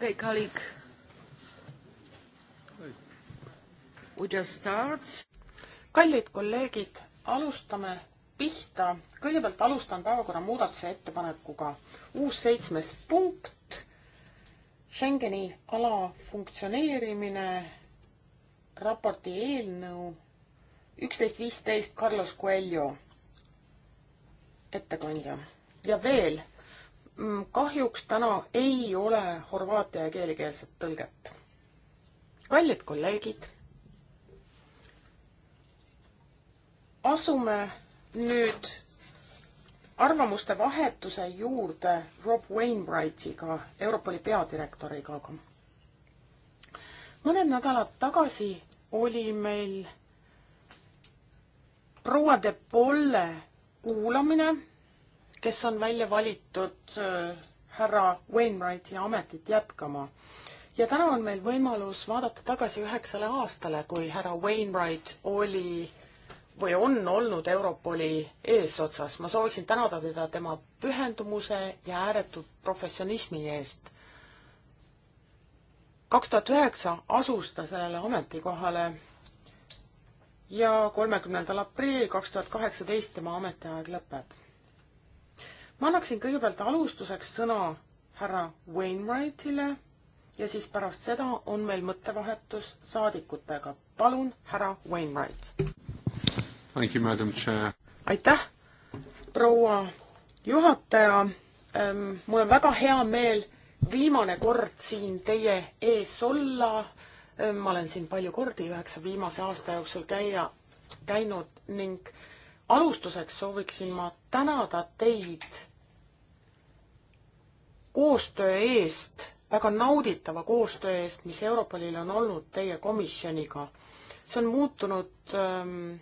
Okay, colleague. We just start. kallid kolleegid, alustame pihta. kõigepealt alustan päevakorra muudatuse ettepanekuga. uus seitsmes punkt, Schengeni ala funktsioneerimine, raporti eelnõu üksteist viisteist, Carlos Coelho, ettekandja. ja veel Mm, kahjuks täna ei ole horvaatia ja keelikeelset tõlget. kallid kolleegid, asume nüüd arvamuste vahetuse juurde Rob Wainwrightiga, Europoli peadirektoriga. mõned nädalad tagasi oli meil proua de Polle kuulamine kes on välja valitud äh, härra Wainwrighti ametit jätkama. ja täna on meil võimalus vaadata tagasi üheksale aastale, kui härra Wainwright oli või on olnud Europoli eesotsas. ma sooviksin tänada teda tema pühendumuse ja ääretu professionismi eest. kaks tuhat üheksa asus ta sellele ametikohale ja kolmekümnendal aprillil kaks tuhat kaheksateist tema ametiaeg lõpeb ma annaksin kõigepealt alustuseks sõna härra Wainwrightile ja siis pärast seda on meil mõttevahetus saadikutega. palun, härra Wainwright. aitäh, proua juhataja ähm,. mul on väga hea meel viimane kord siin teie ees olla ähm,. ma olen siin palju kordi üheksa viimase aasta jooksul käia, käinud ning alustuseks sooviksin ma tänada teid koostöö eest, väga nauditava koostöö eest, mis Europolil on olnud teie komisjoniga. see on muutunud ähm,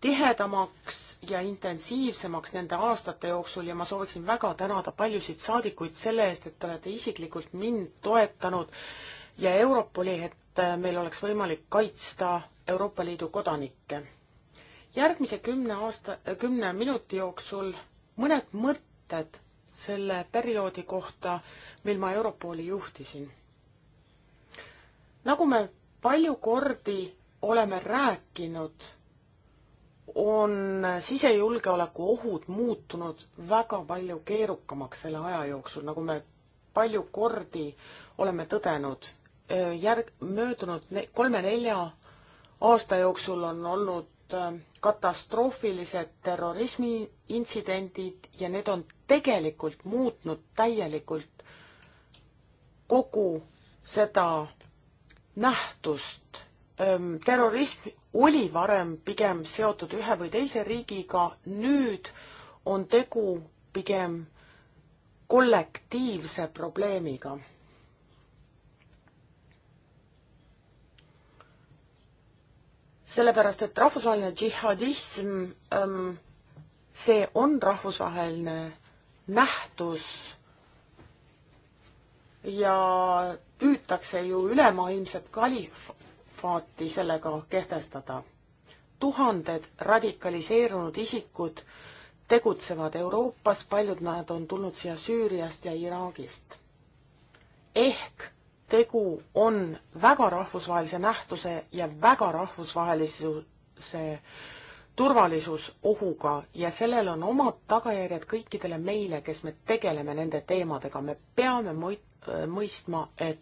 tihedamaks ja intensiivsemaks nende aastate jooksul ja ma sooviksin väga tänada paljusid saadikuid selle eest, et te olete isiklikult mind toetanud ja Europoli, et äh, meil oleks võimalik kaitsta Euroopa Liidu kodanikke. järgmise kümne aasta, äh, kümne minuti jooksul mõned mõtted selle perioodi kohta, mil ma Europoli juhtisin. nagu me palju kordi oleme rääkinud, on sisejulgeoleku ohud muutunud väga palju keerukamaks selle aja jooksul, nagu me palju kordi oleme tõdenud. järg, möödunud kolme-nelja aasta jooksul on olnud Äh, katastroofilised terrorismiintsidendid ja need on tegelikult muutnud täielikult kogu seda nähtust. Ähm, terrorism oli varem pigem seotud ühe või teise riigiga, nüüd on tegu pigem kollektiivse probleemiga sellepärast et rahvusvaheline džihadism ähm,, see on rahvusvaheline nähtus ja püütakse ju ülemaailmset kalifaati sellega kehtestada. tuhanded radikaliseerunud isikud tegutsevad Euroopas, paljud nad on tulnud siia Süüriast ja Iraagist. ehk tegu on väga rahvusvahelise nähtuse ja väga rahvusvahelise turvalisusohuga ja sellel on omad tagajärjed kõikidele meile, kes me tegeleme nende teemadega. me peame mõistma, et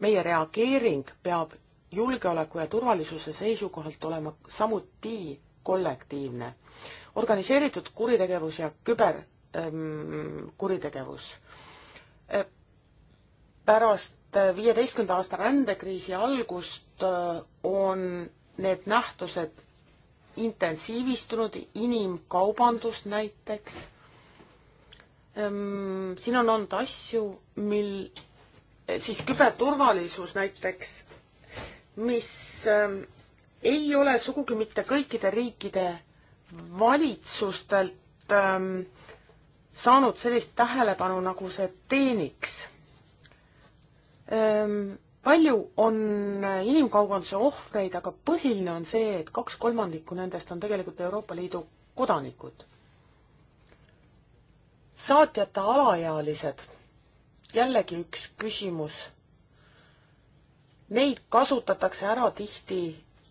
meie reageering peab julgeoleku ja turvalisuse seisukohalt olema samuti kollektiivne. organiseeritud kuritegevus ja küberkuritegevus ehm, ähm, pärast viieteistkümnenda aasta rändekriisi algust äh, on need nähtused intensiivistunud, inimkaubandus näiteks. Ehm, siin on olnud asju, mil eh, siis küberturvalisus näiteks, mis ehm, ei ole sugugi mitte kõikide riikide valitsustelt ehm, saanud sellist tähelepanu, nagu see teeniks Ehm, palju on inimkaubanduse ohvreid, aga põhiline on see, et kaks kolmandikku nendest on tegelikult Euroopa Liidu kodanikud. saatjata alaealised, jällegi üks küsimus. Neid kasutatakse ära tihti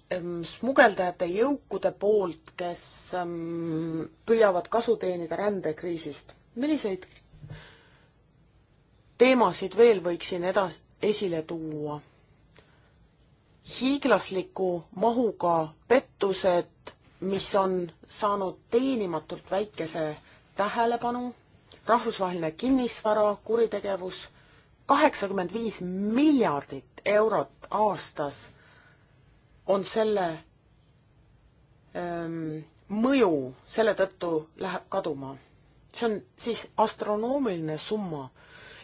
ehm, smugeldajate jõukude poolt, kes ähm, püüavad kasu teenida rändekriisist. milliseid teemasid veel võiksin edas-, esile tuua. hiiglasliku mahuga pettused, mis on saanud teenimatult väikese tähelepanu, rahvusvaheline kinnisvara, kuritegevus, kaheksakümmend viis miljardit eurot aastas on selle ähm, mõju selle tõttu läheb kaduma. see on siis astronoomiline summa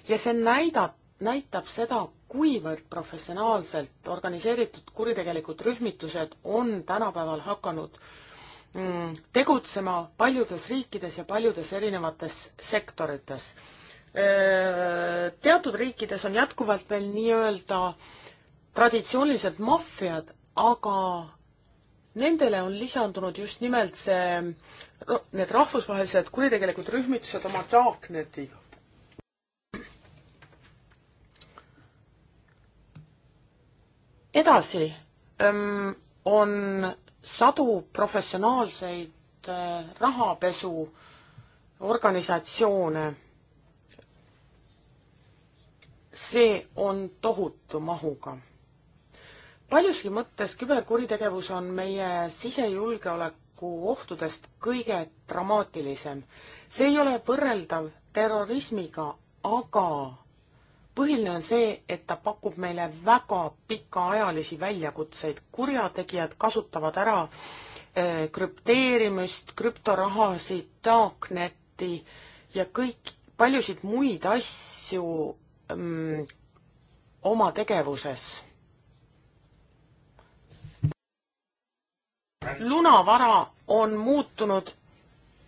ja see näidab, näitab seda, kuivõrd professionaalselt organiseeritud kuritegelikud rühmitused on tänapäeval hakanud mm, tegutsema paljudes riikides ja paljudes erinevates sektorites. teatud riikides on jätkuvalt veel nii-öelda traditsioonilised maffiad, aga nendele on lisandunud just nimelt see, need rahvusvahelised kuritegelikud rühmitused oma darknetiga. edasi ähm, on sadu professionaalseid äh, rahapesu organisatsioone. see on tohutu mahuga paljuski mõttes küberkuritegevus on meie sisejulgeoleku ohtudest kõige dramaatilisem. see ei ole võrreldav terrorismiga, aga põhiline on see, et ta pakub meile väga pikaajalisi väljakutseid, kurjategijad kasutavad ära eh, krüpteerimist, krüptorahasid, darknetti ja kõik, paljusid muid asju öö, mm, oma tegevuses. lunavara on muutunud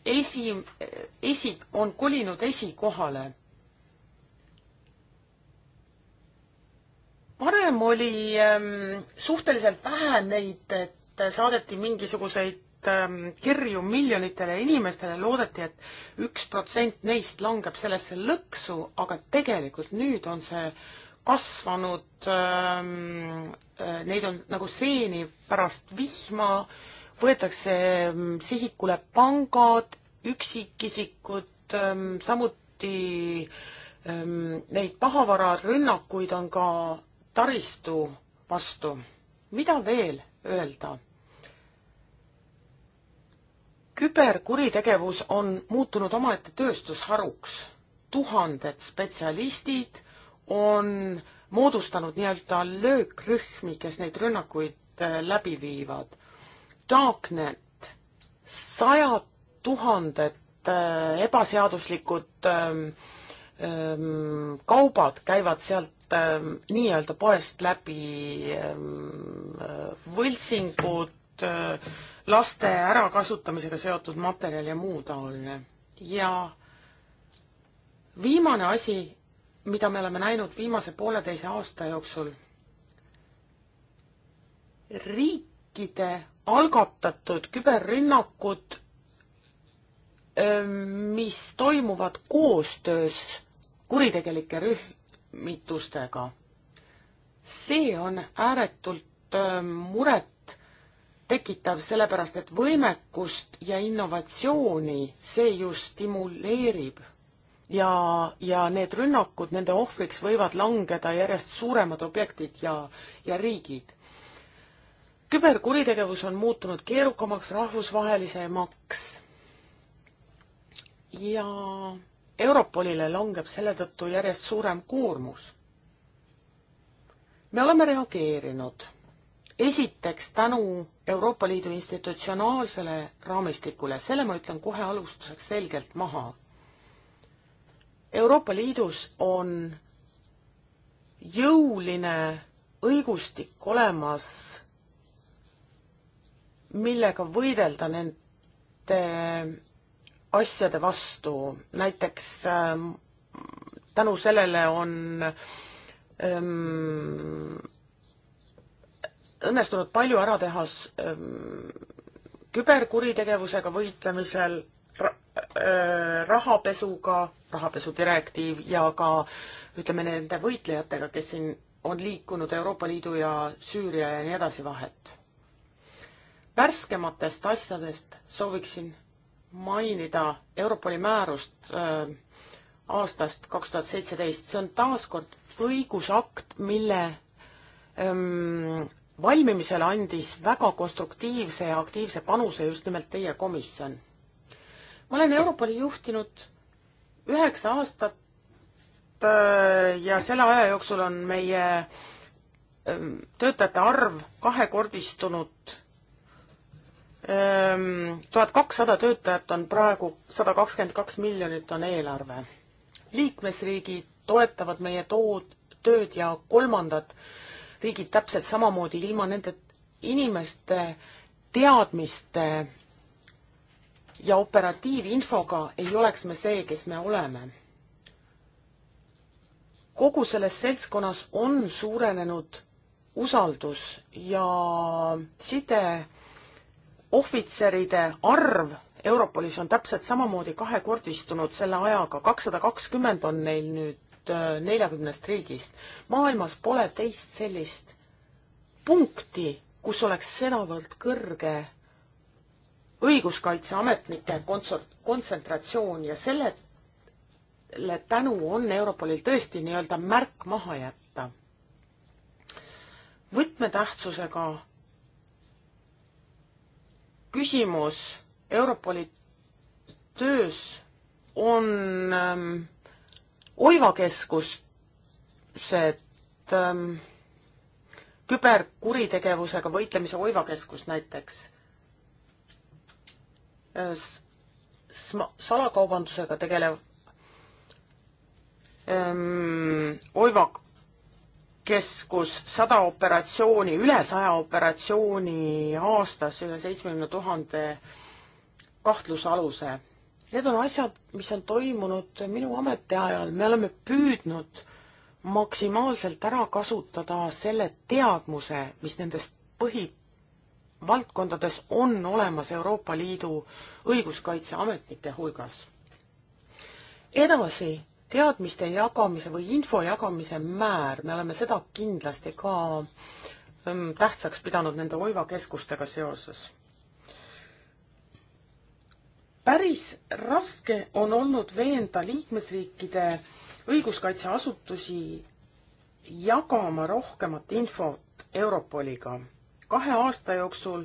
esi, esi, on kolinud esikohale varem oli ähm, suhteliselt vähe neid, et saadeti mingisuguseid ähm, kirju miljonitele inimestele, loodeti et, et üks protsent neist langeb sellesse lõksu, aga tegelikult nüüd on see kasvanud ähm,, äh, neid on nagu seeni pärast vihma, võetakse ähm, sihikule pangad, üksikisikud ähm,, samuti ähm, neid pahavararünnakuid on ka taristu vastu. mida veel öelda? küberkuritegevus on muutunud omaette tööstusharuks. tuhanded spetsialistid on moodustanud nii-öelda löökrühmi, kes neid rünnakuid äh, läbi viivad. Darknet, sajad tuhanded äh, ebaseaduslikud ähm, ähm, kaubad käivad sealt ähm, nii-öelda poest läbi ähm, äh, võltsingud äh,, laste ärakasutamisega seotud materjal ja muu taoline. ja viimane asi, mida me oleme näinud viimase pooleteise aasta jooksul, riikide algatatud küberrünnakud, ähm, mis toimuvad koostöös kuritegelike rüh-, sooritustega. see on ääretult äh, muret tekitav, sellepärast et võimekust ja innovatsiooni see ju stimuleerib. ja, ja need rünnakud, nende ohvriks võivad langeda järjest suuremad objektid ja, ja riigid. küberkuritegevus on muutunud keerukamaks, rahvusvahelisemaks ja Europolile langeb selle tõttu järjest suurem koormus. me oleme reageerinud. esiteks tänu Euroopa Liidu institutsionaalsele raamistikule, selle ma ütlen kohe alustuseks selgelt maha. Euroopa Liidus on jõuline õigustik olemas, millega võidelda nende asjade vastu, näiteks ähm, tänu sellele on ähm, õnnestunud palju ära teha ähm, küberkuritegevusega võitlemisel ra, äh, rahapesuga, rahapesu direktiiv ja ka ütleme nende võitlejatega, kes siin on liikunud Euroopa Liidu ja Süüria ja nii edasi vahet. värskematest asjadest sooviksin mainida Europoli määrust äh, aastast kaks tuhat seitseteist, see on taaskord õigusakt, mille ähm, valmimisele andis väga konstruktiivse ja aktiivse panuse just nimelt teie komisjon. ma olen Europoli juhtinud üheksa aastat äh, ja selle aja jooksul on meie ähm, töötajate arv kahekordistunud Ehm, tuhat kakssada töötajat on praegu, sada kakskümmend kaks miljonit on eelarve. liikmesriigid toetavad meie tood, tööd ja kolmandad riigid täpselt samamoodi ilma nende inimeste teadmiste ja operatiivinfoga ei oleks me see, kes me oleme. kogu selles seltskonnas on suurenenud usaldus ja side ohvitseride arv Europolis on täpselt samamoodi kahekordistunud selle ajaga, kakssada kakskümmend on neil nüüd äh, neljakümnest riigist. maailmas pole teist sellist punkti, kus oleks sedavõrd kõrge õiguskaitseametnike kontsentratsioon ja sellele tänu on Europolil tõesti nii-öelda märk maha jätta. võtmetähtsusega küsimus Europoli töös on ähm, oivakeskused ähm,, küberkuritegevusega võitlemise oivakeskus näiteks äh, S, salakaubandusega tegelev ähm, oivak-, keskus, sada operatsiooni, üle saja operatsiooni aastas, üle seitsmekümne tuhande kahtlusaluse. Need on asjad, mis on toimunud minu ametiajal, me oleme püüdnud maksimaalselt ära kasutada selle teadmuse, mis nendes põhivaldkondades on olemas Euroopa Liidu õiguskaitseametnike hulgas. edasi teadmiste jagamise või info jagamise määr, me oleme seda kindlasti ka mm, tähtsaks pidanud nende Oiva keskustega seoses. päris raske on olnud veenda liikmesriikide õiguskaitseasutusi jagama rohkemat infot Europoliga. kahe aasta jooksul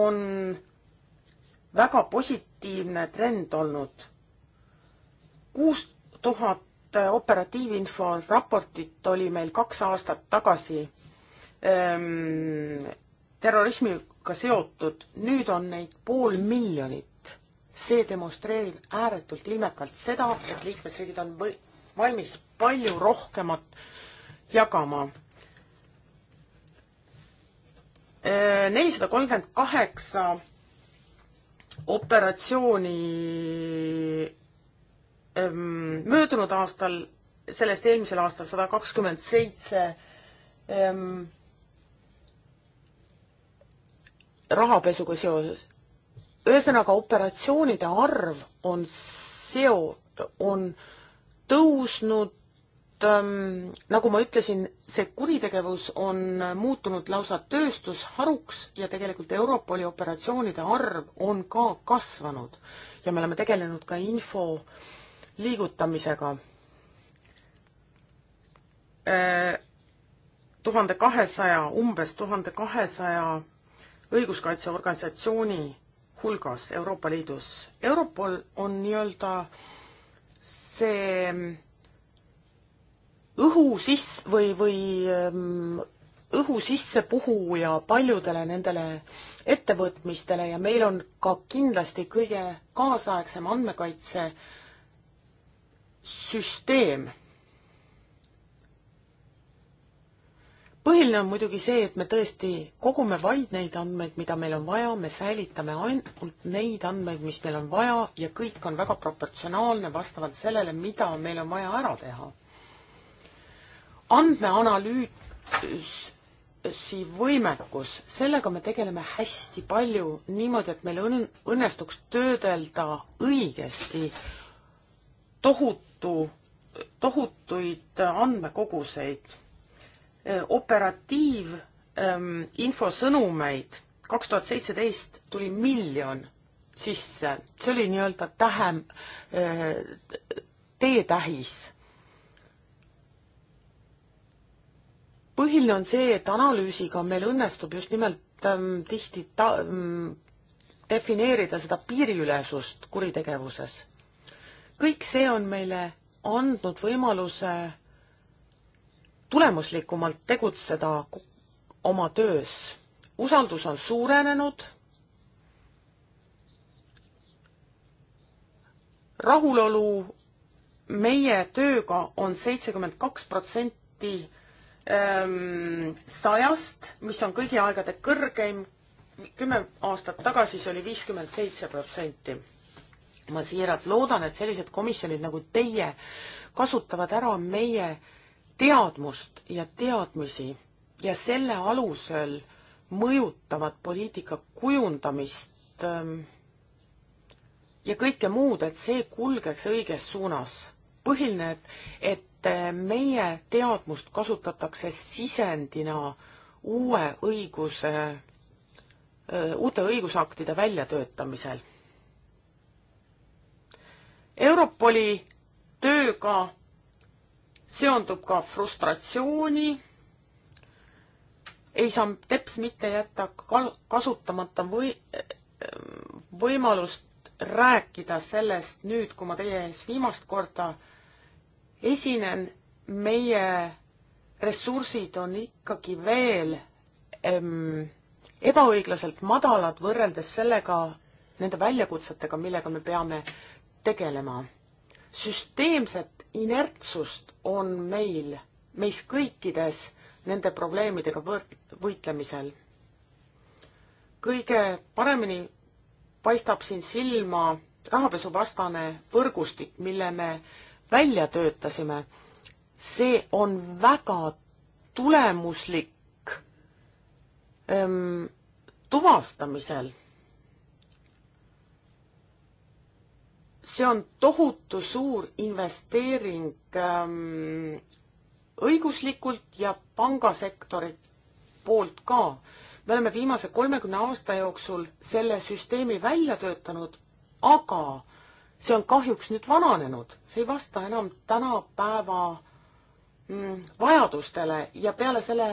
on väga positiivne trend olnud. kuus tuhat operatiivinfo raportit oli meil kaks aastat tagasi ähm, terrorismiga seotud, nüüd on neid pool miljonit. see demonstreerib ääretult ilmekalt seda, et liikmesriigid on või-, valmis palju rohkemat jagama ehm, nelisada kolmkümmend kaheksa operatsiooni Ehm, möödunud aastal, sellest eelmisel aastal sada kakskümmend seitse ehm, rahapesuga seoses. ühesõnaga, operatsioonide arv on seo-, on tõusnud, ehm, nagu ma ütlesin, see kuritegevus on muutunud lausa tööstusharuks ja tegelikult Europoli operatsioonide arv on ka kasvanud. ja me oleme tegelenud ka info äh, liigutamisega. Äh, tuhande kahesaja, umbes tuhande kahesaja õiguskaitseorganisatsiooni hulgas Euroopa Liidus. Europol on nii-öelda see mm, õhu sis- või, või mm, õhu sissepuhuja paljudele nendele ettevõtmistele ja meil on ka kindlasti kõige kaasaegsem andmekaitse äh, süsteem. põhiline on muidugi see, et me tõesti kogume vaid neid andmeid, mida meil on vaja, me säilitame ainult neid andmeid, mis meil on vaja ja kõik on väga proportsionaalne vastavalt sellele, mida meil on vaja ära teha. andmeanalüüs ressurssi võimekus, sellega me tegeleme hästi palju niimoodi, et meil õn-, õnnestuks töödelda õigesti tohutu, tohutuid andmekoguseid, operatiivinfosõnumeid, kaks tuhat seitseteist tuli miljon sisse, see oli nii-öelda tähe, teetähis põhiline on see, et analüüsiga meil õnnestub just nimelt ähm, tihti ta, ähm, defineerida seda piiriülesust kuritegevuses kõik see on meile andnud võimaluse tulemuslikumalt tegutseda oma töös. usaldus on suurenenud, rahulolu meie tööga on seitsekümmend kaks protsenti ähm, sajast, mis on kõigi aegade kõrgeim, kümme aastat tagasi see oli viiskümmend seitse protsenti ma siiralt loodan, et sellised komisjonid nagu teie kasutavad ära meie teadmust ja teadmisi ja selle alusel mõjutavad poliitika kujundamist ähm, ja kõike muud, et see kulgeks õiges suunas. põhiline, et, et äh, meie teadmust kasutatakse sisendina uue õiguse, äh, uute õigusaktide väljatöötamisel Europoli tööga seondub ka frustratsiooni, ei saa teps mitte jätta kasutamata või, võimalust rääkida sellest nüüd, kui ma teie ees viimast korda esinen, meie ressursid on ikkagi veel ähm, ebaõiglaselt madalad võrreldes sellega, nende väljakutsetega, millega me peame tegelema. süsteemset inertsust on meil, meis kõikides nende probleemidega võrt-, võitlemisel. kõige paremini paistab siin silma rahapesuvastane võrgustik, mille me välja töötasime. see on väga tulemuslik öm, ehm, tuvastamisel see on tohutu suur investeering ähm, õiguslikult ja pangasektori poolt ka. me oleme viimase kolmekümne aasta jooksul selle süsteemi välja töötanud, aga see on kahjuks nüüd vananenud, see ei vasta enam tänapäeva mm, vajadustele ja peale selle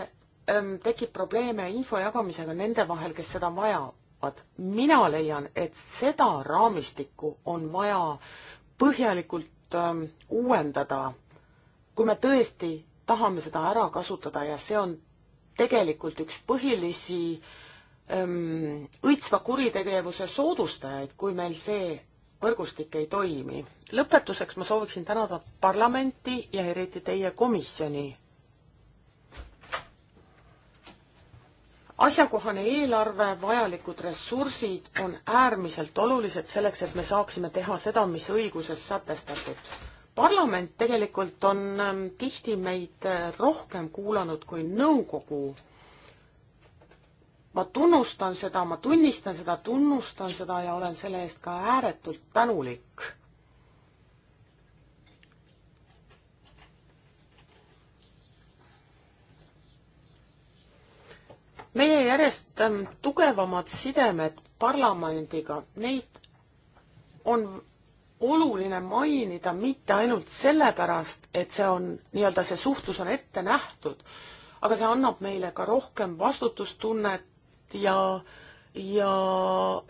ähm, tekib probleeme info jagamisega nende vahel, kes seda vajab tapavad. mina leian, et seda raamistikku on vaja põhjalikult ähm, uuendada, kui me tõesti tahame seda ära kasutada ja see on tegelikult üks põhilisi ähm, õitsva kuritegevuse soodustajaid, kui meil see võrgustik ei toimi. lõpetuseks ma sooviksin tänada parlamenti ja eriti teie komisjoni asjakohane eelarve, vajalikud ressursid on äärmiselt olulised selleks, et me saaksime teha seda, mis õiguses sätestatud. parlament tegelikult on ähm, tihti meid äh, rohkem kuulanud kui nõukogu. ma tunnustan seda, ma tunnistan seda, tunnustan seda ja olen selle eest ka ääretult tänulik meie järjest ähm, tugevamad sidemed parlamendiga, neid on oluline mainida mitte ainult sellepärast, et see on nii-öelda see suhtlus on ette nähtud, aga see annab meile ka rohkem vastutustunnet ja, ja,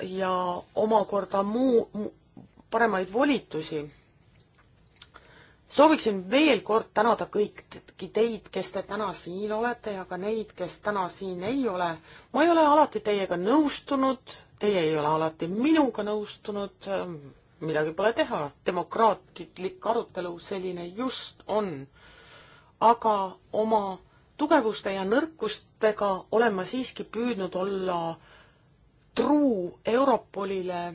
ja omakorda muu, muu, paremaid volitusi sooviksin veel kord tänada kõiki teid, kes te täna siin olete ja ka neid, kes täna siin ei ole. ma ei ole alati teiega nõustunud, teie ei ole alati minuga nõustunud, ähm, midagi pole teha, demokraatlik arutelu selline just on. aga oma tugevuste ja nõrkustega olen ma siiski püüdnud olla truu Europolile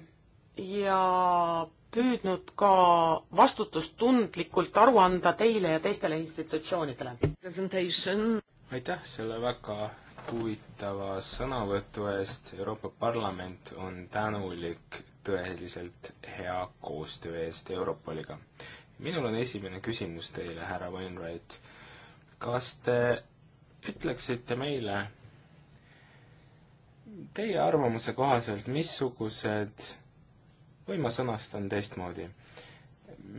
ja püüdnud ka vastutustundlikult aru anda teile ja teistele institutsioonidele. aitäh selle väga huvitava sõnavõtu eest, Euroopa Parlament on tänulik tõeliselt hea koostöö eest Europoliga. minul on esimene küsimus teile, härra Wainwright. kas te ütleksite meile teie arvamuse kohaselt, missugused või ma sõnastan teistmoodi.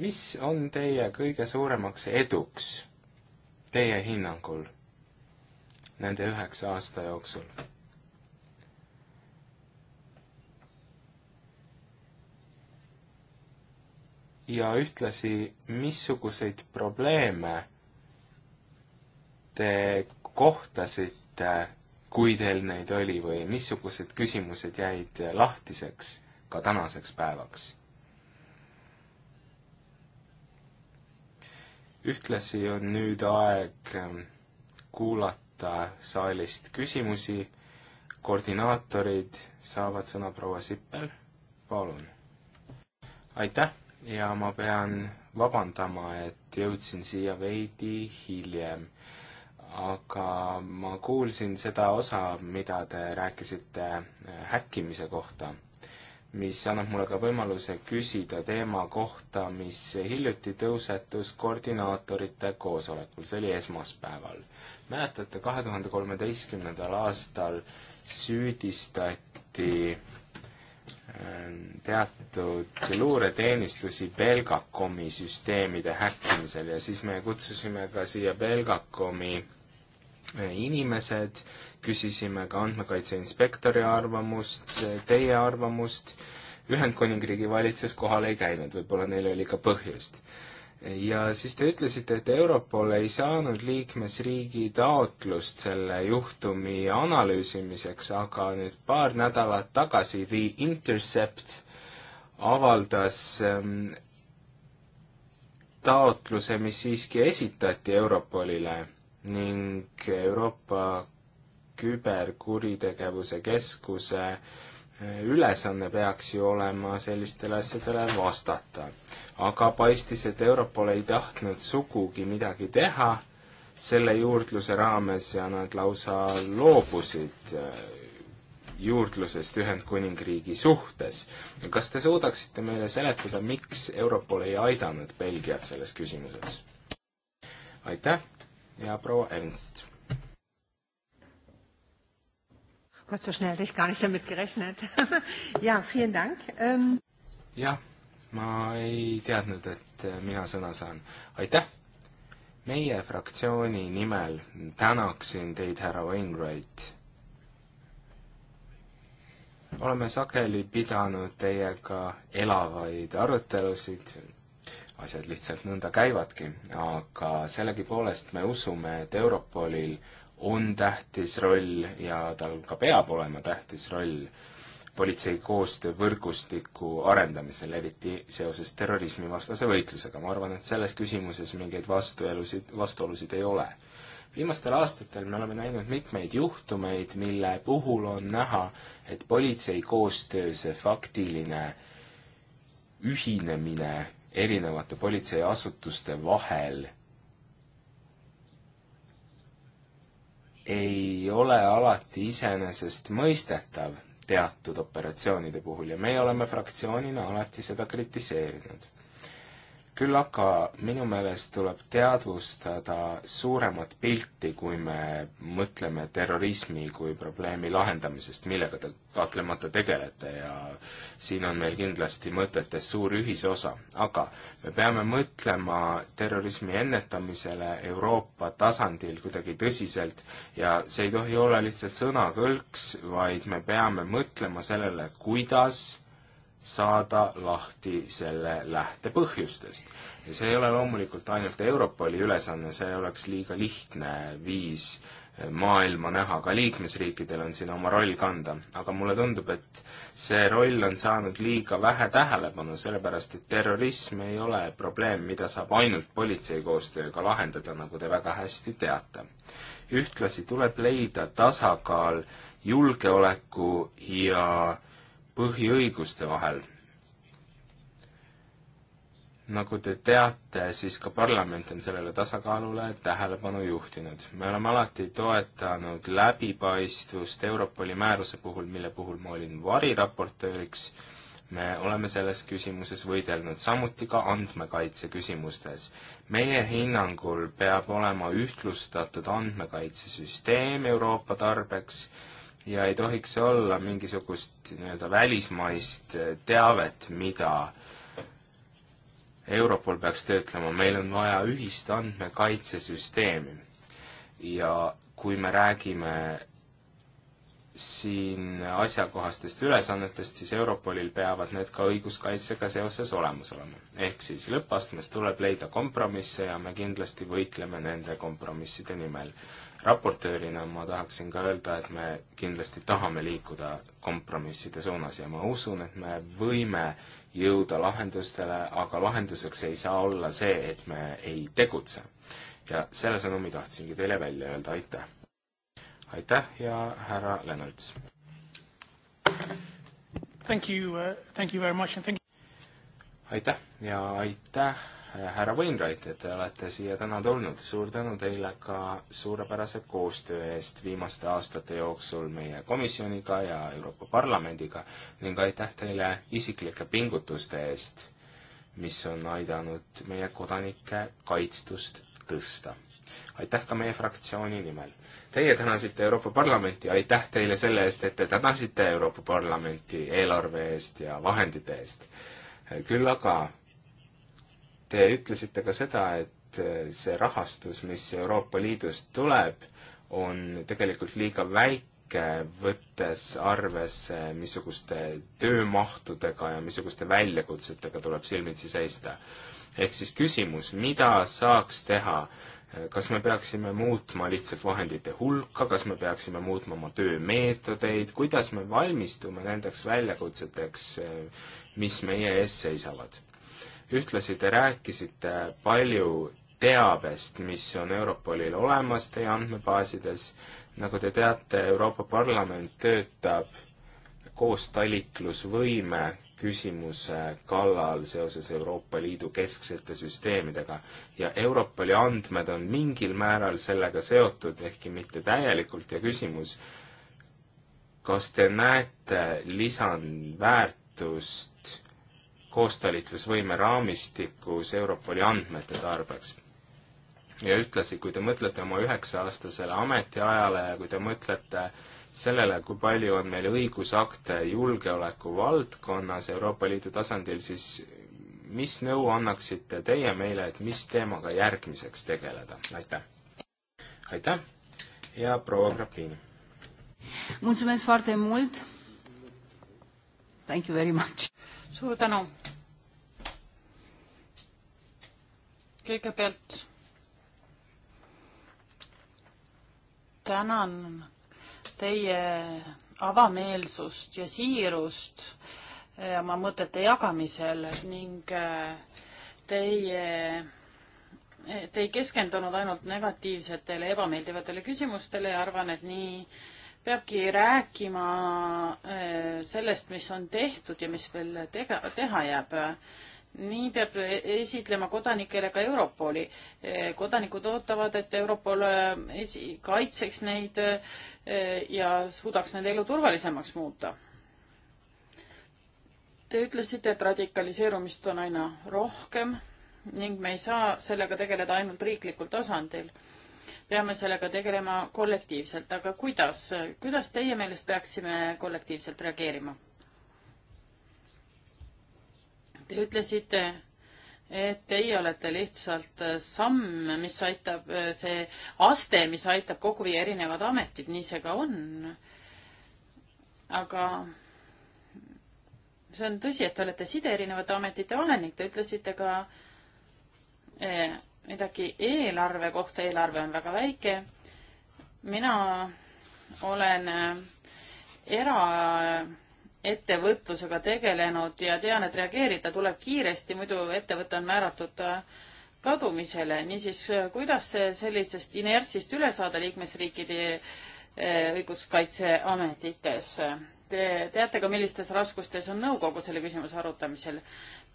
mis on teie kõige suuremaks eduks teie hinnangul nende üheksa aasta jooksul? ja ühtlasi, missuguseid probleeme te kohtasite, kui teil neid oli või missugused küsimused jäid lahtiseks? ka tänaseks päevaks. ühtlasi on nüüd aeg ähm, kuulata saalist küsimusi. koordinaatorid saavad sõna proua Sippel, palun. aitäh ja ma pean vabandama, et jõudsin siia veidi hiljem aga ma kuulsin seda osa, mida te rääkisite äh, häkkimise kohta mis annab mulle ka võimaluse küsida teema kohta, mis hiljuti tõusetus koordinaatorite koosolekul, see oli esmaspäeval. mäletate, kahe tuhande kolmeteistkümnendal aastal süüdistati ähm, teatud luureteenistusi Belgacomi süsteemide häkkimisel ja siis me kutsusime ka siia Belgacomi inimesed, küsisime ka andmekaitse inspektori arvamust, teie arvamust, Ühendkuningriigi valitsus kohal ei käinud, võib-olla neil oli ka põhjust. ja siis te ütlesite, et Europol ei saanud liikmesriigi taotlust selle juhtumi analüüsimiseks, aga nüüd paar nädalat tagasi The Intercept avaldas ähm, taotluse, mis siiski esitati Europolile ning Euroopa küberkuritegevuse keskuse eh, ülesanne peaks ju olema sellistele asjadele vastata. aga paistis, et Europol ei tahtnud sugugi midagi teha selle juurdluse raames ja nad lausa loobusid eh, juurdlusest Ühendkuningriigi suhtes. kas te suudaksite meile seletada, miks Europol ei aidanud Belgiat selles küsimuses? aitäh! ja proua Ernst. Gott, so schnell hätte ich gar nicht damit gerechnet ja, vielen Dank ähm.... jah, ma ei teadnud, et äh, mina sõna saan. aitäh! meie fraktsiooni nimel tänaksin teid, härra Wainwright. oleme sageli pidanud teiega elavaid arutelusid asjad lihtsalt nõnda käivadki, aga sellegipoolest me usume, et Europolil on tähtis roll ja tal ka peab olema tähtis roll politsei koostöövõrgustiku arendamisel, eriti seoses terrorismivastase võitlusega. ma arvan, et selles küsimuses mingeid vastuelusid, vastuolusid ei ole. viimastel aastatel me oleme näinud mitmeid juhtumeid, mille puhul on näha, et politsei koostöö, see faktiline ühinemine erinevate politseiasutuste vahel ei ole alati iseenesestmõistetav teatud operatsioonide puhul ja meie oleme fraktsioonina alati seda kritiseerinud küll aga minu meelest tuleb teadvustada suuremat pilti, kui me mõtleme terrorismi kui probleemi lahendamisest, millega te kahtlemata tegelete ja siin on meil kindlasti mõtetes suur ühisosa, aga me peame mõtlema terrorismi ennetamisele Euroopa tasandil kuidagi tõsiselt ja see ei tohi olla lihtsalt sõnakõlks, vaid me peame mõtlema sellele, kuidas saada lahti selle lähtepõhjustest. ja see ei ole loomulikult ainult Europoli ülesanne, see oleks liiga lihtne viis eh, maailma näha, ka liikmesriikidel on siin oma roll kanda. aga mulle tundub, et see roll on saanud liiga vähe tähelepanu, sellepärast et terrorism ei ole probleem, mida saab ainult politsei koostööga lahendada, nagu te väga hästi teate. ühtlasi tuleb leida tasakaal julgeoleku ja äh, põhiõiguste vahel. nagu te teate, siis ka parlament on sellele tasakaalule tähelepanu juhtinud. me oleme alati toetanud läbipaistvust Europoli määruse puhul, mille puhul ma olin variraportööriks, me oleme selles küsimuses võidelnud, samuti ka andmekaitse küsimustes. meie hinnangul peab olema ühtlustatud andmekaitsesüsteem Euroopa tarbeks, ja ei tohiks olla mingisugust nii-öelda välismaist eh, teavet, mida Europol peaks töötlema, meil on vaja ühist andmekaitsesüsteemi. ja kui me räägime siin asjakohastest ülesannetest, siis Europolil peavad need ka õiguskaitsega seoses olemas olema. ehk siis lõppastmes tuleb leida kompromisse ja me kindlasti võitleme nende kompromisside nimel. raportöörina ma tahaksin ka öelda, et me kindlasti tahame liikuda kompromisside suunas ja ma usun, et me võime jõuda lahendustele, aga lahenduseks ei saa olla see, et me ei tegutse. ja selle sõnumi tahtsingi teile välja öelda, aitäh! aitäh ja härra Lennarts! Uh, aitäh ja aitäh, härra Wainwright, et te olete siia täna tulnud. suur tänu teile ka suurepärase koostöö eest viimaste aastate jooksul meie komisjoniga ja Euroopa Parlamendiga ning aitäh teile isiklike pingutuste eest, mis on aidanud meie kodanike kaitstust tõsta aitäh ka meie fraktsiooni nimel. Teie tänasite Euroopa Parlamenti, aitäh teile selle eest, et te tänasite Euroopa Parlamenti eelarve eest ja vahendite eest. küll aga te ütlesite ka seda, et see rahastus, mis Euroopa Liidust tuleb, on tegelikult liiga väike, võttes arvesse, missuguste töömahtudega ja missuguste väljakutsetega tuleb silmitsi seista. ehk siis küsimus, mida saaks teha äh, kas me peaksime muutma lihtsalt vahendite hulka, kas me peaksime muutma oma töömeetodeid, kuidas me valmistume nendeks väljakutseteks, eh, mis meie ees seisavad? ühtlasi te rääkisite palju teabest, mis on Europolil olemas teie andmebaasides. nagu te teate, Euroopa Parlament töötab koostalitlusvõime küsimuse kallal seoses Euroopa Liidu kesksete süsteemidega ja Europoli andmed on mingil määral sellega seotud, ehkki mitte täielikult, ja küsimus, kas te näete lisandväärtust koostalitlusvõime raamistikus Europoli andmete tarbeks? ja ühtlasi, kui te mõtlete oma üheksa-aastasele ametiajale ja kui te mõtlete äh, sellele, kui palju on meil õigusakte julgeoleku valdkonnas Euroopa Liidu tasandil, siis mis nõu annaksite teie meile, et mis teemaga järgmiseks tegeleda? aitäh! aitäh ja proua Grappini! Mulțumesc foarte mult! Thank you very much! suur tänu! kõigepealt tänan teie avameelsust ja siirust eh, oma mõtete jagamisel ning eh, teie, eh, te ei keskendunud ainult negatiivsetele, ebameeldivatele küsimustele ja arvan, et nii peabki rääkima sellest, mis on tehtud ja mis veel tega, teha jääb nii peab esitlema kodanikele ka Europoli. Eh, kodanikud ootavad, et Europol eh, kaitseks neid eh, ja suudaks nende elu turvalisemaks muuta. Te ütlesite, et radikaliseerumist on aina rohkem ning me ei saa sellega tegeleda ainult riiklikul tasandil. peame sellega tegelema kollektiivselt, aga kuidas, kuidas teie meelest peaksime kollektiivselt reageerima? Te ütlesite, et teie olete lihtsalt samm, mis aitab, see aste, mis aitab kokku viia erinevad ametid, nii see ka on. aga see on tõsi, et te olete side erinevate ametite vahel ning te ütlesite ka eh, midagi eelarve kohta, eelarve on väga väike. mina olen eh, era- ettevõtlusega tegelenud ja tean, et reageerida tuleb kiiresti, muidu ettevõte on määratud äh, kadumisele. niisiis, äh, kuidas sellisest inertsist üle saada liikmesriikide äh, õiguskaitseametites? Te teate ka, millistes raskustes on nõukogu selle küsimuse arutamisel.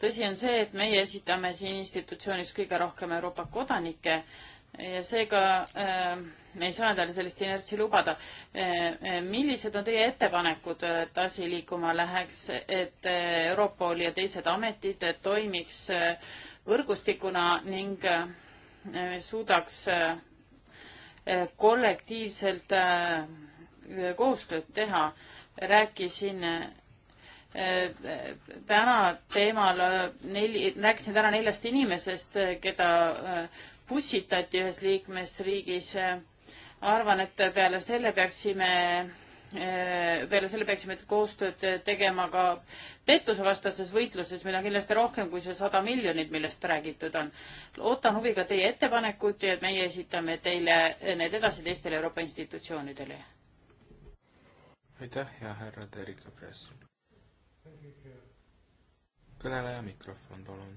tõsi on see, et meie esitame siin institutsioonis kõige rohkem Euroopa kodanikke ja seega äh, me ei saa endale sellist inertsi lubada äh, äh,. millised on teie ettepanekud, et asi liikuma läheks, et äh, Europol ja teised ametid toimiks äh, võrgustikuna ning äh, suudaks kollektiivselt koostööd teha? rääkisin täna teemal neli, rääkisin täna neljast inimesest, keda pussitati ühes liikmesriigis. arvan, et peale selle peaksime eh, peale selle peaksime koostööd tegema ka pettusevastases võitluses, mida on kindlasti rohkem kui see sada miljonit, millest räägitud on. ootan huviga teie ettepanekuid ja meie esitame teile need edasi teistele Euroopa institutsioonidele. aitäh ja härra Erika Press. kõneleja mikrofon, palun.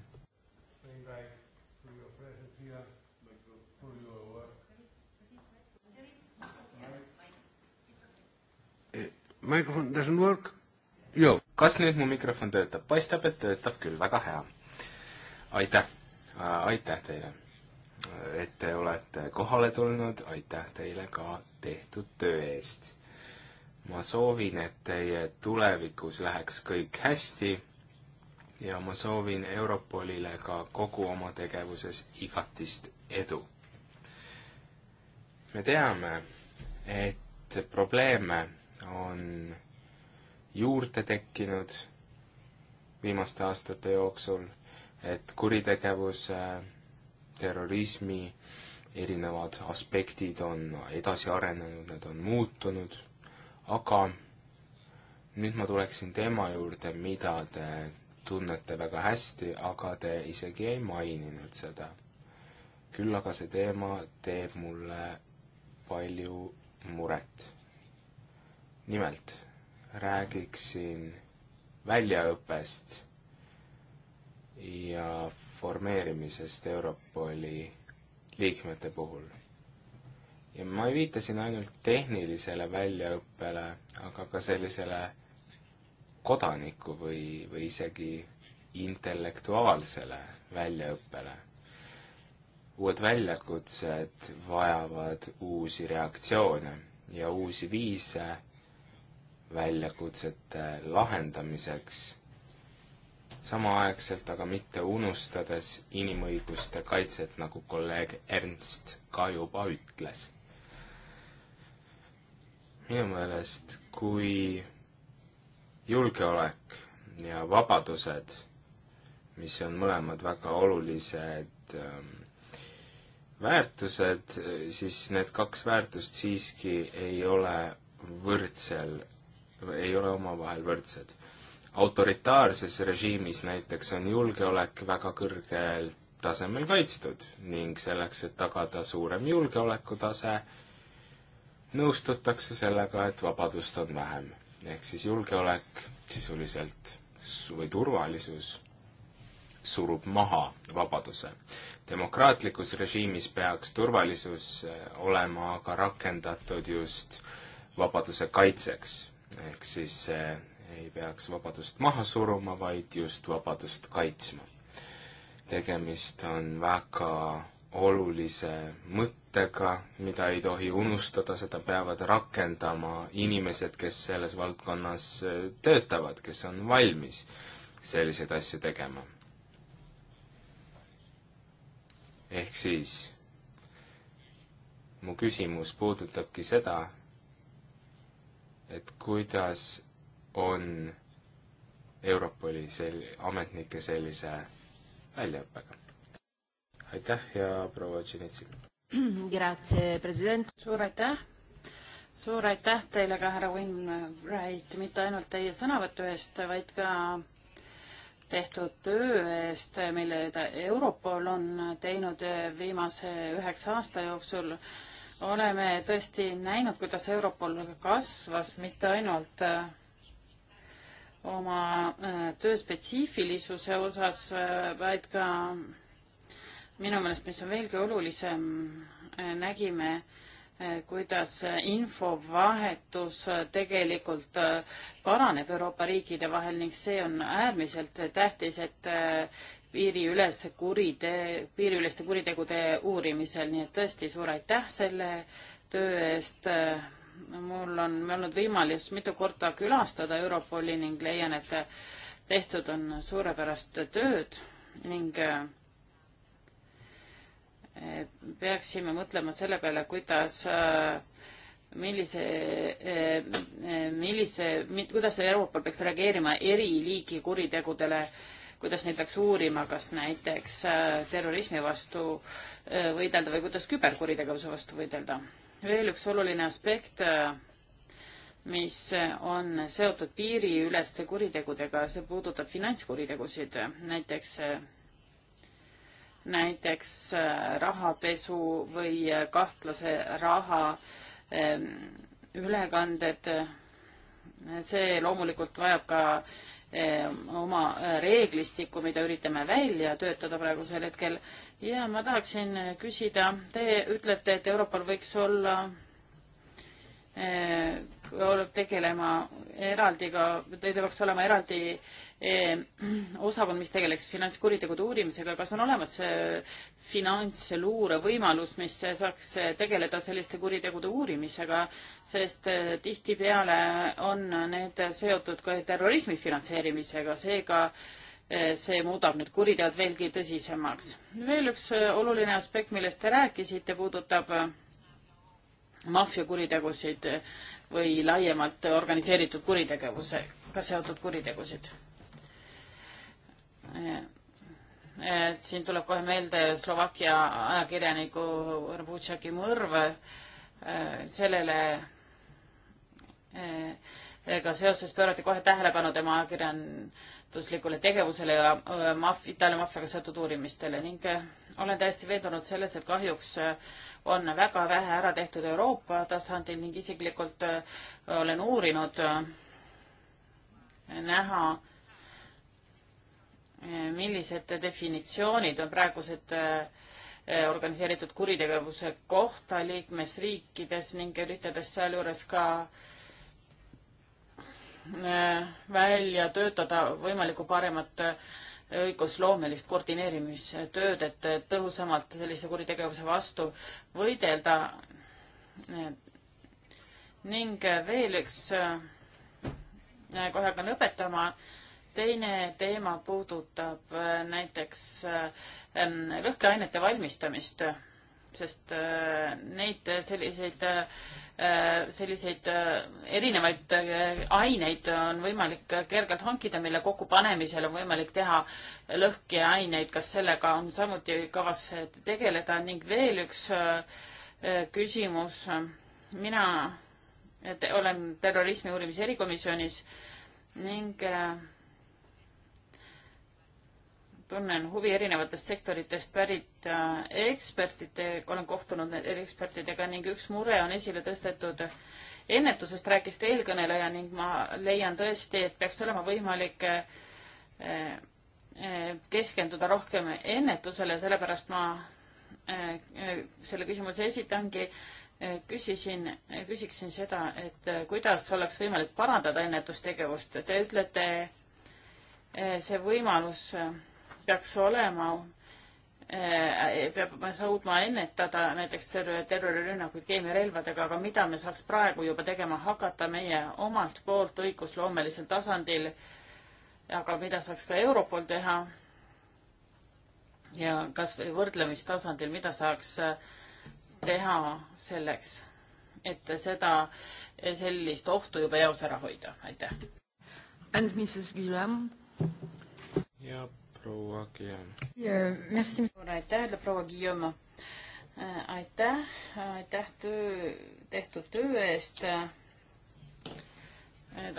Microphone doesn't work? Joo. kas nüüd mu mikrofon töötab? paistab, et töötab küll, väga hea. aitäh, aitäh teile, et te olete kohale tulnud, aitäh teile ka tehtud töö eest. ma soovin, et teie tulevikus läheks kõik hästi ja ma soovin Europolile ka kogu oma tegevuses igatist edu. me teame, et probleeme on juurde tekkinud viimaste aastate jooksul, et kuritegevuse, terrorismi erinevad aspektid on edasi arenenud, need on muutunud, aga nüüd ma tuleksin teema juurde, mida te tunnete väga hästi, aga te isegi ei maininud seda. küll aga see teema teeb mulle palju muret nimelt räägiksin väljaõppest ja formeerimisest Europoli liikmete puhul. ja ma viitasin ainult tehnilisele väljaõppele, aga ka sellisele kodaniku või, või isegi intellektuaalsele väljaõppele. uued väljakutsed vajavad uusi reaktsioone ja uusi viise väljakutsete lahendamiseks, samaaegselt aga mitte unustades inimõiguste kaitset, nagu kolleeg Ernst ka juba ütles. minu meelest, kui julgeolek ja vabadused, mis on mõlemad väga olulised ähm, väärtused, siis need kaks väärtust siiski ei ole võrdsel ei ole omavahel võrdsed. autoritaarses režiimis näiteks on julgeolek väga kõrgel tasemel kaitstud ning selleks, et tagada suurem julgeolekutase, nõustutakse sellega, et vabadust on vähem. ehk siis julgeolek sisuliselt või turvalisus surub maha vabaduse. demokraatlikus režiimis peaks turvalisus eh, olema aga rakendatud just vabaduse kaitseks ehk siis see eh, ei peaks vabadust maha suruma, vaid just vabadust kaitsma. tegemist on väga olulise mõttega, mida ei tohi unustada, seda peavad rakendama inimesed, kes selles valdkonnas eh, töötavad, kes on valmis selliseid asju tegema. ehk siis mu küsimus puudutabki seda, et kuidas on Europoli sel-, ametnike sellise väljaõppega. aitäh ja proua Tšinitsi! Grazie, president! suur aitäh! suur aitäh teile ka, härra Winwright, mitte ainult teie sõnavõtu eest, vaid ka tehtud töö eest, mille ta Europol on teinud viimase üheksa aasta jooksul äh, oleme tõesti näinud, kuidas Europol kasvas mitte ainult äh, oma äh, töö spetsiifilisuse osas, äh, vaid ka minu meelest, mis on veelgi olulisem, nägime, kuidas infovahetus tegelikult paraneb Euroopa riikide vahel ning see on äärmiselt tähtis, et piiriülese kuritee, piiriüleste kuritegude uurimisel, nii et tõesti suur aitäh selle töö eest. mul on olnud võimalus mitu korda külastada Europoli ning leian, et tehtud on suurepärast tööd ning eh, peaksime mõtlema selle peale, kuidas eh, millise, eh, millise, kuidas Euroopal peaks reageerima eri liiki kuritegudele äh, kuidas neid peaks uurima, kas näiteks äh, terrorismi vastu äh, võidelda või kuidas küberkuritegevuse vastu võidelda. veel üks oluline aspekt, äh, mis on seotud piiriüleste kuritegudega, see puudutab finantskuritegusid, näiteks näiteks rahapesu või kahtlase raha ähm, ülekanded. see loomulikult vajab ka Eh, oma eh, reeglistikku, mida üritame välja töötada praegusel hetkel ja ma tahaksin küsida, te ütlete, et Euroopal võiks olla Eh, tegelema eraldi ka, teil peaks olema eraldi eh, osakond, mis tegeleks finantskuritegude uurimisega, kas on olemas eh, finantsluure võimalus, mis saaks tegeleda selliste kuritegude uurimisega, sest tihtipeale on need seotud ka terrorismi finantseerimisega, seega see muudab need kuriteod veelgi tõsisemaks. veel üks oluline aspekt, millest te rääkisite, puudutab maffiakuritegusid või laiemalt organiseeritud kuritegevusega seotud kuritegusid. et siin tuleb kohe meelde Slovakkia ajakirjaniku Rbutšaki mõrv, eh, sellele eh, ega seoses pöörati kohe tähelepanu tema ajakirjanduslikule tegevusele ja eh, maff-, Itaalia maffiaga seotud uurimistele ning olen täiesti veendunud selles, et kahjuks äh, on väga vähe ära tehtud Euroopa tasandil ning isiklikult äh, olen uurinud äh, näha, millised definitsioonid on praegused organiseeritud kuritegevuse kohta liikmesriikides ning üritades sealjuures ka välja töötada võimalikku paremat õigusloomelist koordineerimistööd, et tõhusamalt sellise kuritegevuse vastu võidelda. ning veel üks, äh, kohe hakkan lõpetama, teine teema puudutab äh, näiteks äh, lõhkeainete valmistamist, sest neid selliseid Äh, selliseid äh, erinevaid äh, aineid on võimalik kergelt hankida, mille kokkupanemisel on võimalik teha lõhkeaineid, kas sellega on samuti kavas tegeleda ning veel üks küsimus. mina olen terrorismi uurimise erikomisjonis ning tunnen huvi erinevatest sektoritest pärit äh, ekspertide, olen kohtunud ekspertidega ning üks mure on esile tõstetud. ennetusest rääkis ka eelkõneleja ning ma leian tõesti, et peaks olema võimalik äh, äh, keskenduda rohkem ennetusele, sellepärast ma selle küsimuse esitangi. küsisin, küsiksin seda, et kuidas oleks võimalik parandada ennetustegevust. Te ütlete, see võimalus peaks olema eh, peab suutma ennetada näiteks terrorirünnakuid keemiarelvadega, aga mida me saaks praegu juba tegema hakata meie omalt poolt õigusloomelisel tasandil, aga mida saaks ka Europol teha ja kas või võrdlemistasandil, mida saaks eh, teha selleks, et seda, eh, sellist ohtu juba eos ära hoida, aitäh. ja proua Guillaume. suur aitäh, ütleb proua Guillaume. Äh, aitäh, aitäh töö, tehtud töö eest. Äh,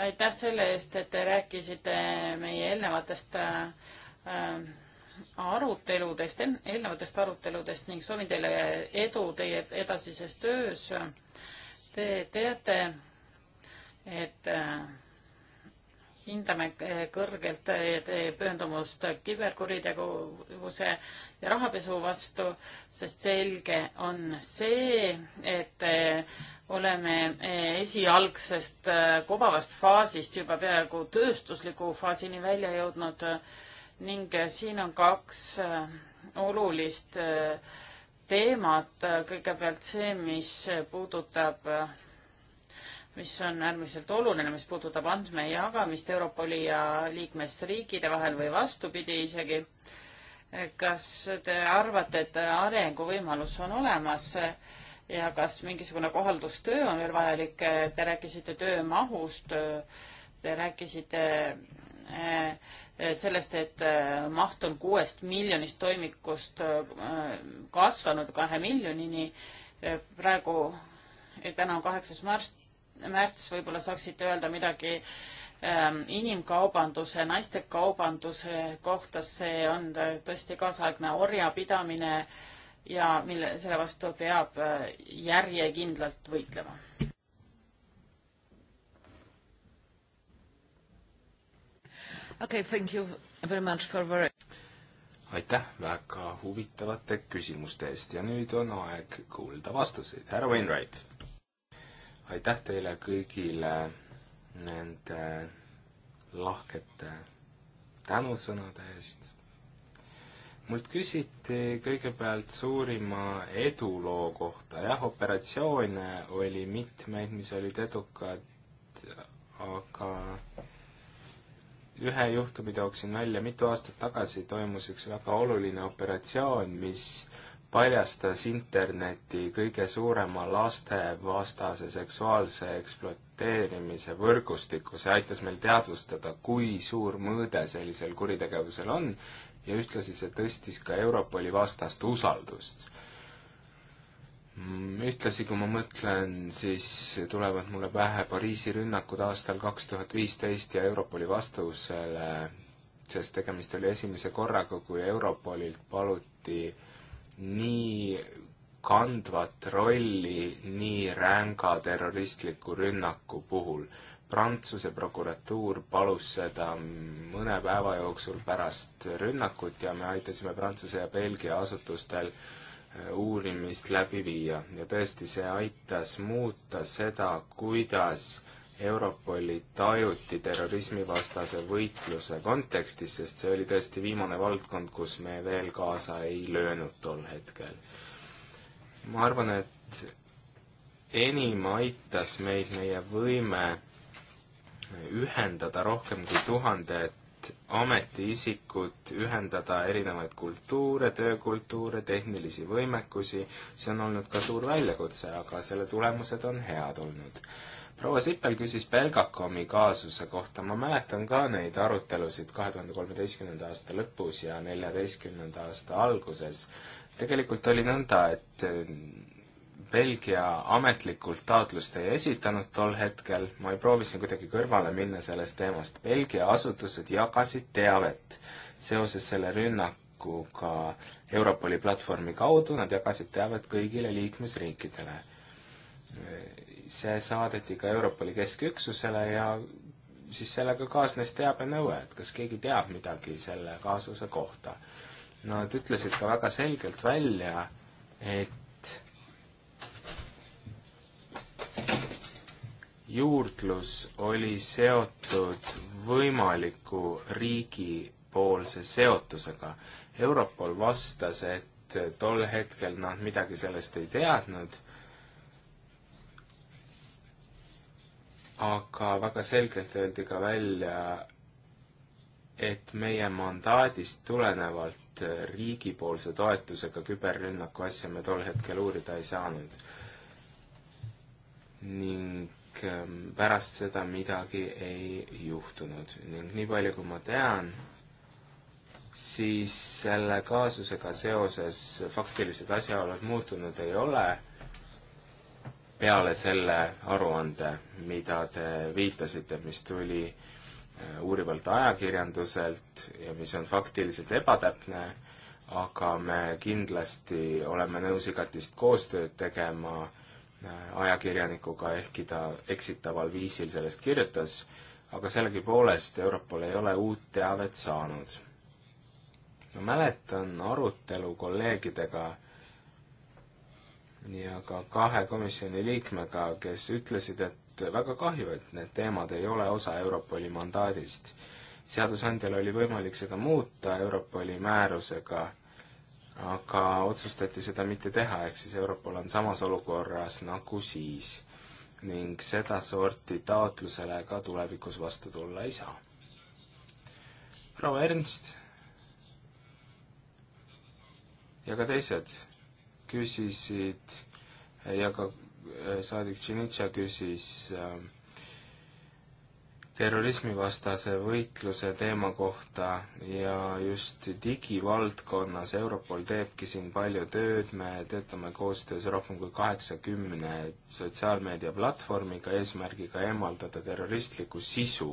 aitäh selle eest, et te rääkisite meie eelnevatest äh, aruteludest, eelnevatest aruteludest ning soovin teile edu teie edasises töös. Te teate, et äh, hindame eh, kõrgelt eh, eh, pühendumust küberkuritegevuse ja rahapesu vastu, sest selge on see, et oleme esialgsest kobavast faasist juba peaaegu tööstusliku faasini välja jõudnud ning siin on kaks olulist teemat, kõigepealt see, mis puudutab mis on äärmiselt oluline, mis puudutab andmejagamist Europoli ja liikmesriikide vahel või vastupidi isegi. kas te arvate, et arenguvõimalus on olemas ja kas mingisugune kohaldustöö on veel vajalik? Te rääkisite töömahust, te rääkisite eh, sellest, et eh, maht on kuuest miljonist toimikust eh, kasvanud kahe miljonini. praegu, täna on kaheksas märts, märts, võib-olla saaksite öelda midagi ähm, inimkaubanduse, naistekaubanduse kohta, see on tõesti kaasaegne orjapidamine ja mille, selle vastu peab äh, järjekindlalt võitlema. okei okay,, thank you very much for very aitäh väga huvitavate küsimuste eest ja nüüd on aeg kuulda vastuseid. härra Wainwright aitäh teile kõigile nende lahkete tänusõnade eest. mult küsiti kõigepealt suurima eduloo kohta, jah, operatsioone oli mitmeid, mis olid edukad, aga ühe juhtumi tooksin välja, mitu aastat tagasi toimus üks väga oluline operatsioon, mis paljastas interneti kõige suurema lastevastase seksuaalse ekspluateerimise võrgustiku, see aitas meil teadvustada, kui suur mõõde sellisel kuritegevusel on ja ühtlasi see tõstis ka Europoli vastast usaldust. Mm, ühtlasi, kui ma mõtlen, siis tulevad mulle pähe Pariisi rünnakud aastal kaks tuhat viisteist ja Europoli vastusele, sest tegemist oli esimese korraga, kui Europolilt paluti äh, nii kandvat rolli nii ränga terroristliku rünnaku puhul. Prantsuse prokuratuur palus seda mõne päeva jooksul pärast rünnakut ja me aitasime Prantsuse ja Belgia asutustel äh, uurimist läbi viia ja tõesti, see aitas muuta seda, kuidas Europoli tajuti terrorismivastase võitluse kontekstis, sest see oli tõesti viimane valdkond, kus me veel kaasa ei löönud tol hetkel. ma arvan, et enim aitas meid meie võime ühendada rohkem kui tuhandet ametiisikut, ühendada erinevaid kultuure, töökultuure, tehnilisi võimekusi, see on olnud ka suur väljakutse, aga selle tulemused on head olnud proua Sippel küsis Belgacomi kaasuse kohta, ma mäletan ka neid arutelusid kahe tuhande kolmeteistkümnenda aasta lõpus ja neljateistkümnenda aasta alguses. tegelikult oli nõnda, et eh, Belgia ametlikult taotlust ei esitanud tol hetkel, ma proovisin kuidagi kõrvale minna sellest teemast. Belgia asutused jagasid teavet seoses selle rünnakuga Europoli platvormi kaudu, nad jagasid teavet kõigile liikmesriikidele see saadeti ka Europoli kesküksusele ja siis sellega kaasnes teabenõue, et kas keegi teab midagi selle kaasuse kohta. Nad ütlesid ka väga selgelt välja, et juurdlus oli seotud võimaliku riigipoolse seotusega. Europol vastas, et tol hetkel nad midagi sellest ei teadnud aga väga selgelt öeldi ka välja, et meie mandaadist tulenevalt riigipoolse toetusega küberrünnaku asja me tol hetkel uurida ei saanud. ning ähm, pärast seda midagi ei juhtunud ning nii palju, kui ma tean, siis selle kaasusega seoses faktilised asjaolud muutunud ei ole peale selle aruande, mida te viitasite, mis tuli äh, uurivalt ajakirjanduselt ja mis on faktiliselt ebatäpne, aga me kindlasti oleme nõus igatist koostööd tegema äh, ajakirjanikuga, ehkki ta eksitaval viisil sellest kirjutas, aga sellegipoolest Europol ei ole uut teavet saanud. ma mäletan arutelu kolleegidega äh, ja ka kahe komisjoni liikmega, kes ütlesid, et väga kahju, et need teemad ei ole osa Europoli mandaadist. seadusandjal oli võimalik seda muuta Europoli määrusega, aga otsustati seda mitte teha, ehk siis Europol on samas olukorras nagu siis. ning sedasorti taotlusele ka tulevikus vastu tulla ei saa. proua Ernst ja ka teised küsisid ja ka äh, saadik Tšinitša küsis äh, terrorismivastase võitluse teema kohta ja just digivaldkonnas Europol teebki siin palju tööd, me töötame koostöös rohkem kui kaheksakümne sotsiaalmeedia platvormiga eesmärgiga eemaldada terroristlikku sisu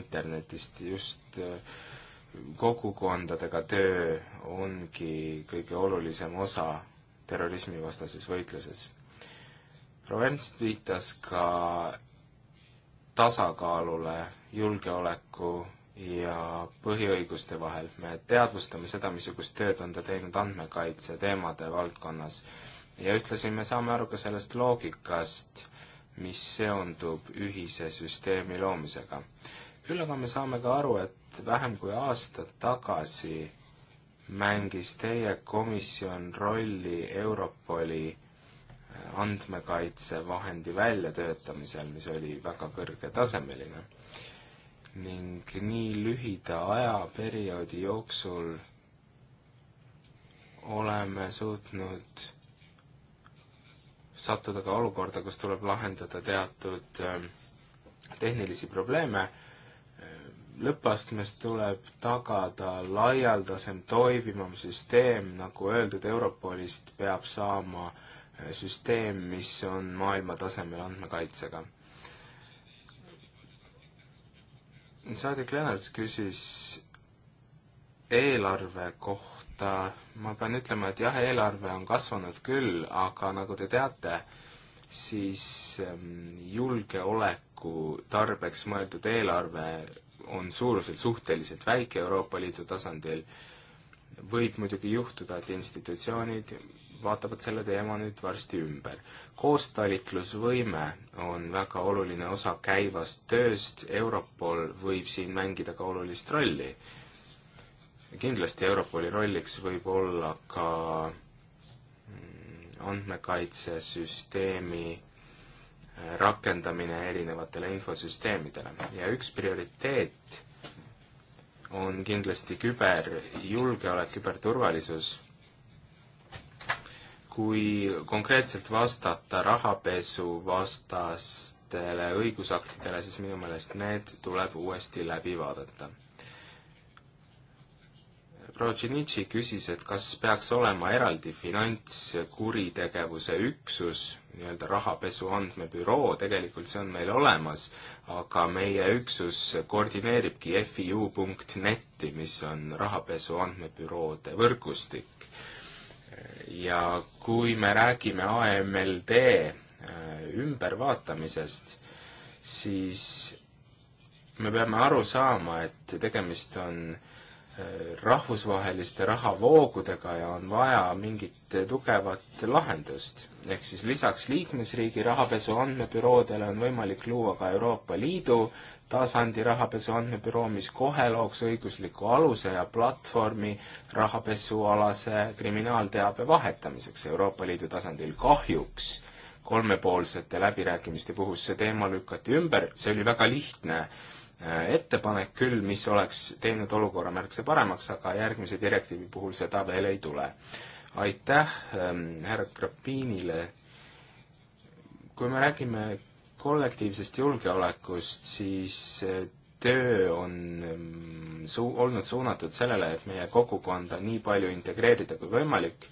internetist, just äh, kogukondadega töö ongi kõige olulisem osa terrorismivastases võitluses. Provence viitas ka tasakaalule julgeoleku ja põhiõiguste vahel. me teadvustame seda, missugust tööd on ta teinud andmekaitse teemade valdkonnas ja ühtlasi me saame aru ka sellest loogikast, mis seondub ühise süsteemi loomisega. küll aga me saame ka aru, et vähem kui aasta tagasi mängis teie komisjon rolli Europoli äh, andmekaitsevahendi väljatöötamisel, mis oli väga kõrgetasemeline. ning nii lühida ajaperioodi jooksul oleme suutnud sattuda ka olukorda, kus tuleb lahendada teatud äh, tehnilisi probleeme lõppastmes tuleb tagada laialdasem toimivam süsteem, nagu öeldud, Europolist peab saama eh, süsteem, mis on maailma tasemel andmekaitsega. saadik Lennarts küsis eelarve kohta, ma pean ütlema, et jah, eelarve on kasvanud küll, aga nagu te teate, siis ehm, julgeoleku tarbeks mõeldud eelarve on suuruselt suhteliselt väike Euroopa Liidu tasandil, võib muidugi juhtuda, et institutsioonid vaatavad selle teema nüüd varsti ümber. koostalitlusvõime on väga oluline osa käivast tööst, Europol võib siin mängida ka olulist rolli. kindlasti Europoli rolliks võib olla ka andmekaitsesüsteemi rakendamine erinevatele infosüsteemidele ja üks prioriteet on kindlasti küberjulgeolek, küberturvalisus, kui konkreetselt vastata rahapesuvastastele õigusaktidele, siis minu meelest need tuleb uuesti läbi vaadata proua Tšinitši küsis, et kas peaks olema eraldi finantskuritegevuse üksus, nii-öelda rahapesu andmebüroo, tegelikult see on meil olemas, aga meie üksus koordineeribki fiu.net-i, mis on rahapesu andmebüroode võrgustik. ja kui me räägime AMLD äh, ümbervaatamisest, siis me peame aru saama, et tegemist on äh, Äh, rahvusvaheliste rahavoogudega ja on vaja mingit tugevat lahendust. ehk siis lisaks liikmesriigi rahapesu andmebüroodele on võimalik luua ka Euroopa Liidu tasandi rahapesu andmebüroo, mis kohe looks õigusliku aluse ja platvormi rahapesualase kriminaalteabe vahetamiseks Euroopa Liidu tasandil. kahjuks kolmepoolsete läbirääkimiste puhul see teema lükati ümber, see oli väga lihtne äh, Äh, ettepanek küll, mis oleks teinud olukorra märksa paremaks, aga järgmise direktiivi puhul seda veel ei tule. aitäh ähm, härra Krapinile. kui me räägime kollektiivsest julgeolekust, siis äh, töö on ähm, suu-, olnud suunatud sellele, et meie kogukonda nii palju integreerida kui võimalik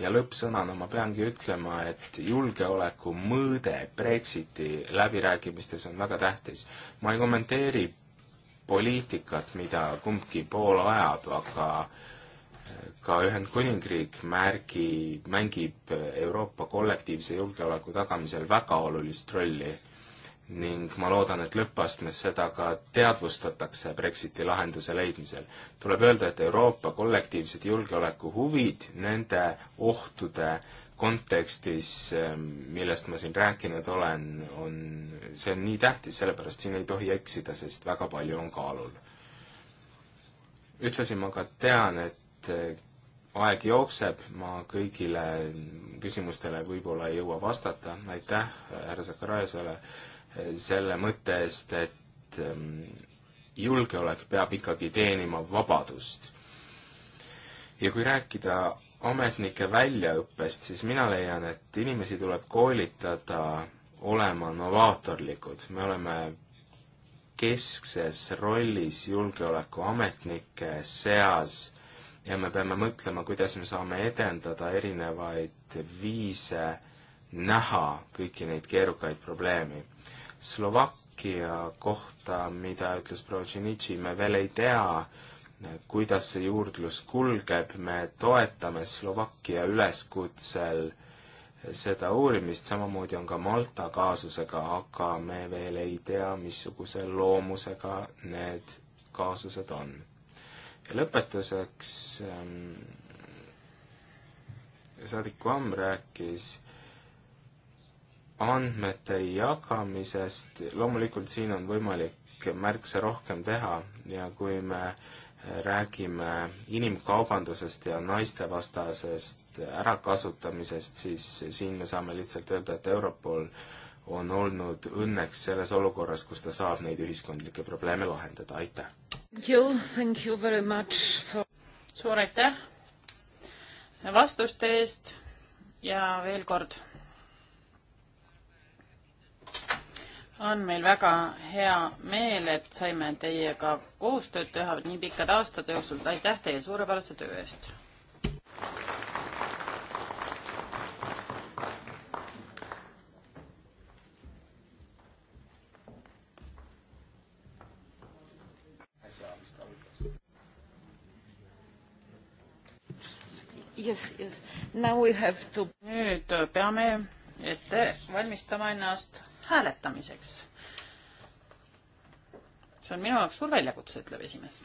ja lõppsõnana ma peangi ütlema, et julgeoleku mõõde Brexiti läbirääkimistes on väga tähtis. ma ei kommenteeri poliitikat, mida kumbki pool ajab, aga eh, ka Ühendkuningriik märgi, mängib Euroopa kollektiivse julgeoleku tagamisel väga olulist rolli ning ma loodan, et lõppastmes seda ka teadvustatakse Brexiti lahenduse leidmisel. tuleb öelda, et Euroopa kollektiivsed julgeolekuhuvid nende ohtude kontekstis, ehm, millest ma siin rääkinud olen, on, see on nii tähtis, sellepärast siin ei tohi eksida, sest väga palju on kaalul. ühtlasi ma ka tean, et eh, aeg jookseb, ma kõigile küsimustele võib-olla ei jõua vastata, aitäh härra Zakarajasele selle mõtte eest, et ähm, julgeolek peab ikkagi teenima vabadust. ja kui rääkida ametnike väljaõppest, siis mina leian, et inimesi tuleb koolitada olema novaatorlikud, me oleme keskses rollis julgeolekuametnike seas ja me peame mõtlema, kuidas me saame edendada erinevaid viise näha kõiki neid keerukaid probleeme Slovakkia kohta, mida ütles proua Tšinitši, me veel ei tea, kuidas see juurdlus kulgeb, me toetame Slovakkia üleskutsel seda uurimist, samamoodi on ka Malta kaasusega, aga me veel ei tea, missuguse loomusega need kaasused on. ja lõpetuseks ähm, saadik Kvam rääkis andmete jagamisest, loomulikult siin on võimalik märksa rohkem teha ja kui me räägime inimkaubandusest ja naistevastasest ärakasutamisest, siis siin me saame lihtsalt öelda, et Europol on olnud õnneks selles olukorras, kus ta saab neid ühiskondlikke probleeme lahendada, aitäh! For... suur aitäh vastuste eest ja veel kord on meil väga hea meel, et saime teiega koostööd teha nii pikkade aastate jooksul. aitäh teile suurepärase töö eest. Yes, yes. Now we have to... nüüd peame ette valmistama ennast hääletamiseks. see on minu jaoks suur väljakutse, ütleb esimees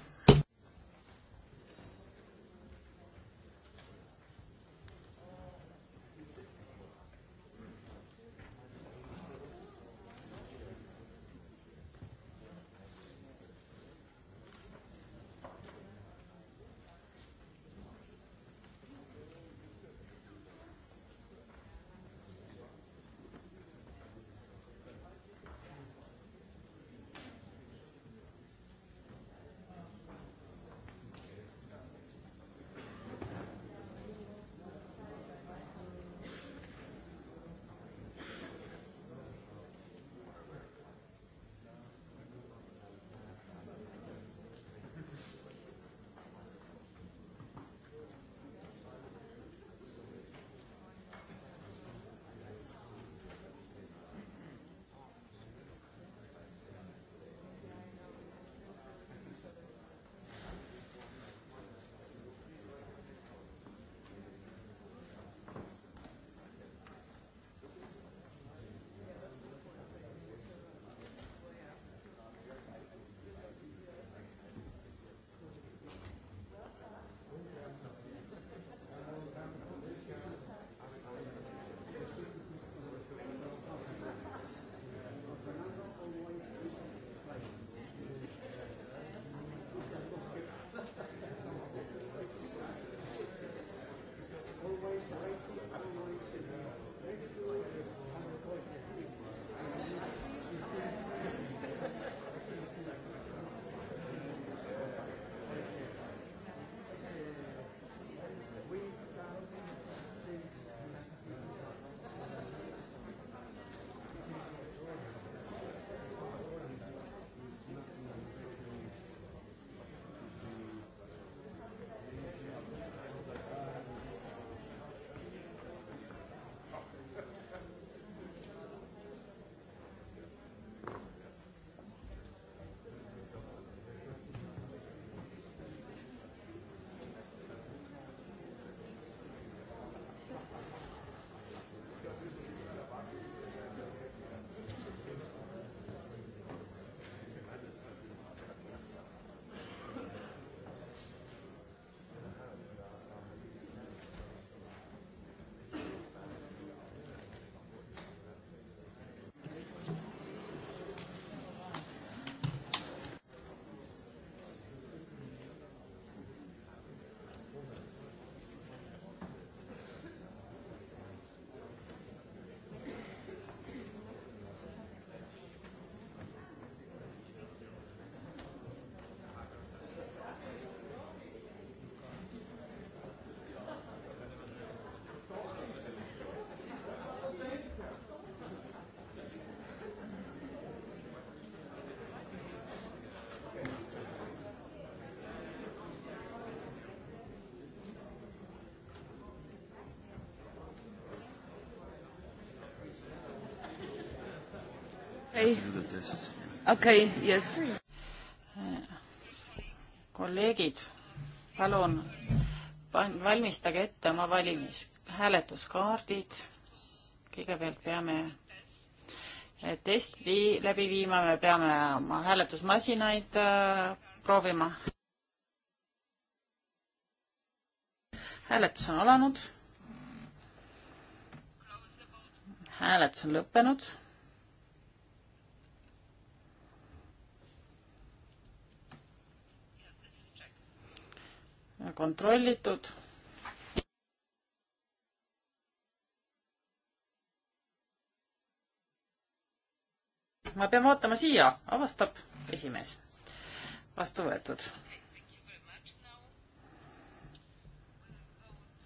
okei okay., okei okay,, jess. kolleegid, palun valmistage ette oma valimis, hääletuskaardid. kõigepealt peame eh, testi läbi viima, me peame oma hääletusmasinaid eh, proovima. hääletus on alanud. hääletus on lõppenud kontrollitud. ma pean vaatama siia, avastab esimees. vastu võetud.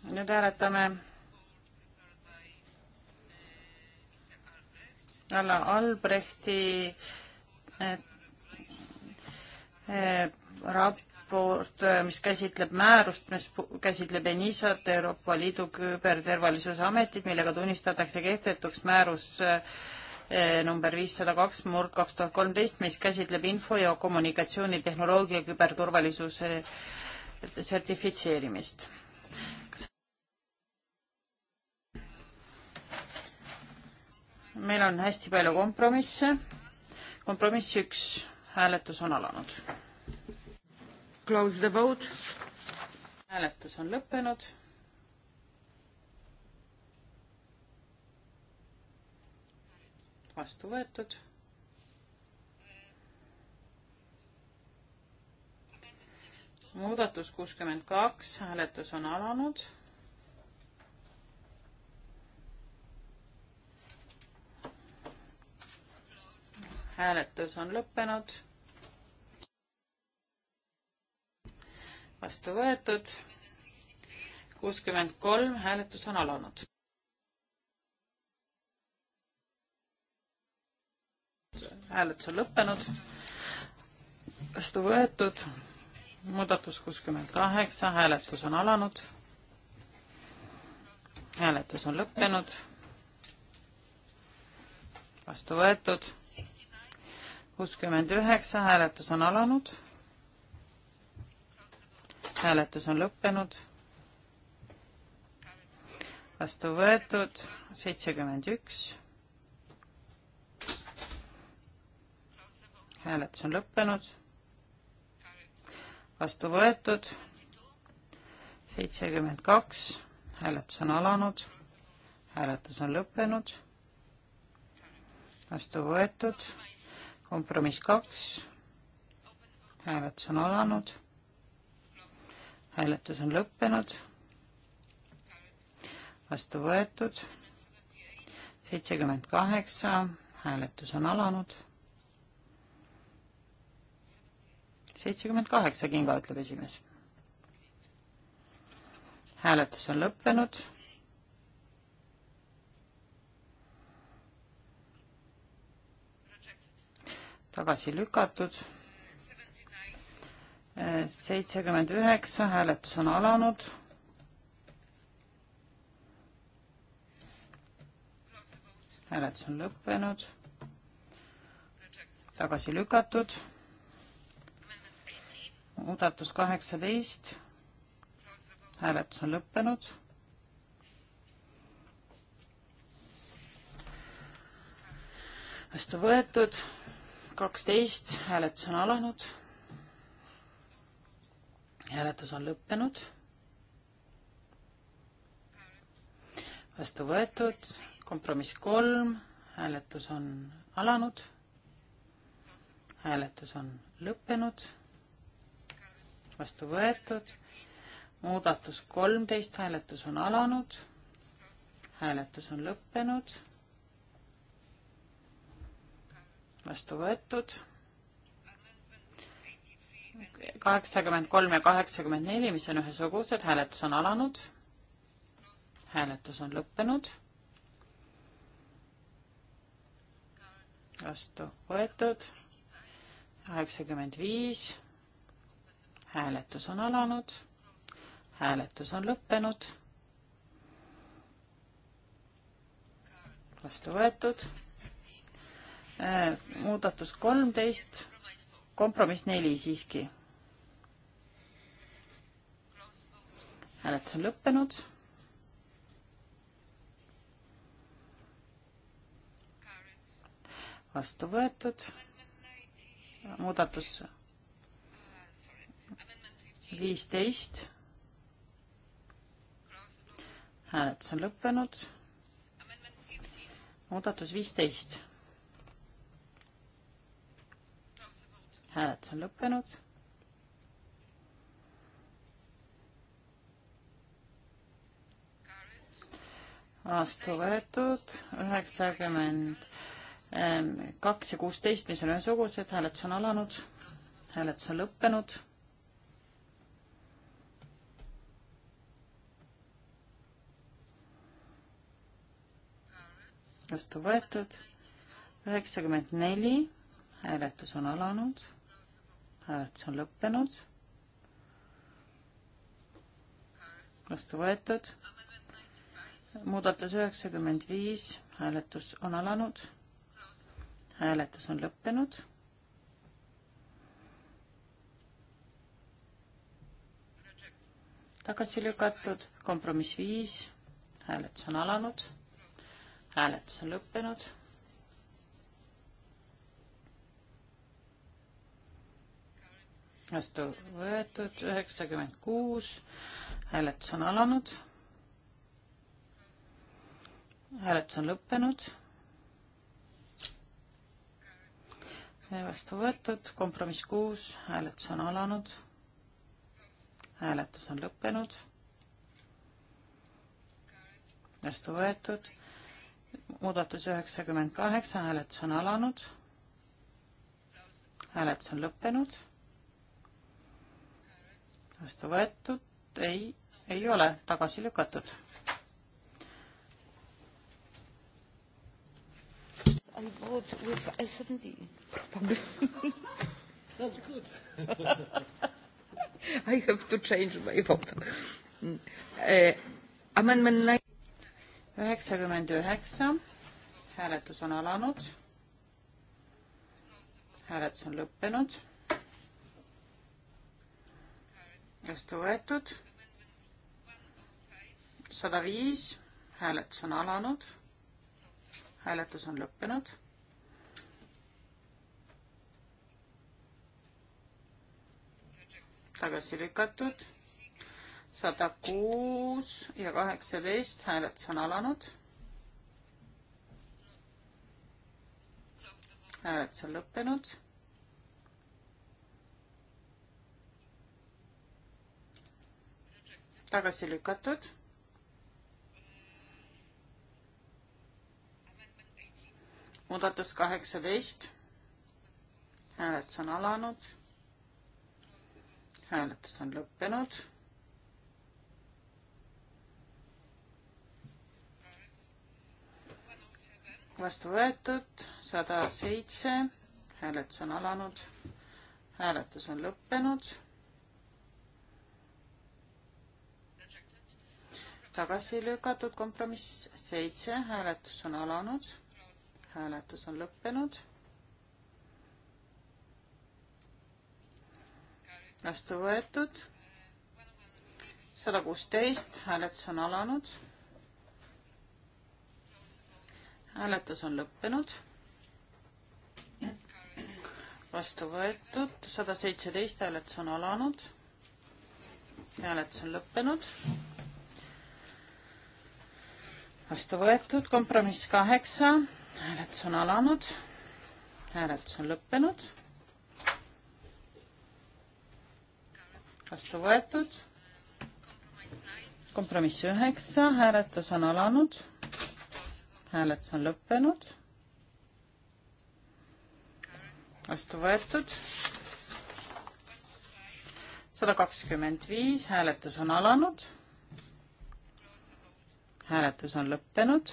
nüüd hääletame Alla Albrechti eh, eh, rap-, raport, äh, mis käsitleb määrust, mis käsitleb ENISA-t, Euroopa Liidu küberturvalisuse ametit, millega tunnistatakse kehtetuks määrus äh, number viissada kaks murd kaks tuhat kolmteist, mis käsitleb info- ja kommunikatsioonitehnoloogia küberturvalisuse äh, sertifitseerimist. meil on hästi palju kompromisse. kompromiss üks, hääletus on alanud Close the vote. hääletus on lõppenud. vastu võetud. muudatus kuuskümmend kaks, hääletus on alanud hääletus on lõppenud. vastu võetud. kuuskümmend kolm, hääletus on alanud. hääletus on lõppenud. vastu võetud. muudatus kuuskümmend kaheksa, hääletus on alanud. hääletus on lõppenud. vastu võetud. kuuskümmend üheksa, hääletus on alanud hääletus on lõppenud. vastu võetud seitsekümmend üks. hääletus on lõppenud. vastu võetud seitsekümmend kaks. hääletus on alanud. hääletus on lõppenud. vastu võetud kompromiss kaks. hääletus on alanud hääletus on lõppenud, vastu võetud, seitsekümmend kaheksa, hääletus on alanud. seitsekümmend kaheksa kinga, ütleb esimees. hääletus on lõppenud tagasi lükatud seitsekümmend üheksa, hääletus on alanud. hääletus on lõppenud, tagasi lükatud. muudatus kaheksateist, hääletus on lõppenud. vastu võetud, kaksteist, hääletus on alanud hääletus on lõppenud. vastu võetud, kompromiss kolm, hääletus on alanud, hääletus on lõppenud, vastu võetud, muudatus kolmteist, hääletus on alanud, hääletus on lõppenud, vastu võetud kaheksakümmend kolm ja kaheksakümmend neli, mis on ühesugused, hääletus on alanud. hääletus on lõppenud. vastu võetud. kaheksakümmend viis. hääletus on alanud. hääletus on lõppenud. vastu võetud. Äh, muudatus kolmteist kompromiss neli siiski. hääletus on lõppenud. vastu võetud. muudatus viisteist. hääletus on lõppenud. muudatus viisteist hääletus on lõppenud. vastu võetud üheksakümmend ähm, kaks ja kuusteist, mis on ühesugused, hääletus on alanud, hääletus on lõppenud vastu võetud. üheksakümmend neli, hääletus on alanud hääletus on lõppenud. vastu võetud. muudatus üheksakümmend viis, hääletus on alanud. hääletus on lõppenud. tagasi lükatud, kompromiss viis, hääletus on alanud, hääletus on lõppenud vastu võetud üheksakümmend kuus, hääletus on alanud. hääletus on lõppenud. vastu võetud, kompromiss kuus, hääletus on alanud. hääletus on lõppenud. vastu võetud, muudatus üheksakümmend kaheksa, hääletus on alanud. hääletus on lõppenud vastu võetud, ei, ei ole, tagasi lükatud. I vote with SMD probably. That's good. I have to change my vote uh,. Amendment nine. üheksakümmend üheksa, hääletus on alanud. hääletus on lõppenud vastu võetud. sada viis, hääletus on alanud. hääletus on lõppenud. tagasi lükatud. sada kuus ja kaheksateist, hääletus on alanud. hääletus on lõppenud tagasi lükatud. muudatus kaheksateist. hääletus on alanud. hääletus on lõppenud. vastu võetud sada seitse, hääletus on alanud, hääletus on lõppenud tagasi lükatud kompromiss seitse, hääletus on alanud, hääletus on lõppenud. vastu võetud sada kuusteist, hääletus on alanud. hääletus on lõppenud. vastu võetud sada seitseteist, hääletus on alanud. hääletus on lõppenud vastu võetud, kompromiss kaheksa, hääletus on alanud, hääletus on lõppenud, vastu võetud, kompromiss üheksa, hääletus on alanud, hääletus on lõppenud, vastu võetud, sada kakskümmend viis, hääletus on alanud hääletus on lõppenud.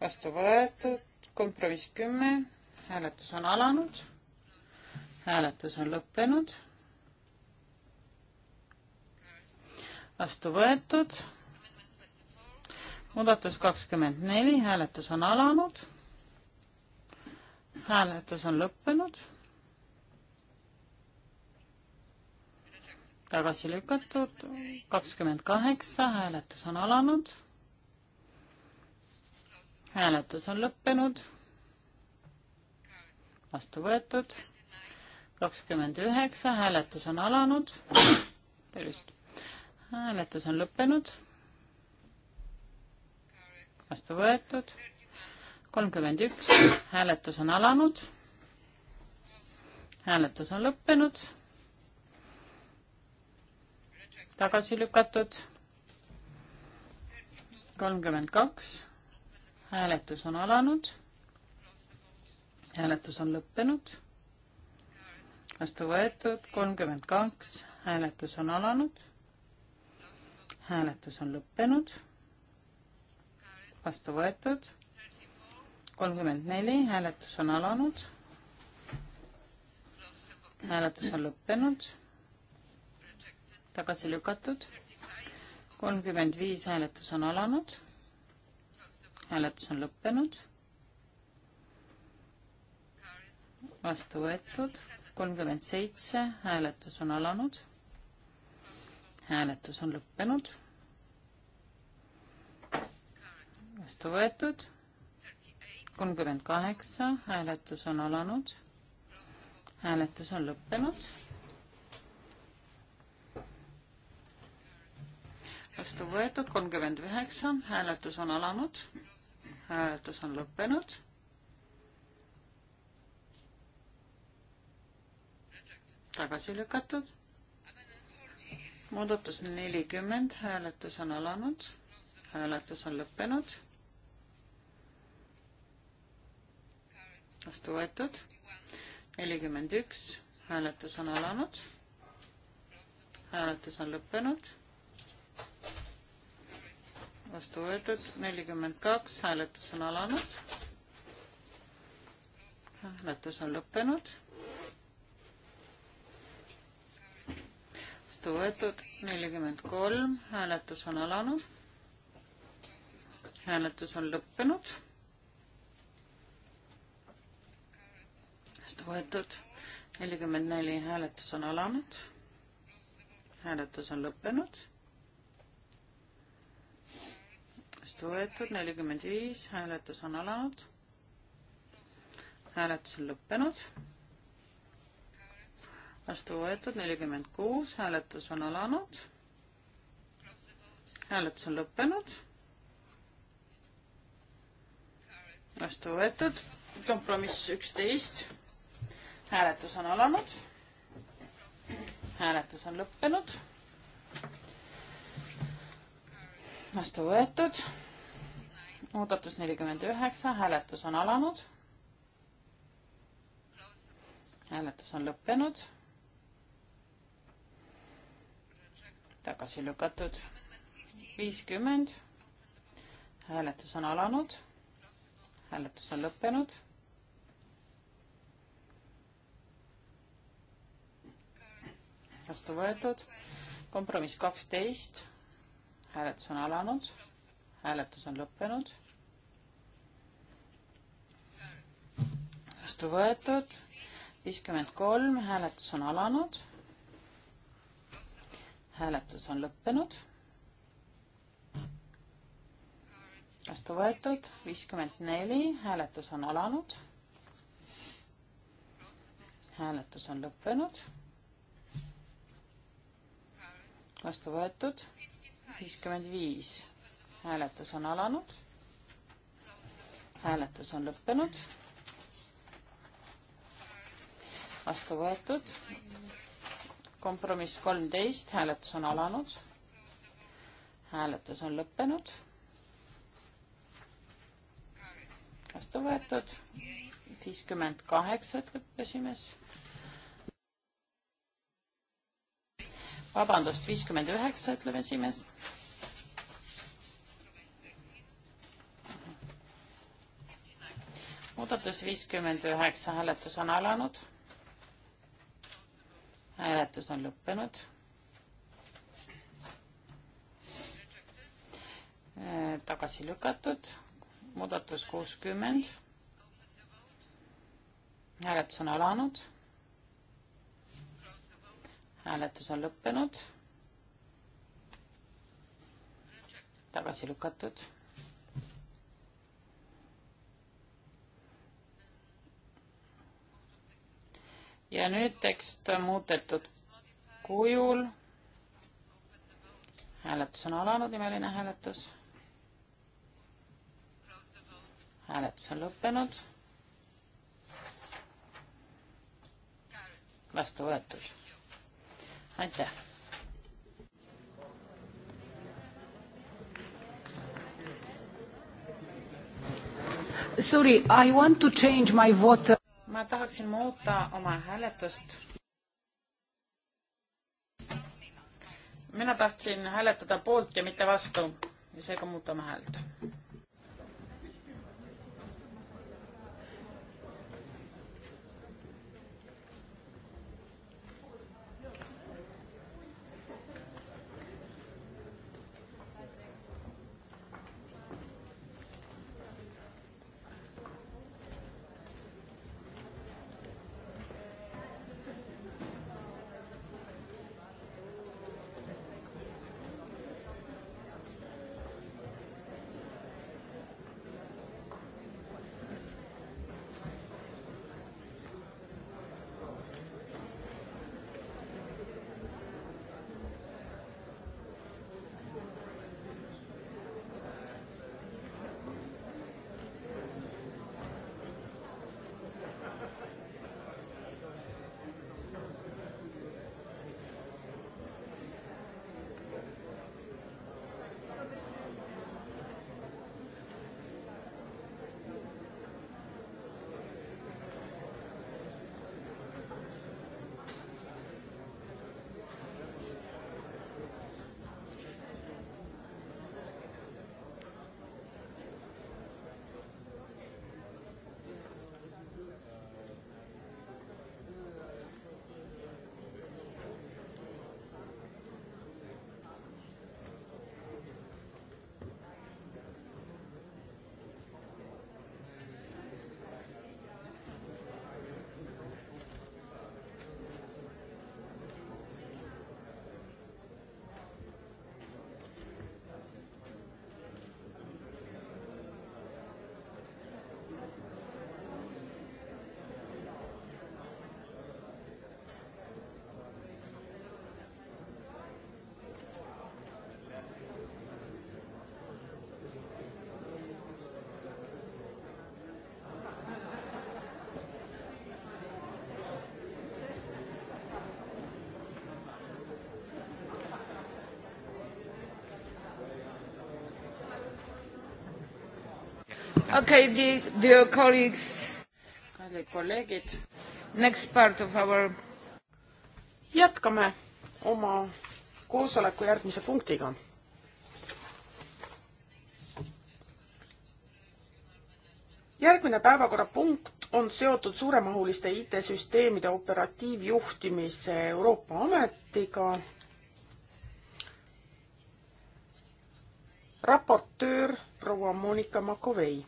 vastu võetud, kompromiss kümme, hääletus on alanud, hääletus on lõppenud. vastu võetud, muudatus kakskümmend neli, hääletus on alanud, hääletus on lõppenud tagasi lükatud, kakskümmend kaheksa, hääletus on alanud. hääletus on lõppenud. vastu võetud. kakskümmend üheksa, hääletus on alanud. tervist. hääletus on lõppenud. vastu võetud. kolmkümmend üks, hääletus on alanud. hääletus on lõppenud tagasi lükatud. kolmkümmend kaks, hääletus on alanud. hääletus on lõppenud. vastu võetud, kolmkümmend kaks, hääletus on alanud. hääletus on lõppenud. vastu võetud kolmkümmend neli, hääletus on alanud. hääletus on lõppenud tagasi lükatud. kolmkümmend viis hääletus on alanud. hääletus on lõppenud. vastu võetud. kolmkümmend seitse hääletus on alanud. hääletus on lõppenud. vastu võetud. kolmkümmend kaheksa hääletus on alanud. hääletus on lõppenud vastu võetud, kolmkümmend üheksa, hääletus on alanud, hääletus on lõppenud. tagasi lükatud. muudatus nelikümmend, hääletus on alanud, hääletus on lõppenud. vastu võetud, nelikümmend üks, hääletus on alanud, hääletus on lõppenud vastu võetud, nelikümmend kaks, hääletus on alanud. hääletus on lõppenud. vastu võetud, nelikümmend kolm, hääletus on alanud. hääletus on lõppenud. vastu võetud, nelikümmend neli, hääletus on alanud. hääletus on lõppenud vastu võetud, nelikümmend viis, hääletus on alanud. hääletus on lõppenud. vastu võetud, nelikümmend kuus, hääletus on alanud. hääletus on lõppenud. vastu võetud, kompromiss üksteist, hääletus on alanud. hääletus on lõppenud vastu võetud. muudatus nelikümmend üheksa, hääletus on alanud. hääletus on lõppenud. tagasi lükatud. viiskümmend. hääletus on alanud. hääletus on lõppenud. vastu võetud. kompromiss kaksteist hääletus on alanud, hääletus on lõppenud. vastu võetud, viiskümmend kolm, hääletus on alanud. hääletus on lõppenud. vastu võetud, viiskümmend neli, hääletus on alanud. hääletus on lõppenud. vastu võetud viiskümmend viis. hääletus on alanud. hääletus on lõppenud. vastu võetud. kompromiss kolmteist, hääletus on alanud. hääletus on lõppenud. vastu võetud. viiskümmend kaheksa, ütleb esimees vabandust, viiskümmend üheksa, ütleb esimees. muudatus viiskümmend üheksa, hääletus on alanud. hääletus on lõppenud. Äh, tagasi lükatud, muudatus kuuskümmend. hääletus on alanud hääletus on lõppenud. tagasi lükatud. ja nüüd tekst muudetud kujul. hääletus on alanud, nimeline hääletus. hääletus on lõppenud. vastu võetud aitäh. Sorry, I want to change my vote. ma tahaksin muuta oma hääletust. mina tahtsin hääletada poolt ja mitte vastu ja seega muuta oma häält. Okay, dear, dear colleagues. kallid kolleegid. Next part of our. jätkame oma koosoleku järgmise punktiga. järgmine päevakorrapunkt on seotud suuremahuliste IT-süsteemide operatiivjuhtimise Euroopa Ametiga Makovej.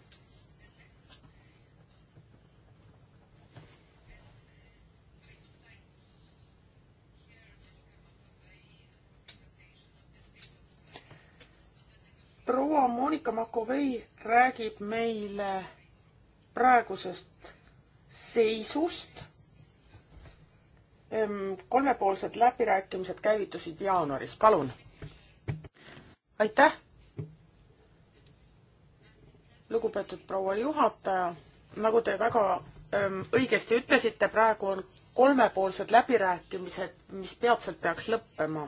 proua Monika Makovei räägib meile praegusest seisust. kolmepoolsed läbirääkimised käivitusid jaanuaris, palun. aitäh lugupeetud proua juhataja, nagu te väga öö, ähm, õigesti ütlesite, praegu on kolmepoolsed läbirääkimised, mis peatselt peaks lõppema.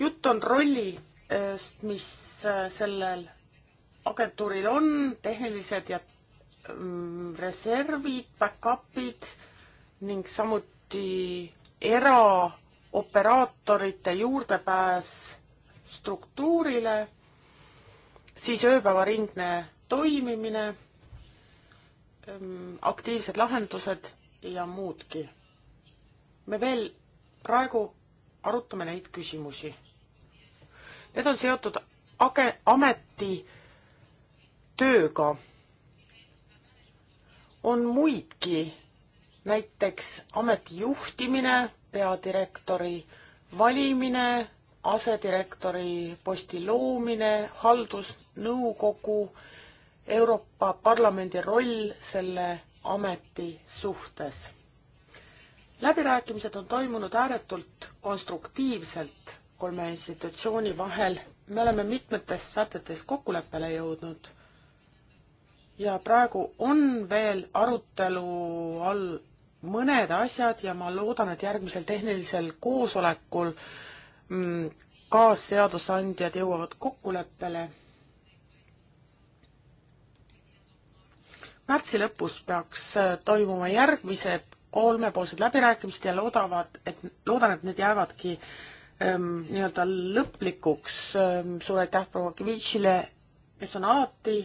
jutt on rollist, mis äh, sellel agentuuril on, tehnilised ja mm, reservid, back-up'id ning samuti eraoperaatorite juurdepääs struktuurile siis ööpäevaringne toimimine, ehm, aktiivsed lahendused ja muudki. me veel praegu arutame neid küsimusi. Need on seotud age-, ameti tööga. on muidki, näiteks ameti juhtimine, peadirektori valimine, asedirektori posti loomine, haldusnõukogu, Euroopa Parlamendi roll selle ameti suhtes. läbirääkimised on toimunud ääretult konstruktiivselt kolme institutsiooni vahel, me oleme mitmetes sätetes kokkuleppele jõudnud ja praegu on veel arutelu all mõned asjad ja ma loodan, et järgmisel tehnilisel koosolekul äh, Mm, kaasseadusandjad jõuavad kokkuleppele. märtsi lõpus peaks äh, toimuma järgmised kolmepoolsed läbirääkimised ja loodavad, et, loodan, et need jäävadki ähm, nii-öelda lõplikuks ähm,. suur aitäh proua Kivitšile, kes on alati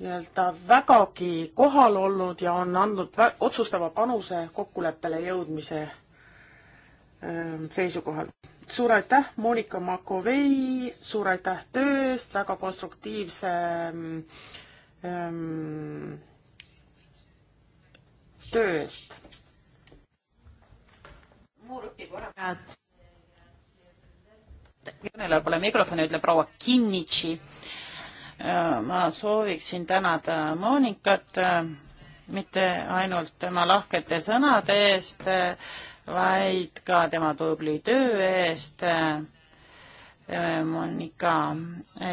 nii-öelda vägagi kohal olnud ja on andnud vä-, otsustava panuse kokkuleppele jõudmise Ähm, seisukohal. suur aitäh, Monika Makovei, suur aitäh töö eest, väga konstruktiivse ähm, ähm töö eest. kõnelejal pole mikrofoni, ütleb proua Kinnitši. Äh, ma sooviksin tänada Monikat äh, mitte ainult tema lahkete sõnade eest äh,, vaid ka tema tubli töö eest. Monika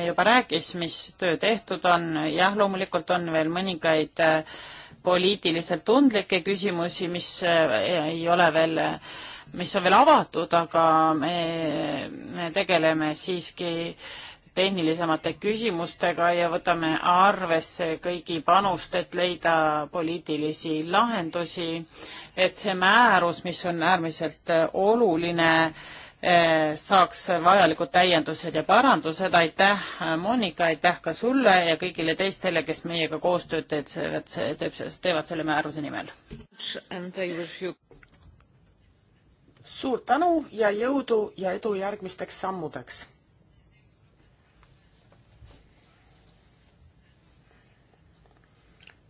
juba rääkis, mis töö tehtud on, jah, loomulikult on veel mõningaid äh, poliitiliselt tundlikke küsimusi, mis äh, ei ole veel, mis on veel avatud, aga me, me tegeleme siiski äh, tehnilisemate küsimustega ja võtame arvesse kõigi panust, et leida poliitilisi lahendusi, et see määrus, mis on äärmiselt äh, oluline, äh, saaks vajalikud täiendused ja parandused. aitäh, äh, Monika, aitäh ka sulle ja kõigile teistele, kes meiega koostööd teed, teeb, teevad selle määruse nimel. suur tänu ja jõudu ja edu järgmisteks sammudeks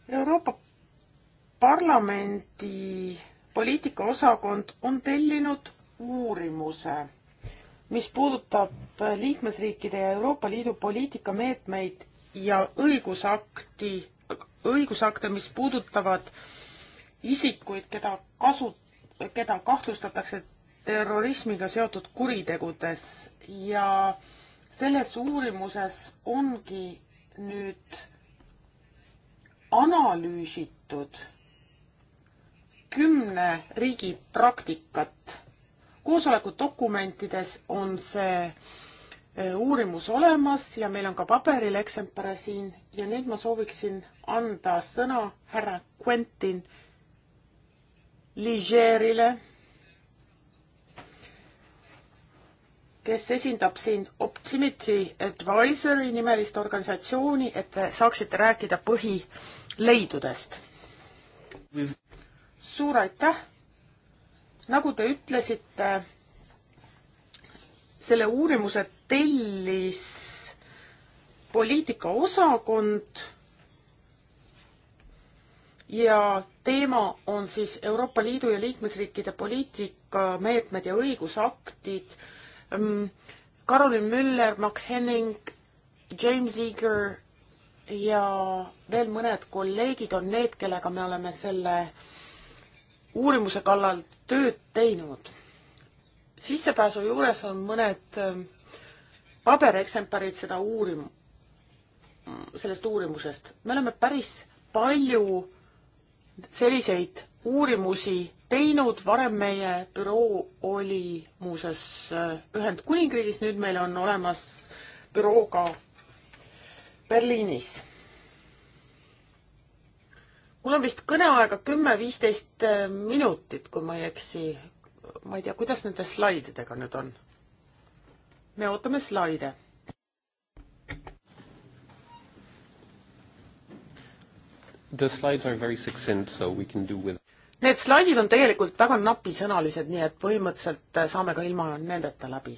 Euroopa Parlamendi poliitikaosakond on tellinud uurimuse, mis puudutab liikmesriikide ja Euroopa Liidu poliitikameetmeid ja õigusakti, õigusakte, mis puudutavad isikuid, keda kasu, keda kahtlustatakse terrorismiga seotud kuritegudes ja selles uurimuses ongi nüüd analüüsitud kümne riigi praktikat. koosoleku dokumentides on see e, uurimus olemas ja meil on ka paberil eksemplare siin ja nüüd ma sooviksin anda sõna härra Quentin Ligerile, kes esindab siin Optimity Advisory nimelist organisatsiooni, et te saaksite rääkida põhi äh, leidudest. suur aitäh! nagu te ütlesite, selle uurimuse tellis poliitikaosakond ja teema on siis Euroopa Liidu ja liikmesriikide poliitikameetmed ja õigusaktid. Mm, Karolin Müller, Max Henning, James Eager ja veel mõned kolleegid on need, kellega me oleme selle uurimuse kallal tööd teinud. sissepääsu juures on mõned ähm, pabereksemplarid seda uurim-, sellest uurimusest. me oleme päris palju selliseid uurimusi teinud, varem meie büroo oli muuseas äh, Ühendkuningriigis, nüüd meil on olemas büroo ka Berliinis. mul on vist kõneaega kümme-viisteist äh, minutit, kui ma ei eksi. ma ei tea, kuidas nende slaididega nüüd on? me ootame slaide The slides are very succinct, so we can do with Need slaidid on tegelikult väga napisõnalised, nii et põhimõtteliselt äh, saame ka ilma nendeta läbi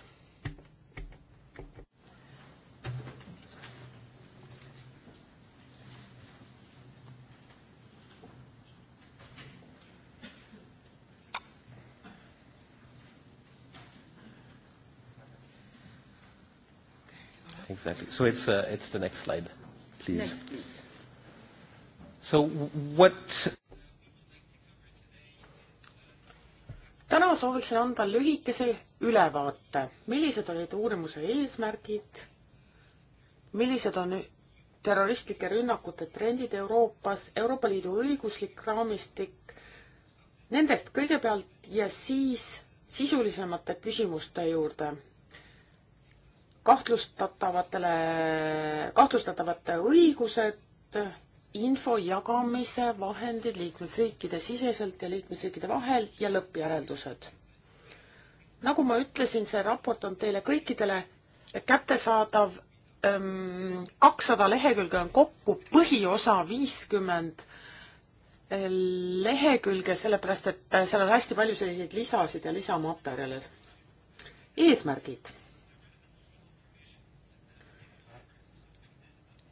exactly. So it's, uh, it's the next slide, please. Next, please. So what täna sooviksin anda lühikese ülevaate, millised olid uurimuse eesmärgid, millised on terroristlike rünnakute trendid Euroopas, Euroopa Liidu õiguslik raamistik, nendest kõigepealt ja siis sisulisemate küsimuste juurde kahtlustatavatele, kahtlustatavate õigused, info jagamise vahendid liikmesriikide siseselt ja liikmesriikide vahel ja lõppjäreldused. nagu ma ütlesin, see raport on teile kõikidele kättesaadav, kakssada lehekülge on kokku, põhiosa viiskümmend lehekülge, sellepärast et seal on hästi palju selliseid lisasid ja lisamaterjale. eesmärgid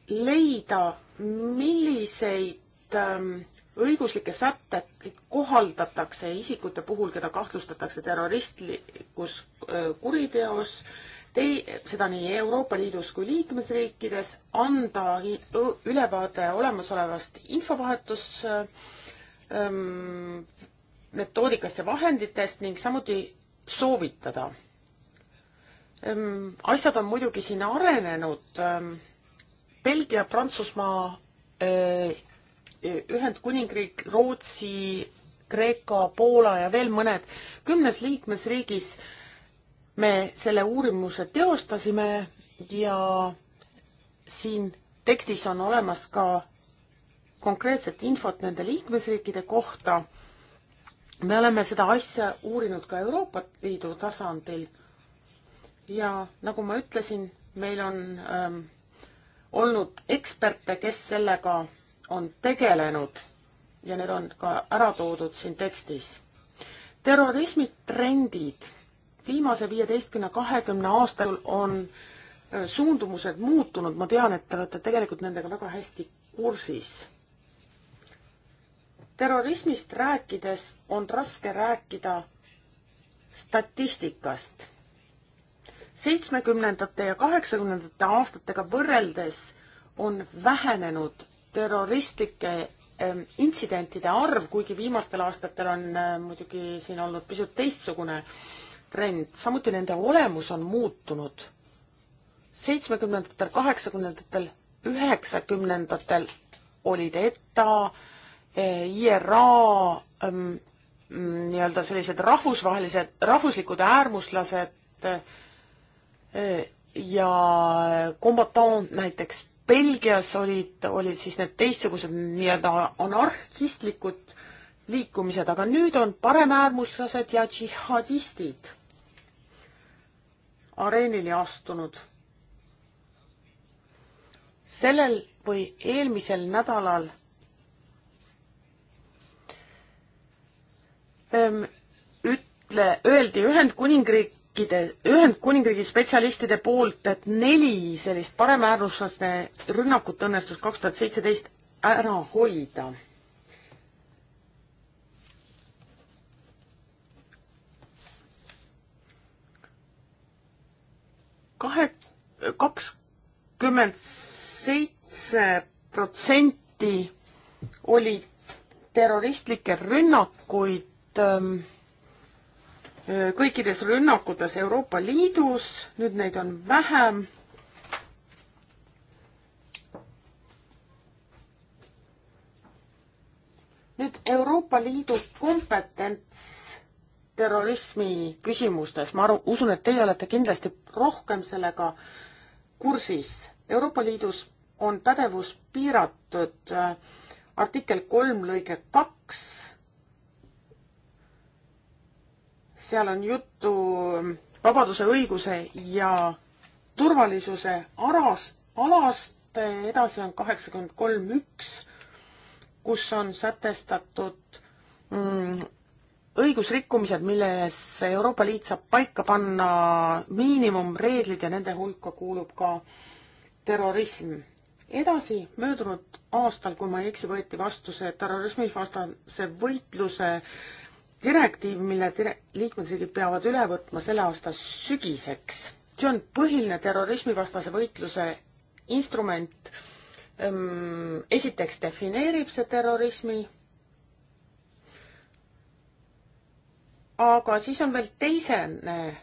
leida, milliseid ähm, õiguslikke sätteid kohaldatakse isikute puhul, keda kahtlustatakse terroristlikus äh, kuriteos, tei-, seda nii Euroopa Liidus kui liikmesriikides, anda ülevaade olemasolevast infovahetus ähm, metoodikast ja vahenditest ning samuti soovitada ähm,. asjad on muidugi siin arenenud ähm, Belgia, Prantsusmaa, eh, Ühendkuningriik, Rootsi, Kreeka, Poola ja veel mõned kümnes liikmesriigis me selle uurimuse teostasime ja siin tekstis on olemas ka konkreetset infot nende liikmesriikide kohta. me oleme seda asja uurinud ka Euroopa Liidu tasandil. ja nagu ma ütlesin, meil on ähm, olnud eksperte, kes sellega on tegelenud ja need on ka ära toodud siin tekstis. terrorismi trendid viimase viieteistkümne, kahekümne aasta jooksul on äh, suundumused muutunud, ma tean, et te olete tegelikult nendega väga hästi kursis. terrorismist rääkides on raske rääkida statistikast seitsmekümnendate ja kaheksakümnendate aastatega võrreldes on vähenenud terroristlike ehm, intsidentide arv, kuigi viimastel aastatel on ehm, muidugi siin olnud pisut teistsugune trend, samuti nende olemus on muutunud. seitsmekümnendatel, kaheksakümnendatel, üheksakümnendatel olid ETA, ehm, IRA nii-öelda sellised rahvusvahelised, rahvuslikud äärmuslased, ja kombatant näiteks Belgias olid, olid siis need teistsugused nii-öelda anarhistlikud liikumised, aga nüüd on paremäärmuslased ja džihadistid areenile astunud. sellel või eelmisel nädalal ütle, öeldi Ühendkuningriik riikide, Ühendkuningriigi spetsialistide poolt, et neli sellist paremäärmuslaste rünnakut õnnestus kaks tuhat seitseteist ära hoida. kahe, kakskümmend seitse protsenti oli terroristlikke rünnakuid ähm, kõikides rünnakutes Euroopa Liidus, nüüd neid on vähem. nüüd Euroopa Liidu kompetents terrorismi küsimustes, ma aru, usun, et teie olete kindlasti rohkem sellega kursis. Euroopa Liidus on pädevus piiratud äh, artikkel kolm lõige kaks seal on juttu vabaduse, õiguse ja turvalisuse arast, alast, edasi on kaheksakümmend kolm üks, kus on sätestatud mm, õigusrikkumised, milles Euroopa Liit saab paika panna miinimumreeglid ja nende hulka kuulub ka terrorism. edasi, möödunud aastal, kui ma ei eksi, võeti vastu see terrorismivastase võitluse äh, direktiiv, mille dire-, liikmesriigid peavad üle võtma selle aasta sügiseks. see on põhiline terrorismivastase võitluse instrument. Ehm, esiteks defineerib see terrorismi, aga siis on veel teisene,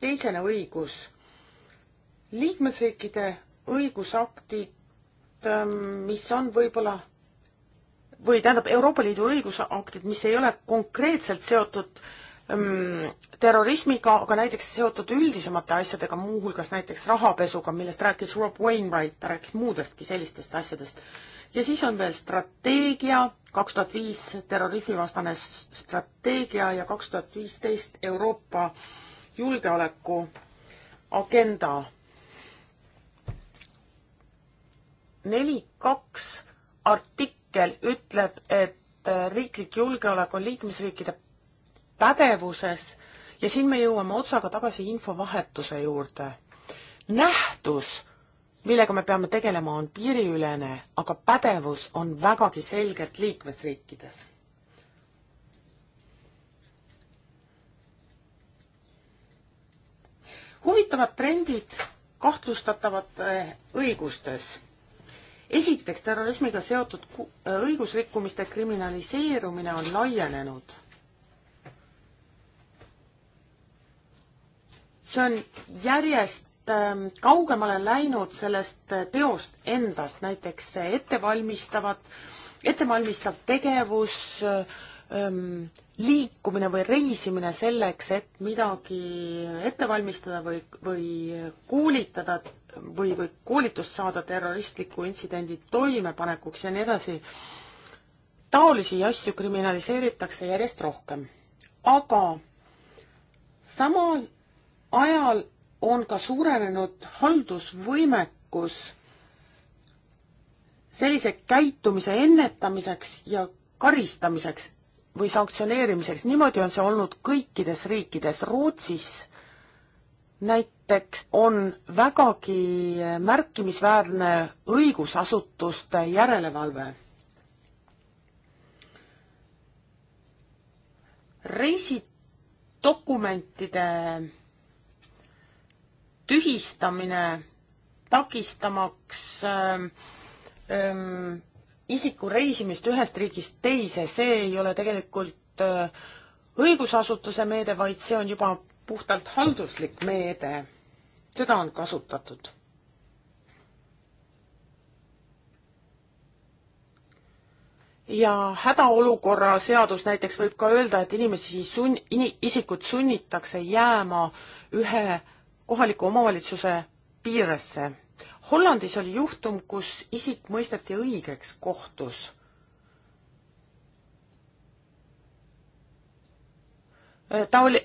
teisene õigus. liikmesriikide õigusaktid, ehm, mis on võib-olla või tähendab Euroopa Liidu õigusaktid, mis ei ole konkreetselt seotud ähm, terrorismiga, aga näiteks seotud üldisemate asjadega, muuhulgas näiteks rahapesuga, millest rääkis Rob Wainwright, ta rääkis muudestki sellistest asjadest. ja siis on veel strateegia, kaks tuhat viis terrorismivastane strateegia ja kaks tuhat viisteist Euroopa julgeoleku agenda. neli kaks artik-, artikkel ütleb, et äh, riiklik julgeolek on liikmesriikide pädevuses ja siin me jõuame otsaga tagasi infovahetuse juurde. nähtus, millega me peame tegelema, on piiriülene, aga pädevus on vägagi selgelt liikmesriikides huvitavad trendid kahtlustatavate õigustes esiteks, terrorismiga seotud äh, õigusrikkumiste kriminaliseerumine on laienenud. see on järjest ähm, kaugemale läinud sellest äh, teost endast, näiteks äh, ettevalmistavad, ettevalmistav tegevus, ähm, liikumine või reisimine selleks, et midagi ette valmistada või, või koolitada või, või koolitust saada terroristliku intsidendi toimepanekuks ja nii edasi. taolisi asju kriminaliseeritakse järjest rohkem. aga samal ajal on ka suurenenud haldusvõimekus sellise käitumise ennetamiseks ja karistamiseks või sanktsioneerimiseks, niimoodi on see olnud kõikides riikides, Rootsis näiteks on vägagi märkimisväärne õigusasutuste järelevalve. reisidokumentide tühistamine takistamaks ähm, ähm, isiku reisimist ühest riigist teise, see ei ole tegelikult äh, õigusasutuse meede, vaid see on juba puhtalt halduslik meede, seda on kasutatud. ja hädaolukorra seadus näiteks võib ka öelda, et inimesi sunn-, isikut sunnitakse jääma ühe kohaliku omavalitsuse piiresse. Hollandis oli juhtum, kus isik mõisteti õigeks kohtus ta oli,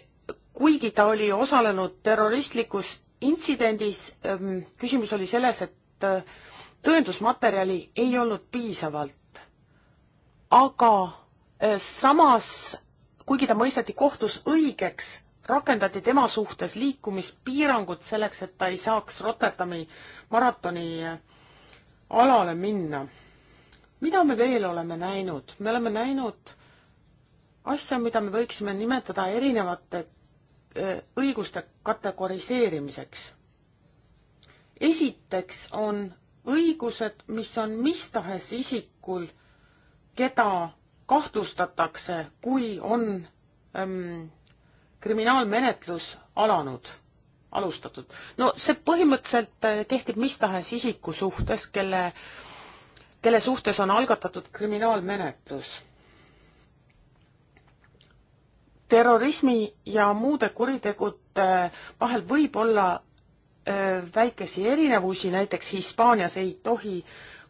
kuigi ta oli osalenud terroristlikus intsidendis, ehm, küsimus oli selles, et äh, tõendusmaterjali ei olnud piisavalt. aga äh, samas, kuigi ta mõisteti kohtus õigeks, rakendati tema suhtes liikumispiirangud selleks, et ta ei saaks Rotterdami maratoni äh, alale minna. mida me veel oleme näinud? me oleme näinud asja, mida me võiksime nimetada erinevate õiguste kategoriseerimiseks. esiteks on õigused, mis on mis tahes isikul, keda kahtlustatakse, kui on ähm, kriminaalmenetlus alanud, alustatud. no see põhimõtteliselt äh, kehtib mis tahes isiku suhtes, kelle, kelle suhtes on algatatud kriminaalmenetlus terrorismi ja muude kuritegude vahel võib olla äh, väikesi erinevusi, näiteks Hispaanias ei tohi,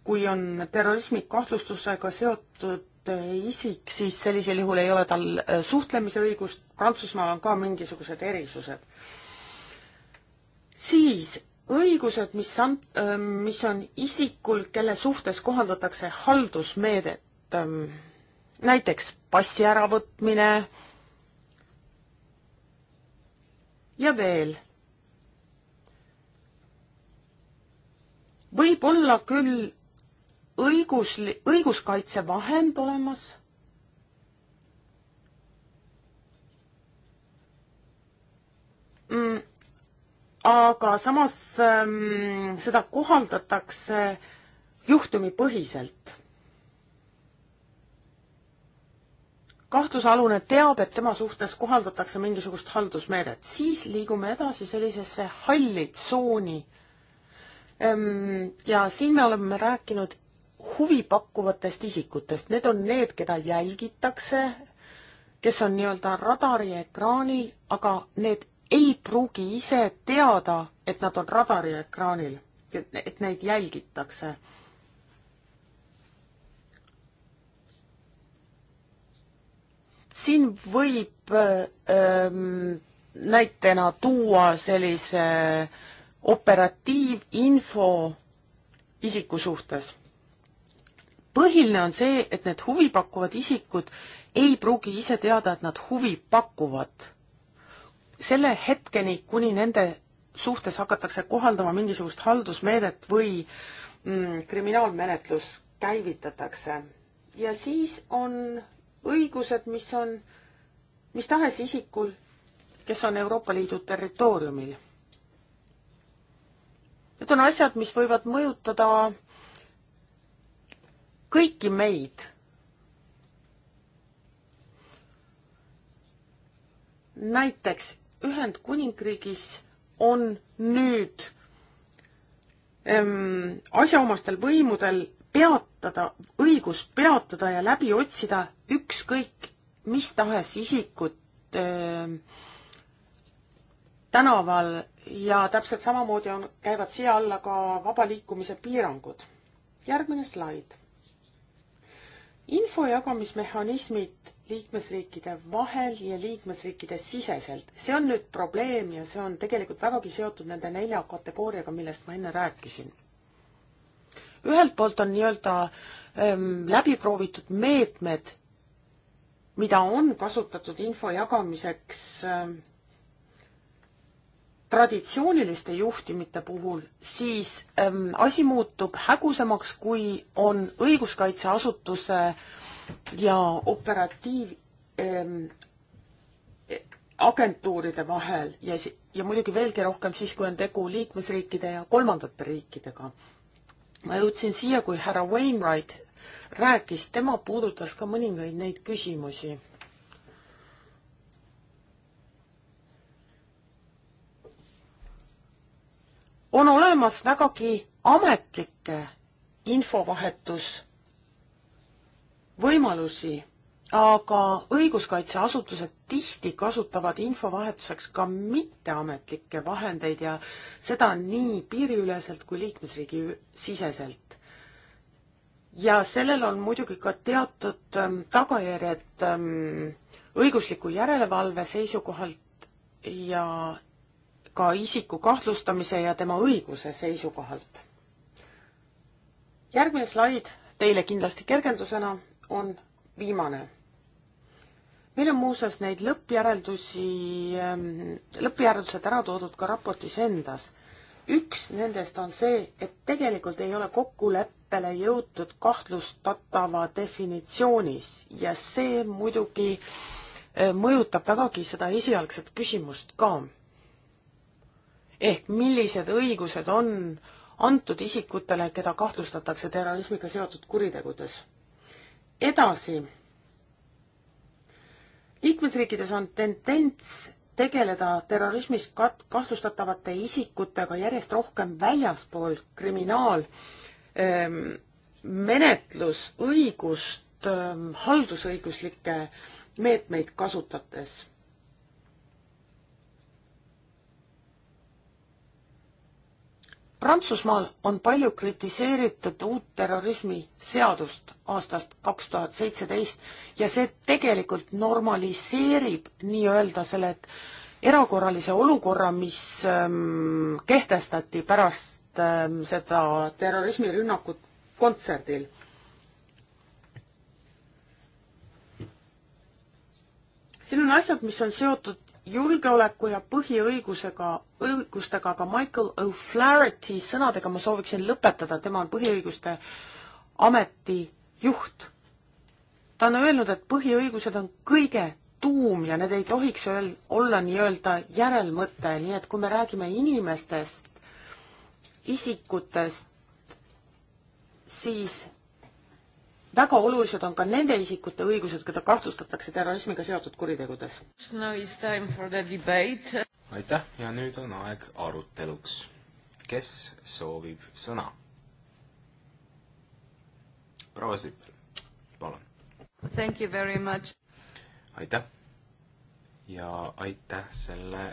kui on terrorismi kahtlustusega seotud äh, isik, siis sellisel juhul ei ole tal äh, suhtlemise õigust, Prantsusmaal on ka mingisugused erisused. siis õigused, mis on, mis on isikul, kelle suhtes kohaldatakse haldusmeedet, ähm, näiteks passi äravõtmine, ja veel. võib olla küll õigus, õiguskaitsevahend olemas mm,. aga samas ähm, seda kohaldatakse juhtumipõhiselt kahtlusalune teab, et tema suhtes kohaldatakse mingisugust haldusmeedet, siis liigume edasi sellisesse halli tsooni. Ehm, ja siin me oleme rääkinud huvipakkuvatest isikutest, need on need, keda jälgitakse, kes on nii-öelda radari ekraanil, aga need ei pruugi ise teada, et nad on radari ekraanil, et neid jälgitakse siin võib ähm, näitena tuua sellise äh, operatiivinfo isiku suhtes. põhiline on see, et need huvipakkuvad isikud ei pruugi ise teada, et nad huvi pakuvad. selle hetkeni, kuni nende suhtes hakatakse kohaldama mingisugust haldusmeedet või mm, kriminaalmenetlus käivitatakse ja siis on õigused, mis on mis tahes isikul, kes on Euroopa Liidu territooriumil. Need on asjad, mis võivad mõjutada kõiki meid. näiteks Ühendkuningriigis on nüüd ähm, asjaomastel võimudel peatada, õigus peatada ja läbi otsida ükskõik mis tahes isikut äh, tänaval ja täpselt samamoodi on, käivad siia alla ka vaba liikumise piirangud. järgmine slaid. info jagamismehhanismid liikmesriikide vahel ja liikmesriikide siseselt, see on nüüd probleem ja see on tegelikult vägagi seotud nende nelja kategooriaga, millest ma enne rääkisin. ühelt poolt on nii-öelda ähm, läbiproovitud meetmed mida on kasutatud info jagamiseks äh, traditsiooniliste juhtimite puhul, siis ähm, asi muutub hägusamaks, kui on õiguskaitseasutuse ja operatiiv ähm, agentuuride vahel ja, ja muidugi veelgi rohkem siis, kui on tegu liikmesriikide ja kolmandate riikidega. ma jõudsin siia, kui härra Wainwright rääkis, tema puudutas ka mõningaid neid küsimusi. on olemas vägagi ametlikke infovahetusvõimalusi, aga õiguskaitseasutused tihti kasutavad infovahetuseks ka mitteametlikke vahendeid ja seda nii piiriüleselt kui liikmesriigi siseselt ja sellel on muidugi ka teatud ähm, tagajärjed ähm, õigusliku järelevalve seisukohalt ja ka isiku kahtlustamise ja tema õiguse seisukohalt. järgmine slaid teile kindlasti kergendusena on viimane. meil on muuseas neid lõppjäreldusi, ähm, lõppjäreldused ära toodud ka raportis endas üks nendest on see, et tegelikult ei ole kokkuleppele jõutud kahtlustatava definitsioonis ja see muidugi eh, mõjutab vägagi seda esialgset küsimust ka. ehk millised õigused on antud isikutele, keda kahtlustatakse terrorismiga seotud kuritegudes. edasi. liikmesriikides on tendents tegeleda terrorismis kat-, kahtlustatavate isikutega järjest rohkem väljaspool kriminaalmenetlusõigust ehm, ähm, ähm, haldusõiguslikke meetmeid kasutades Prantsusmaal on palju kritiseeritud uut terrorismiseadust aastast kaks tuhat seitseteist ja see tegelikult normaliseerib nii-öelda selle erakorralise olukorra, mis ähm, kehtestati pärast ähm, seda terrorismirünnakut kontserdil. siin on asjad, mis on seotud julgeoleku ja põhiõigusega, õigustega, aga Michael O'Flaherty sõnadega ma sooviksin lõpetada, tema on põhiõiguste ameti juht. ta on öelnud, et põhiõigused on kõige tuum ja need ei tohiks öel-, olla nii-öelda järelmõte, nii et kui me räägime inimestest, isikutest, siis väga olulised on ka nende isikute õigused, keda kahtlustatakse terrorismiga seotud kuritegudes. aitäh ja nüüd on aeg aruteluks. kes soovib sõna? proua Sippel, palun. aitäh ja aitäh selle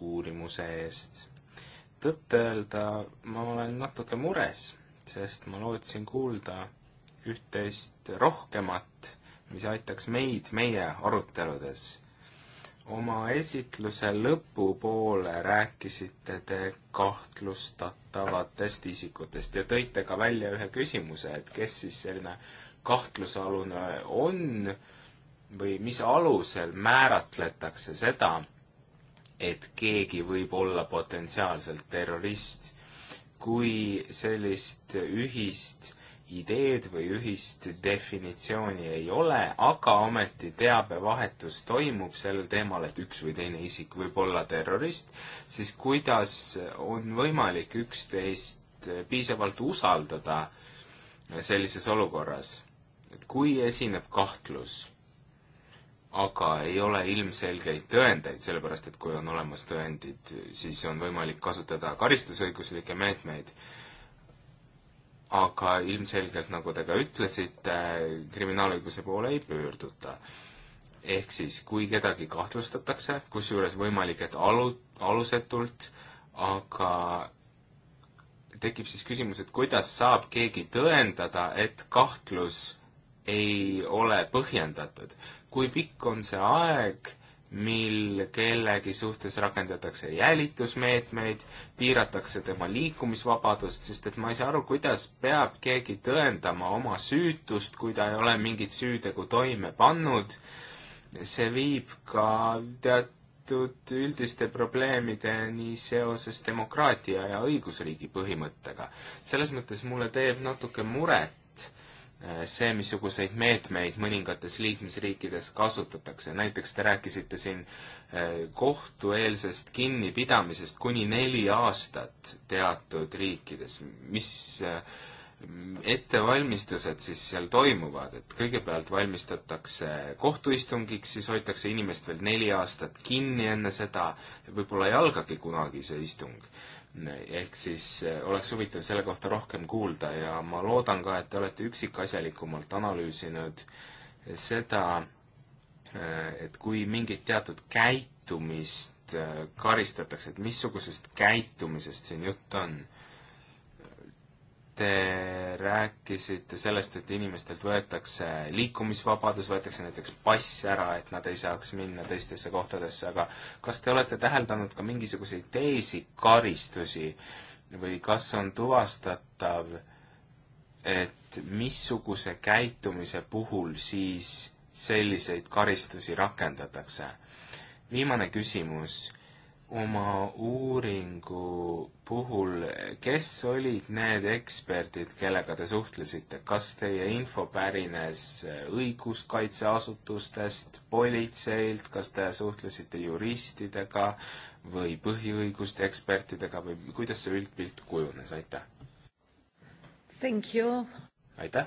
uurimuse eest. tõtt-öelda ma olen natuke mures, sest ma lootsin kuulda üht-teist rohkemat, mis aitaks meid meie aruteludes. oma esitluse lõpupoole rääkisite te kahtlustatavatest isikutest ja tõite ka välja ühe küsimuse, et kes siis selline kahtlusalune on või mis alusel määratletakse seda, et keegi võib olla potentsiaalselt terrorist, kui sellist ühist ideed või ühist definitsiooni ei ole, aga ometi teabevahetus toimub sellel teemal, et üks või teine isik võib olla terrorist, siis kuidas on võimalik üksteist piisavalt usaldada sellises olukorras? et kui esineb kahtlus, aga ei ole ilmselgeid tõendeid, sellepärast et kui on olemas tõendid, siis on võimalik kasutada karistusõiguslikke meetmeid aga ilmselgelt, nagu te ka ütlesite, kriminaalõiguse poole ei pöörduta. ehk siis, kui kedagi kahtlustatakse, kusjuures võimalik, et alu-, alusetult, aga tekib siis küsimus, et kuidas saab keegi tõendada, et kahtlus ei ole põhjendatud. kui pikk on see aeg mil kellegi suhtes rakendatakse jälitusmeetmeid, piiratakse tema liikumisvabadust, sest et ma ei saa aru, kuidas peab keegi tõendama oma süütust, kui ta ei ole mingit süütegu toime pannud. see viib ka teatud üldiste probleemideni seoses demokraatia ja õigusriigi põhimõttega. selles mõttes mulle teeb natuke muret Äh, see, missuguseid meetmeid mõningates liikmesriikides kasutatakse, näiteks te rääkisite siin äh, kohtueelsest kinnipidamisest kuni neli aastat teatud riikides, mis äh, ettevalmistused siis seal toimuvad, et kõigepealt valmistatakse kohtuistungiks, siis hoitakse inimest veel neli aastat kinni enne seda, võib-olla ei algagi kunagi see istung ehk siis eh, oleks huvitav selle kohta rohkem kuulda ja ma loodan ka, et te olete üksikasjalikumalt analüüsinud seda, eh, et kui mingit teatud käitumist eh, karistatakse, et missugusest käitumisest siin jutt on. Te rääkisite sellest, et inimestelt võetakse liikumisvabadus, võetakse näiteks pass ära, et nad ei saaks minna teistesse kohtadesse, aga kas te olete täheldanud ka mingisuguseid teisi karistusi või kas on tuvastatav, et missuguse käitumise puhul siis selliseid karistusi rakendatakse? viimane küsimus oma uuringu puhul, kes olid need eksperdid, kellega te suhtlesite, kas teie info pärines õiguskaitseasutustest, politseilt, kas te suhtlesite juristidega või põhiõiguste ekspertidega või kuidas see üldpilt kujunes, aitäh! aitäh!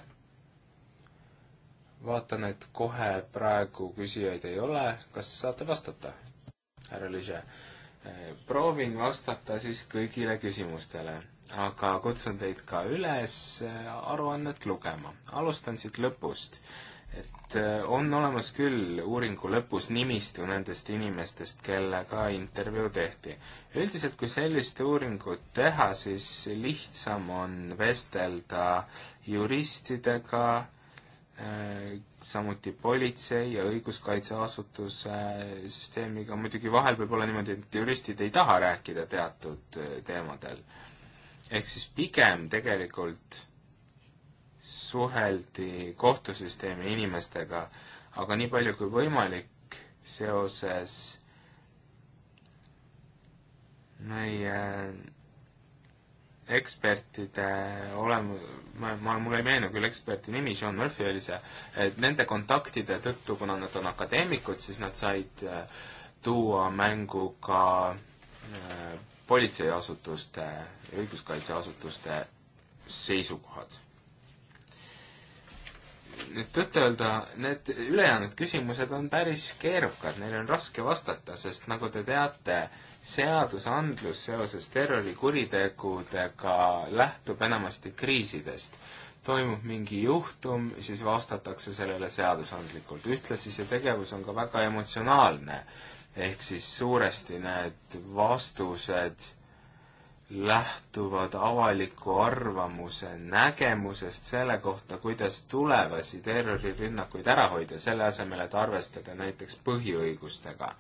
vaatan, et kohe praegu küsijaid ei ole, kas saate vastata, härra Liže? proovin vastata siis kõigile küsimustele, aga kutsun teid ka üles äh, aruannet lugema. alustan siit lõpust. et äh, on olemas küll uuringu lõpus nimistu nendest inimestest, kellega intervjuu tehti. üldiselt, kui sellist uuringut teha, siis lihtsam on vestelda juristidega, Äh, samuti politsei ja õiguskaitseasutuse süsteemiga, muidugi vahel võib olla niimoodi, et juristid ei taha rääkida teatud äh, teemadel. ehk siis pigem tegelikult suheldi kohtusüsteemi inimestega, aga nii palju kui võimalik seoses meie ekspertide olema, ma, ma, mulle ei meenu küll eksperti nimi, Sean Murphy oli see, et nende kontaktide tõttu, kuna nad on akadeemikud, siis nad said äh, tuua mängu ka äh, politseiasutuste ja õiguskaitseasutuste seisukohad. nüüd tõtt-öelda need ülejäänud küsimused on päris keerukad, neile on raske vastata, sest nagu te teate, seadusandlus seoses terrorikuritegudega lähtub enamasti kriisidest. toimub mingi juhtum, siis vastatakse sellele seadusandlikult. ühtlasi see tegevus on ka väga emotsionaalne. ehk siis suuresti need vastused lähtuvad avaliku arvamuse nägemusest selle kohta, kuidas tulevasi terrorirünnakuid ära hoida, selle asemel, et arvestada näiteks põhiõigustega.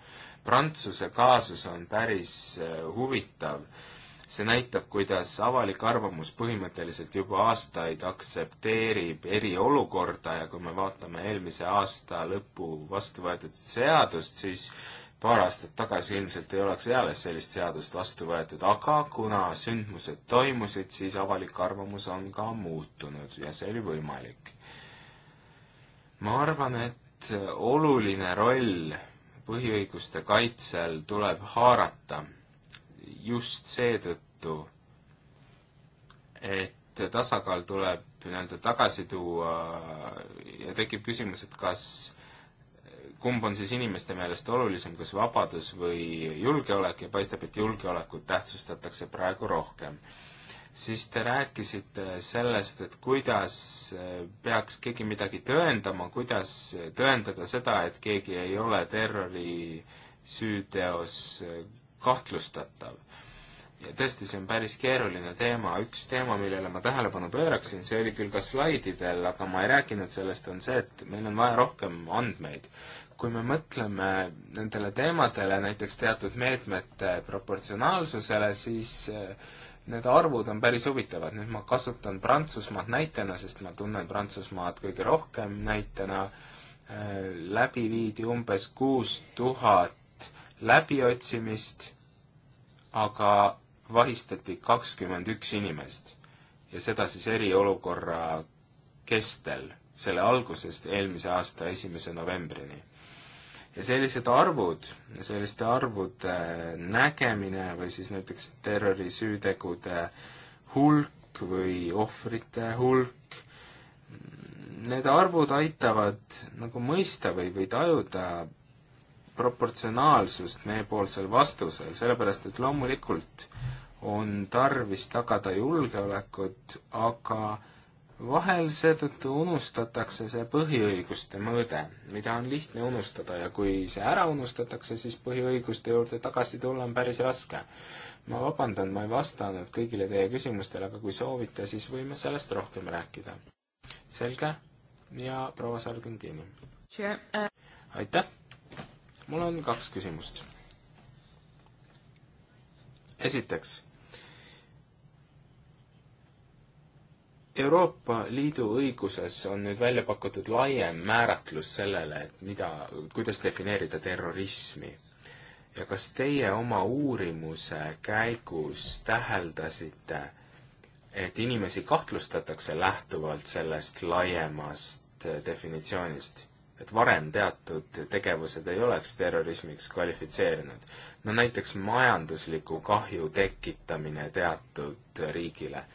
Prantsuse kaasus on päris äh, huvitav. see näitab, kuidas avalik arvamus põhimõtteliselt juba aastaid aktsepteerib eriolukorda ja kui me vaatame eelmise aasta lõppu vastu võetud seadust, siis paar aastat tagasi ilmselt ei oleks eales sellist seadust vastu võetud, aga kuna sündmused toimusid, siis avalik arvamus on ka muutunud ja see oli võimalik. ma arvan, et oluline roll põhiõiguste kaitsel tuleb haarata just seetõttu, et tasakaal tuleb nii-öelda tagasi tuua ja tekib küsimus, et kas kumb on siis inimeste meelest olulisem, kas vabadus või julgeolek ja paistab, et julgeolekut tähtsustatakse praegu rohkem. siis te rääkisite sellest, et kuidas äh, peaks keegi midagi tõendama, kuidas tõendada seda, et keegi ei ole terrorisüüteos äh, kahtlustatav ja tõesti, see on päris keeruline teema, üks teema, millele ma tähelepanu pööraksin, see oli küll ka slaididel, aga ma ei rääkinud sellest, on see, et meil on vaja rohkem andmeid kui me mõtleme nendele teemadele, näiteks teatud meetmete proportsionaalsusele, siis eh, need arvud on päris huvitavad, nüüd ma kasutan Prantsusmaad näitena, sest ma tunnen Prantsusmaad kõige rohkem näitena, eh, läbi viidi umbes kuus tuhat läbiotsimist, aga vahistati kakskümmend üks inimest. ja seda siis eriolukorra kestel, selle algusest eelmise aasta esimese novembrini ja sellised arvud, selliste arvude nägemine või siis näiteks terrorisüütegude hulk või ohvrite hulk, need arvud aitavad nagu mõista või, või tajuda proportsionaalsust meiepoolsel vastusel, sellepärast et loomulikult on tarvis tagada julgeolekut, aga vahel seetõttu unustatakse see põhiõiguste mõõde, mida on lihtne unustada ja kui see ära unustatakse, siis põhiõiguste juurde tagasi tulla on päris raske. ma vabandan, ma ei vastanud kõigile teie küsimustele, aga kui soovite, siis võime sellest rohkem rääkida. selge ja proua Sargentini sure.. Uh, aitäh! mul on kaks küsimust. esiteks Euroopa Liidu õiguses on nüüd välja pakutud laiem määratlus sellele, et mida, kuidas defineerida terrorismi. ja kas teie oma uurimuse käigus täheldasite, et inimesi kahtlustatakse lähtuvalt sellest laiemast äh, definitsioonist? et varem teatud tegevused ei oleks terrorismiks kvalifitseerinud. no näiteks majandusliku kahju tekitamine teatud riigile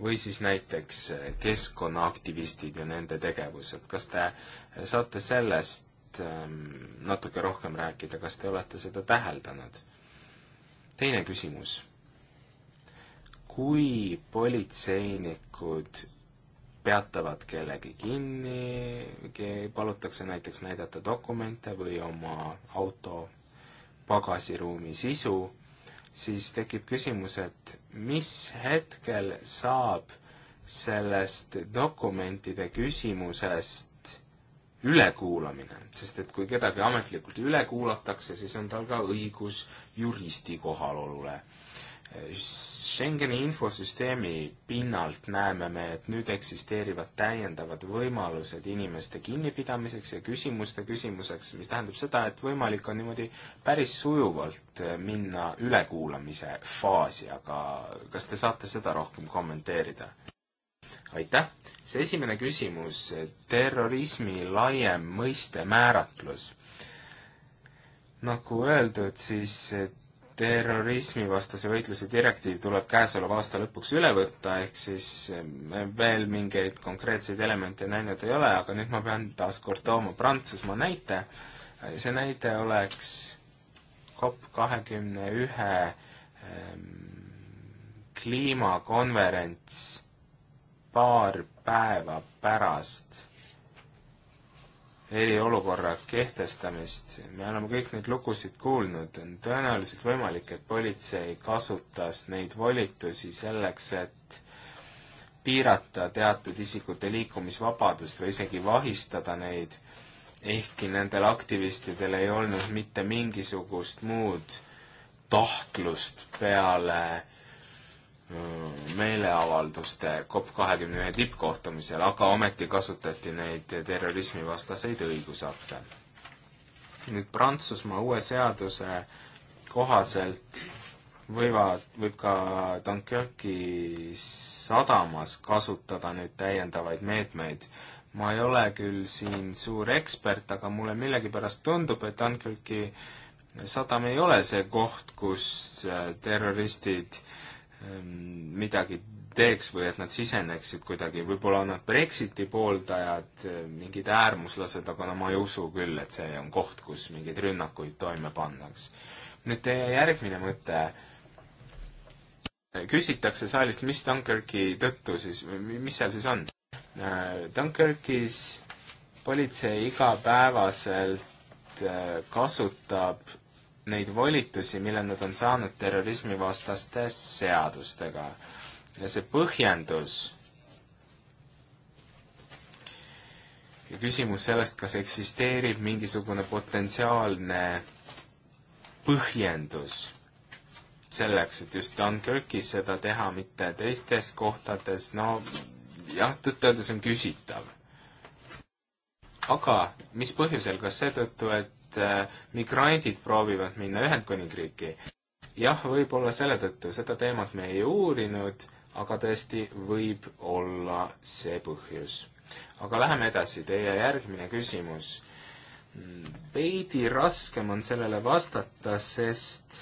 või siis näiteks eh, keskkonnaaktivistid ja nende tegevused, kas te eh, saate sellest ehm, natuke rohkem rääkida, kas te olete seda täheldanud? teine küsimus. kui politseinikud peatavad kellegi kinni, palutakse näiteks näidata dokumente või oma auto pagasiruumi sisu, siis tekib küsimus, et mis hetkel saab sellest dokumentide küsimusest ülekuulamine, sest et kui kedagi ametlikult üle kuulatakse, siis on tal ka õigus juristi kohalolule Schengeni infosüsteemi pinnalt näeme me, et nüüd eksisteerivad täiendavad võimalused inimeste kinnipidamiseks ja küsimuste küsimuseks, mis tähendab seda, et võimalik on niimoodi päris sujuvalt äh, minna ülekuulamise faasi, aga kas te saate seda rohkem kommenteerida? aitäh! see esimene küsimus, terrorismi laiem mõiste määratlus nagu öeldud, siis äh, terrorismivastase võitluse direktiiv tuleb käesoleva aasta lõpuks üle võtta, ehk siis me eh, veel mingeid konkreetseid elemente näinud ei ole, aga nüüd ma pean taas kord tooma Prantsusmaa näite. Eh, see näide oleks COP kahekümne ühe ehm, kliimakonverents paar päeva pärast eriolukorra kehtestamist. me oleme kõik neid lugusid kuulnud, on tõenäoliselt võimalik, et politsei kasutas neid volitusi selleks, et piirata teatud isikute liikumisvabadust või isegi vahistada neid, ehkki nendel aktivistidel ei olnud mitte mingisugust muud tahtlust peale meeleavalduste COP kahekümne ühe tippkohtumisel, aga ometi kasutati neid terrorismivastaseid õigusakte. nüüd Prantsusmaa uue seaduse kohaselt võivad, võib ka Dunkirki sadamas kasutada nüüd täiendavaid meetmeid. ma ei ole küll siin suur ekspert, aga mulle millegipärast tundub, et Dunkirki sadam ei ole see koht, kus äh, terroristid äh, Ähm, midagi teeks või et nad siseneksid kuidagi, võib-olla on nad Brexiti pooldajad, äh, mingid äärmuslased, aga no ma ei usu küll, et see on koht, kus mingeid rünnakuid toime pannakse. nüüd teie järgmine mõte. küsitakse saalist, mis Dunkirki tõttu siis, mis seal siis on? Äh, Dunkirkis politsei igapäevaselt äh, kasutab neid volitusi, mille nad on saanud terrorismivastaste seadustega. ja see põhjendus ja küsimus sellest, kas eksisteerib mingisugune potentsiaalne põhjendus selleks, et just Dunkirkis seda teha, mitte teistes kohtades, no jah, tõtt-öeldes on küsitav. aga mis põhjusel, kas seetõttu, et et äh, migrandid proovivad minna Ühendkuningriiki. jah, võib-olla selle tõttu seda teemat me ei uurinud, aga tõesti võib olla see põhjus. aga läheme edasi, teie järgmine küsimus. veidi raskem on sellele vastata, sest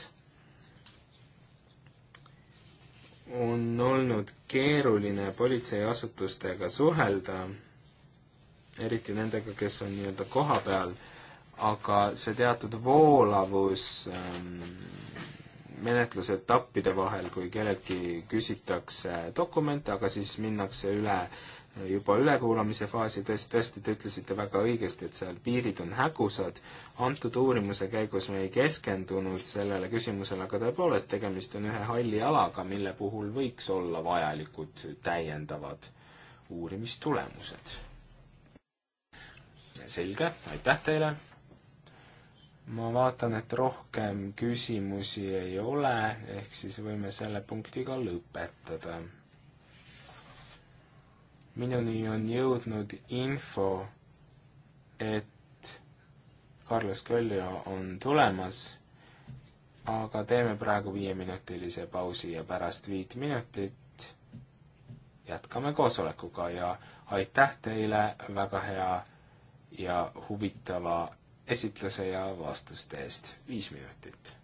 on olnud keeruline politseiasutustega suhelda, eriti nendega, kes on nii-öelda koha peal aga see teatud voolavus ähm, menetlusetappide vahel, kui kelleltki küsitakse dokumente, aga siis minnakse üle äh, juba ülekuulamise faasi, tõesti, tõesti, te ütlesite väga õigesti, et seal piirid on hägusad. antud uurimuse käigus me ei keskendunud sellele küsimusele, aga tõepoolest, tegemist on ühe halli alaga, mille puhul võiks olla vajalikud täiendavad uurimistulemused. selge, aitäh teile! ma vaatan, et rohkem küsimusi ei ole, ehk siis võime selle punktiga lõpetada. minuni on jõudnud info, et Carlos Coelho on tulemas, aga teeme praegu viieminutilise pausi ja pärast viit minutit jätkame koosolekuga ja aitäh teile väga hea ja huvitava esitluse ja vastuste eest, viis minutit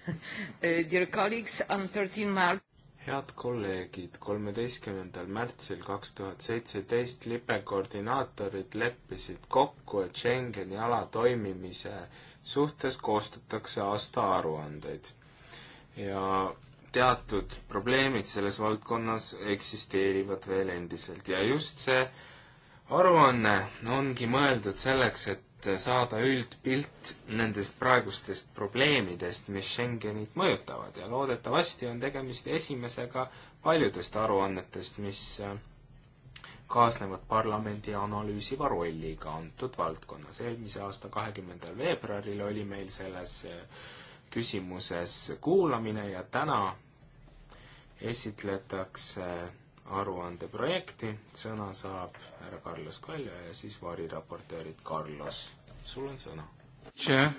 Eh, dear colleagues, on thirteen mark-. head kolleegid, kolmeteistkümnendal märtsil kaks tuhat seitseteist libe koordinaatorid leppisid kokku, et Schengeni ala toimimise suhtes koostatakse aastaaruandeid. ja teatud probleemid selles valdkonnas eksisteerivad veel endiselt ja just see aruanne ongi mõeldud selleks, et et saada üldpilt nendest praegustest probleemidest, mis Schengenit mõjutavad ja loodetavasti on tegemist esimesega paljudest aruannetest, mis äh, kaasnevad parlamendi analüüsiva rolliga antud valdkonnas. eelmise aasta kahekümnendal veebruaril oli meil selles äh, küsimuses kuulamine ja täna esitletakse aruande projekti, sõna saab härra Carlos Kaljo ja siis variraportöörid Carlos, sul on sõna. Uh,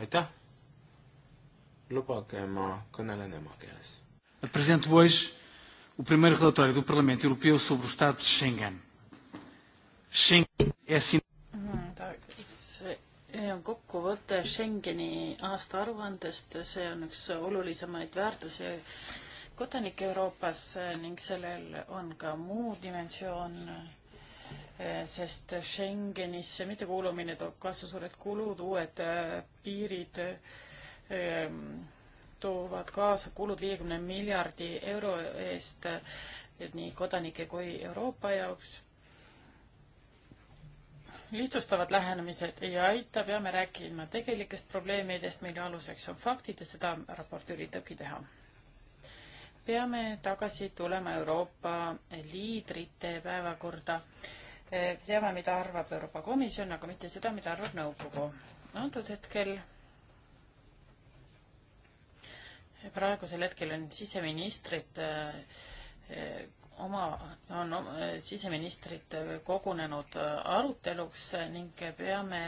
aitäh, lubage, ma kõnelen emakeeles. Apresento hoje o primeiro relatório do Parlamento Europeu sobre o Estado de Schengen. Schengen é assim. see on kokkuvõte Schengeni aastaaruandest, see on üks olulisemaid väärtusi kodanik Euroopas eh, ning sellel on ka muu dimensioon, eh, sest Schengenisse mittekuulumine toob kaasa suured kulud, uued eh, piirid ehm, toovad kaasa kulud viiekümne miljardi euro eest nii kodanike kui Euroopa jaoks. lihtsustavad lähenemised ei aita, peame rääkima tegelikest probleemidest, mille aluseks on faktid ja seda raport üritabki teha peame tagasi tulema Euroopa liidrite päevakorda. teame, mida arvab Euroopa Komisjon, aga mitte seda, mida arvab nõukogu. antud hetkel, praegusel hetkel on siseministrid oma, on siseministrid kogunenud aruteluks ning peame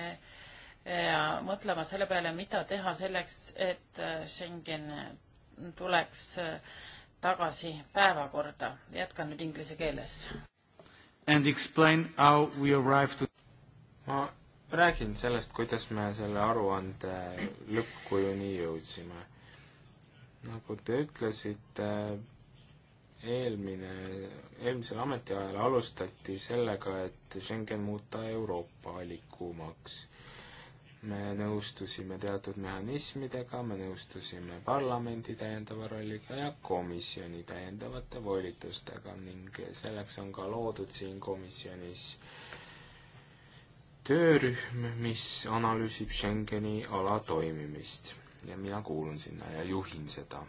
mõtlema selle peale, mida teha selleks, et Schengen tuleks äh, tagasi päevakorda. jätkan nüüd inglise keeles. And explain how we arrived to ma räägin sellest, kuidas me selle aruande lõppkujuni jõudsime. nagu te ütlesite, eelmine, eelmisel ametiajal alustati sellega, et Schengen muuta Euroopa likumaks me nõustusime teatud mehhanismidega, me nõustusime parlamendi täiendava rolliga ja komisjoni täiendavate volitustega ning selleks on ka loodud siin komisjonis töörühm, mis analüüsib Schengeni ala toimimist ja mina kuulun sinna ja juhin seda.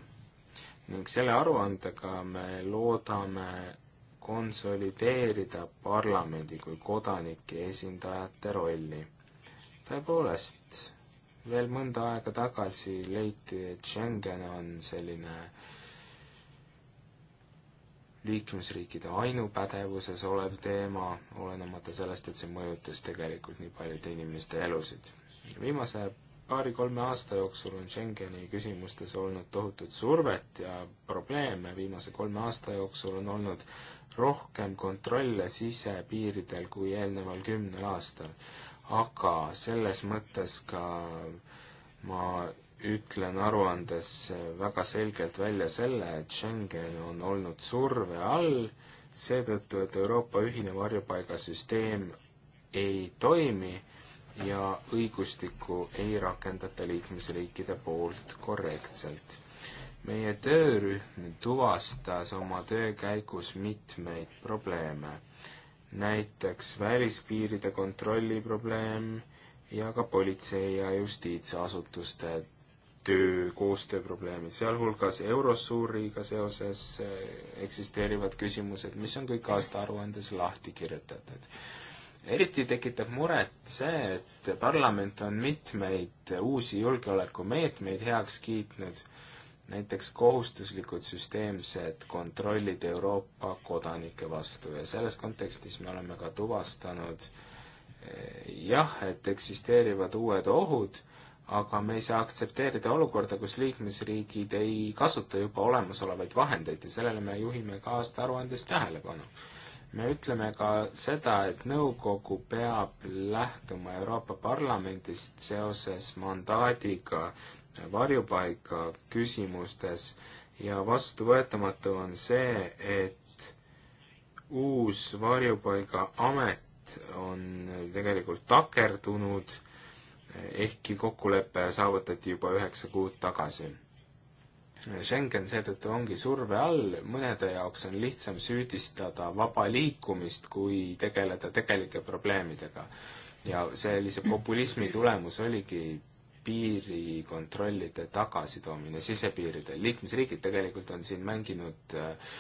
ning selle aruandega me loodame konsolideerida parlamendi kui kodanike esindajate rolli tõepoolest, veel mõnda aega tagasi leiti, et Schengen on selline liikmesriikide ainupädevuses olev teema, olenemata sellest, et see mõjutas tegelikult nii paljude inimeste elusid. viimase paari-kolme aasta jooksul on Schengeni küsimustes olnud tohutut survet ja probleeme, viimase kolme aasta jooksul on olnud rohkem kontrolle sisepiiridel kui eelneval kümnel aastal aga selles mõttes ka ma ütlen aruandes väga selgelt välja selle, et Schengen on olnud surve all seetõttu, et Euroopa ühine varjupaigasüsteem ei toimi ja õigustikku ei rakendata liikmesriikide poolt korrektselt. meie töörühm tuvastas oma töö käigus mitmeid probleeme näiteks välispiiride kontrolli probleem ja ka politsei ja justiitsasutuste töö, koostööprobleemid, sealhulgas Eurosuuriga seoses eh, eksisteerivad küsimused, mis on kõik aastaaruandes lahti kirjutatud. eriti tekitab muret see, et parlament on mitmeid uusi julgeolekumeetmeid heaks kiitnud näiteks kohustuslikud süsteemsed kontrollid Euroopa kodanike vastu ja selles kontekstis me oleme ka tuvastanud eh, jah, et eksisteerivad uued ohud, aga me ei saa aktsepteerida olukorda, kus liikmesriigid ei kasuta juba olemasolevaid vahendeid ja sellele me juhime ka aastaaruandes tähelepanu. me ütleme ka seda, et nõukogu peab lähtuma Euroopa Parlamendist seoses mandaadiga varjupaiga küsimustes ja vastuvõetamatu on see, et uus varjupaigaamet on tegelikult takerdunud, ehkki kokkulepe saavutati juba üheksa kuud tagasi. Schengen seetõttu ongi surve all, mõnede jaoks on lihtsam süüdistada vaba liikumist, kui tegeleda tegelike probleemidega. ja sellise populismi tulemus oligi piirikontrollide tagasitoomine sisepiiridel, liikmesriigid tegelikult on siin mänginud äh,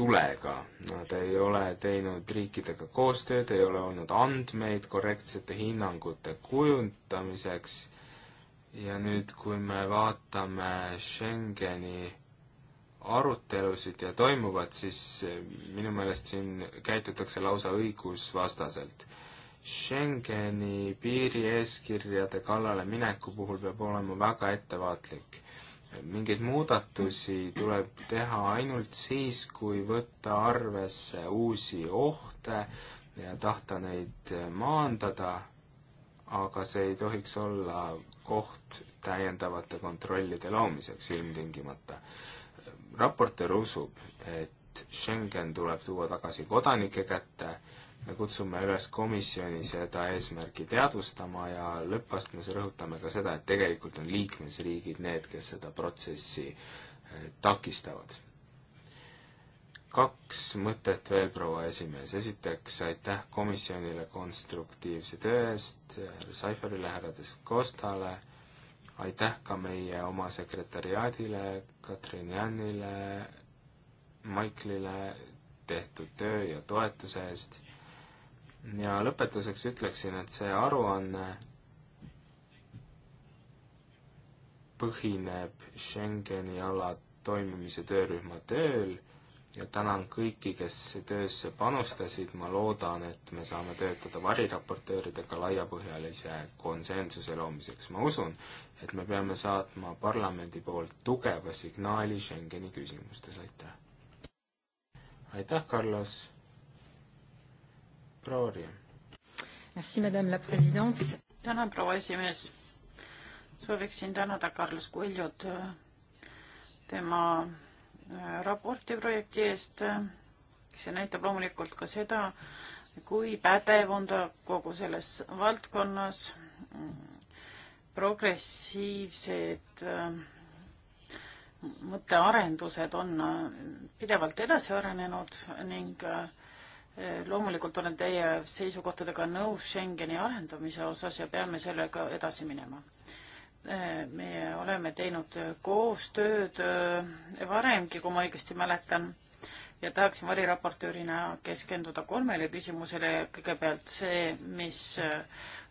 tulega, nad ei ole teinud riikidega koostööd, ei ole olnud andmeid korrektsete hinnangute kujundamiseks ja nüüd, kui me vaatame Schengeni arutelusid ja toimuvat, siis äh, minu meelest siin käitutakse lausa õigusvastaselt. Schengeni piirieeskirjade kallale mineku puhul peab olema väga ettevaatlik. mingeid muudatusi tuleb teha ainult siis, kui võtta arvesse uusi ohte ja tahta neid maandada, aga see ei tohiks olla koht täiendavate kontrollide loomiseks ilmtingimata. raportöör usub, et Schengen tuleb tuua tagasi kodanike kätte me kutsume üles komisjoni seda eesmärki teadvustama ja lõppastmes rõhutame ka seda, et tegelikult on liikmesriigid need, kes seda protsessi eh, takistavad. kaks mõtet veel, proua esimees. esiteks aitäh komisjonile konstruktiivse töö eest, eh, härra Saiferile, härra Deskostale, aitäh ka meie oma sekretäriaadile, Katrin Jannile, Maiklile tehtud töö ja toetuse eest ja lõpetuseks ütleksin, et see aruanne põhineb Schengeni ala toimimise töörühma tööl ja tänan kõiki, kes töösse panustasid, ma loodan, et me saame töötada variraportööridega laiapõhjalise konsensuse loomiseks. ma usun, et me peame saatma parlamendi poolt tugeva signaali Schengeni küsimustes, aitäh! aitäh, Carlos! proua Riia. tänan, proua esimees. sooviksin tänada Carlos Coelhot äh, tema äh, raporti projekti eest. see näitab loomulikult ka seda, kui pädev on ta kogu selles valdkonnas. progressiivsed äh, mõttearendused on pidevalt edasi arenenud ning äh, loomulikult olen teie seisukohtadega nõus Schengeni arendamise osas ja peame sellega edasi minema. me oleme teinud koostööd eh, varemgi, kui ma õigesti mäletan, ja tahaksin variraportöörina keskenduda kolmele küsimusele. kõigepealt see, mis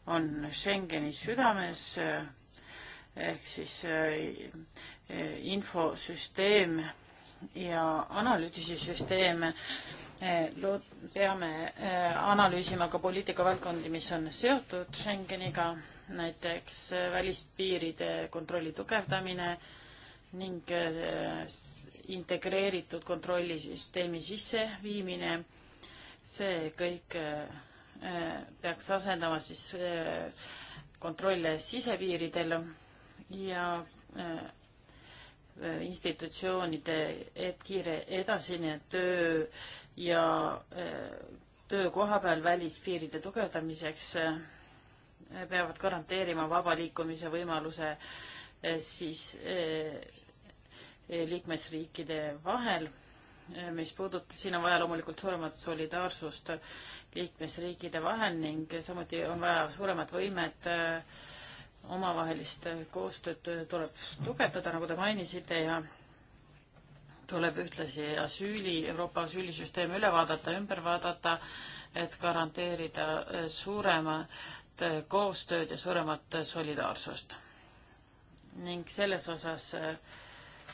on Schengeni südames ehk siis eh, infosüsteem ja analüüsisüsteem peame äh, analüüsima ka poliitikavaldkondi, mis on seotud Schengeniga, näiteks äh, välispiiride kontrolli tugevdamine ning äh, integreeritud kontrollisüsteemi sisseviimine. see kõik peaks asendama siis kontrolle sisepiiridel ja institutsioonide et kiire edasine töö ja äh, töö kohapeal välispiiride tugevdamiseks äh, peavad garanteerima vaba liikumise võimaluse äh, siis liikmesriikide vahel, mis puudutab, siin on vaja loomulikult suuremat solidaarsust liikmesriikide vahel ning samuti on vaja suuremat võimet omavahelist koostööd tuleb tugevdada, nagu te mainisite ja tuleb ühtlasi asüüli, Euroopa asüülisüsteem üle vaadata, ümber vaadata, et garanteerida äh, suuremat äh, koostööd ja suuremat solidaarsust. ning selles osas äh,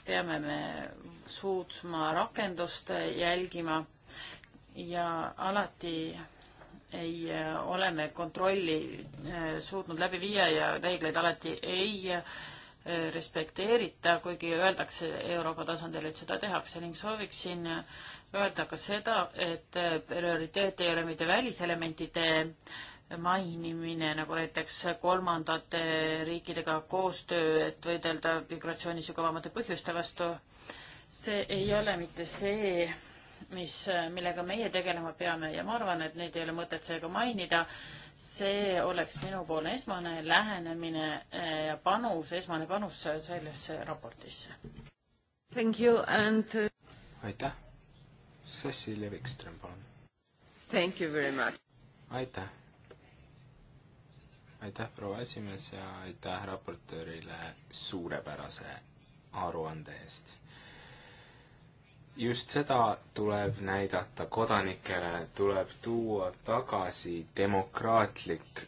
peame me suutma rakendust jälgima ja alati ei ole me kontrolli suutnud läbi viia ja reegleid alati ei respekteerita, kuigi öeldakse Euroopa tasandil, et seda tehakse ning sooviksin öelda ka seda, et prioriteet ei ole mitte väliselementide mainimine, nagu näiteks kolmandate riikidega koostöö, et võidelda migratsiooni sügavamate põhjuste vastu. see ei ole mitte see mis, millega meie tegelema peame ja ma arvan, et neid ei ole mõtet seega mainida. see oleks minupoolne esmane lähenemine eh, ja panus, esmane panus sellesse raportisse. Thank you and uh, aitäh. Cecilia Wikström, palun. Thank you very much. aitäh. aitäh, proua esimees ja aitäh raportöörile suurepärase aruande eest just seda tuleb näidata kodanikele, tuleb tuua tagasi demokraatlik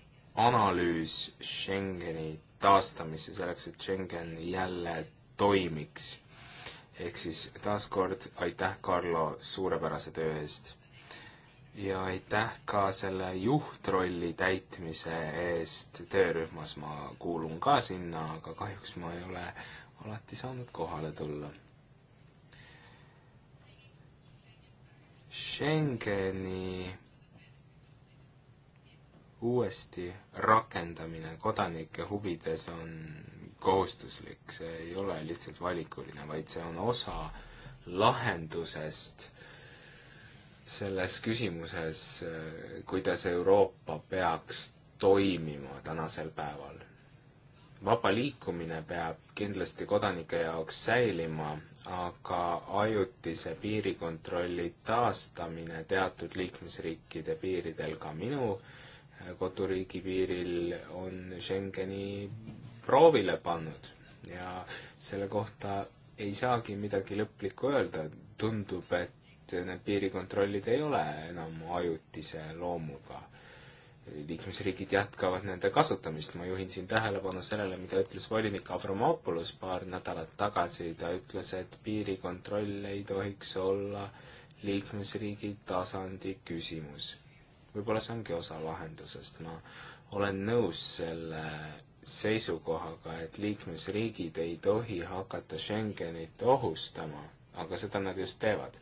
analüüs Schengeni taastamise, selleks et Schengen jälle toimiks. ehk siis taaskord aitäh, Carlo, suurepärase töö eest! ja aitäh ka selle juhtrolli täitmise eest töörühmas, ma kuulun ka sinna, aga kahjuks ma ei ole alati saanud kohale tulla Schengeni uuesti rakendamine kodanike huvides on kohustuslik, see ei ole lihtsalt valikuline, vaid see on osa lahendusest selles küsimuses, kuidas Euroopa peaks toimima tänasel päeval vaba liikumine peab kindlasti kodanike jaoks säilima, aga ajutise piirikontrolli taastamine teatud liikmesriikide piiridel, ka minu eh, koduriigi piiril, on Schengeni proovile pannud ja selle kohta ei saagi midagi lõplikku öelda, tundub, et need piirikontrollid ei ole enam ajutise loomuga liikmesriigid jätkavad nende kasutamist, ma juhin siin tähelepanu sellele, mida ütles volinik Avramopoulos paar nädalat tagasi, ta ütles, et piirikontroll ei tohiks olla liikmesriigi tasandi küsimus. võib-olla see ongi osa lahendusest, ma olen nõus selle seisukohaga, et liikmesriigid ei tohi hakata Schengenit ohustama, aga seda nad just teevad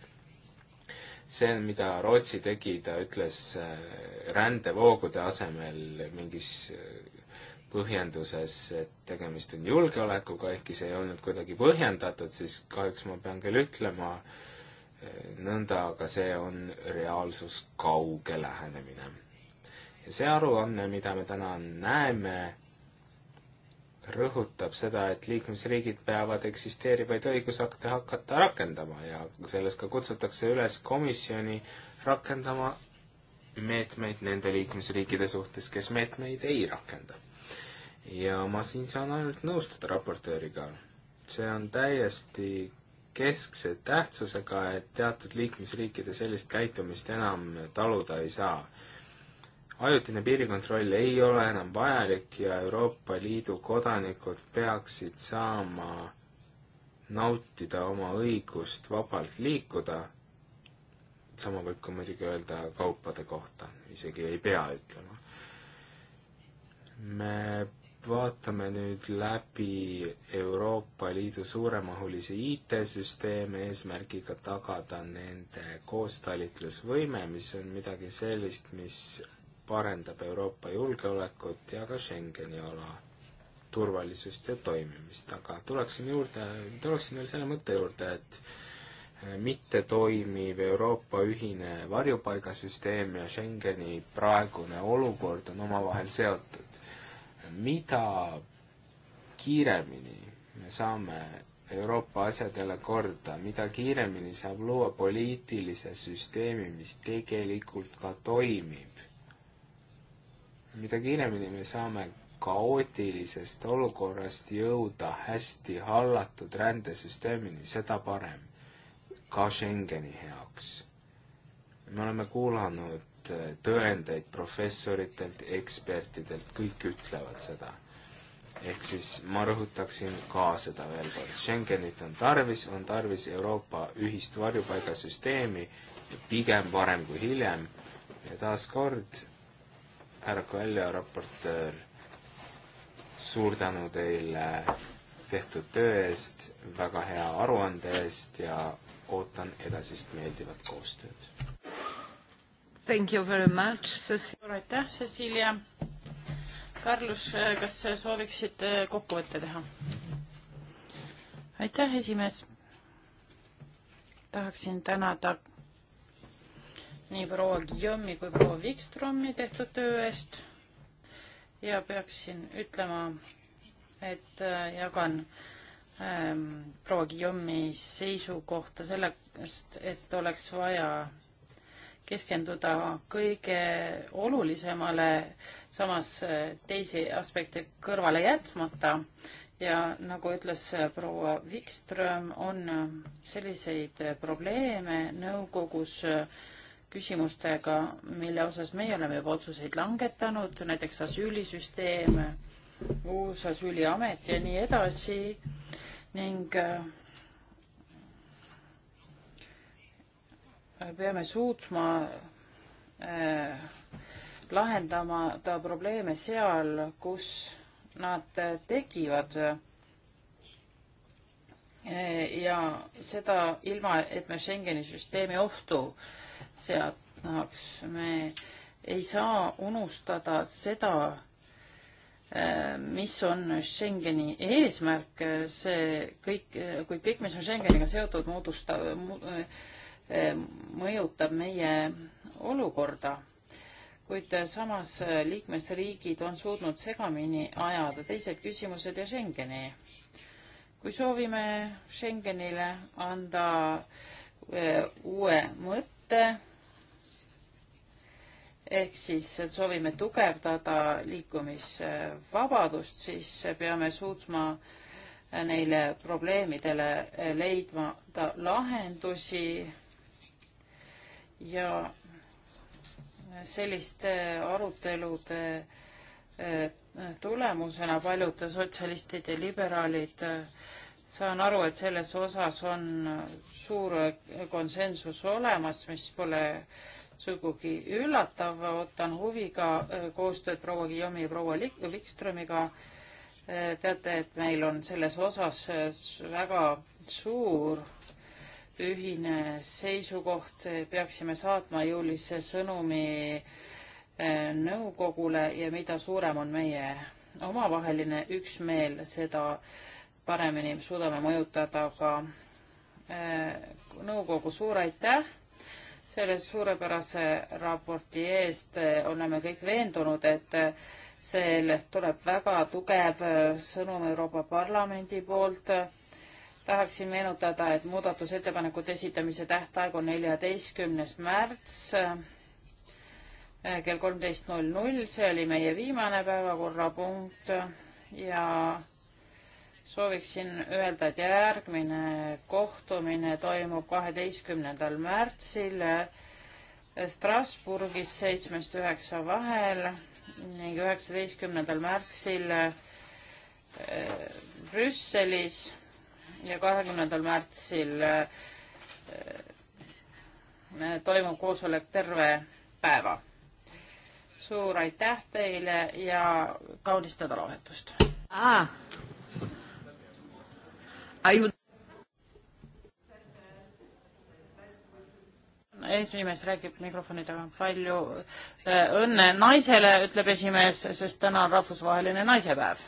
see, mida Rootsi tegi, ta ütles äh, rändevoogude asemel mingis äh, põhjenduses, et tegemist on julgeolekuga, ehkki see ei olnud kuidagi põhjendatud, siis kahjuks ma pean küll ütlema äh, nõnda, aga see on reaalsus kauge lähenemine. ja see aruanne, mida me täna näeme, rõhutab seda, et liikmesriigid peavad eksisteerivaid õigusakte hakata rakendama ja selles ka kutsutakse üles komisjoni rakendama meetmeid nende liikmesriikide suhtes, kes meetmeid ei rakenda. ja ma siin saan ainult nõustuda raportööriga. see on täiesti keskse tähtsusega, et teatud liikmesriikide sellist käitumist enam taluda ei saa ajutine piirikontroll ei ole enam vajalik ja Euroopa Liidu kodanikud peaksid saama nautida oma õigust vabalt liikuda, sama võib ka muidugi öelda kaupade kohta, isegi ei pea ütlema. me vaatame nüüd läbi Euroopa Liidu suuremahulisi IT-süsteeme eesmärgiga tagada nende koostalitlusvõime, mis on midagi sellist, mis parendab Euroopa julgeolekut ja ka Schengeni ala turvalisust ja toimimist, aga tuleksin juurde, tuleksin veel selle mõtte juurde, et eh, mittetoimiv Euroopa ühine varjupaigasüsteem ja Schengeni praegune olukord on omavahel seotud. mida kiiremini me saame Euroopa asjadele korda, mida kiiremini saab luua poliitilise süsteemi, mis tegelikult ka toimib, mida kiiremini me saame kaootilisest olukorrast jõuda hästi hallatud rändesüsteemini, seda parem, ka Schengeni heaks. me oleme kuulanud äh, tõendeid professoritelt, ekspertidelt, kõik ütlevad seda. ehk siis ma rõhutaksin ka seda veel kord, Schengenit on tarvis, on tarvis Euroopa ühist varjupaigasüsteemi pigem varem kui hiljem ja taaskord härra Kalja, raportöör, suur tänu teile tehtud töö eest, väga hea aruande eest ja ootan edasist meeldivat koostööd. Thank you very much, Cecilia. aitäh, Cecilia. Karlus, kas sooviksid kokkuvõtte teha? aitäh, esimees. tahaksin tänada nii proua Guillaume'i kui proua Wikstromi tehtud töö eest ja peaksin ütlema, et äh, jagan ähm, proua Guillaume'i seisukohta sellest, et oleks vaja keskenduda kõige olulisemale, samas äh, teisi aspekte kõrvale jätmata ja nagu ütles äh, proua Wikström, on selliseid probleeme nõukogus äh, küsimustega, mille osas meie oleme juba otsuseid langetanud, näiteks asüülisüsteem, uus asüüliamet ja nii edasi ning äh, peame suutma äh, lahendama ta probleeme seal, kus nad tekivad äh, ja seda ilma, et me Schengeni süsteemi ohtu äh, seadnaks. me ei saa unustada seda, eh, mis on Schengeni eesmärk, see kõik, kui kõik, mis on Schengeniga seotud, moodustab, eh, mõjutab meie olukorda. kuid samas liikmesriigid on suutnud segamini ajada teised küsimused ja Schengeni. kui soovime Schengenile anda eh, uue mõtte, ette. ehk siis soovime tugevdada liikumisvabadust, siis peame suutma neile probleemidele leidma lahendusi ja selliste arutelude eh, tulemusena paljud sotsialistid ja liberaalid eh, saan aru, et selles osas on suur konsensus olemas, mis pole sugugi üllatav. ootan huviga äh, koostööd proua Guillaume'i ja proua Wikströmiga. Äh, teate, et meil on selles osas äh, väga suur ühine seisukoht, peaksime saatma jõulise sõnumi nõukogule ja mida suurem on meie omavaheline üksmeel, seda äh, paremini suudame mõjutada ka eh, nõukogu, suur aitäh selle suurepärase raporti eest, oleme kõik veendunud, et sellest tuleb väga tugev eh, sõnum Euroopa Parlamendi poolt. tahaksin meenutada, et muudatusettepanekute esitamise tähtaeg on neljateistkümnes märts eh, kell kolmteist null null, see oli meie viimane päevakorrapunkt ja sooviksin öelda, et järgmine kohtumine toimub kaheteistkümnendal märtsil Strasburgis seitsmest üheksa vahel ning üheksateistkümnendal märtsil eh, Brüsselis ja kahekümnendal märtsil eh, toimub koosolek terve päeva. suur aitäh teile ja kaunist nädalavahetust ah.! would... esimees räägib mikrofonidega. palju äh, õnne naisele, ütleb esimees, sest täna on rahvusvaheline naisepäev.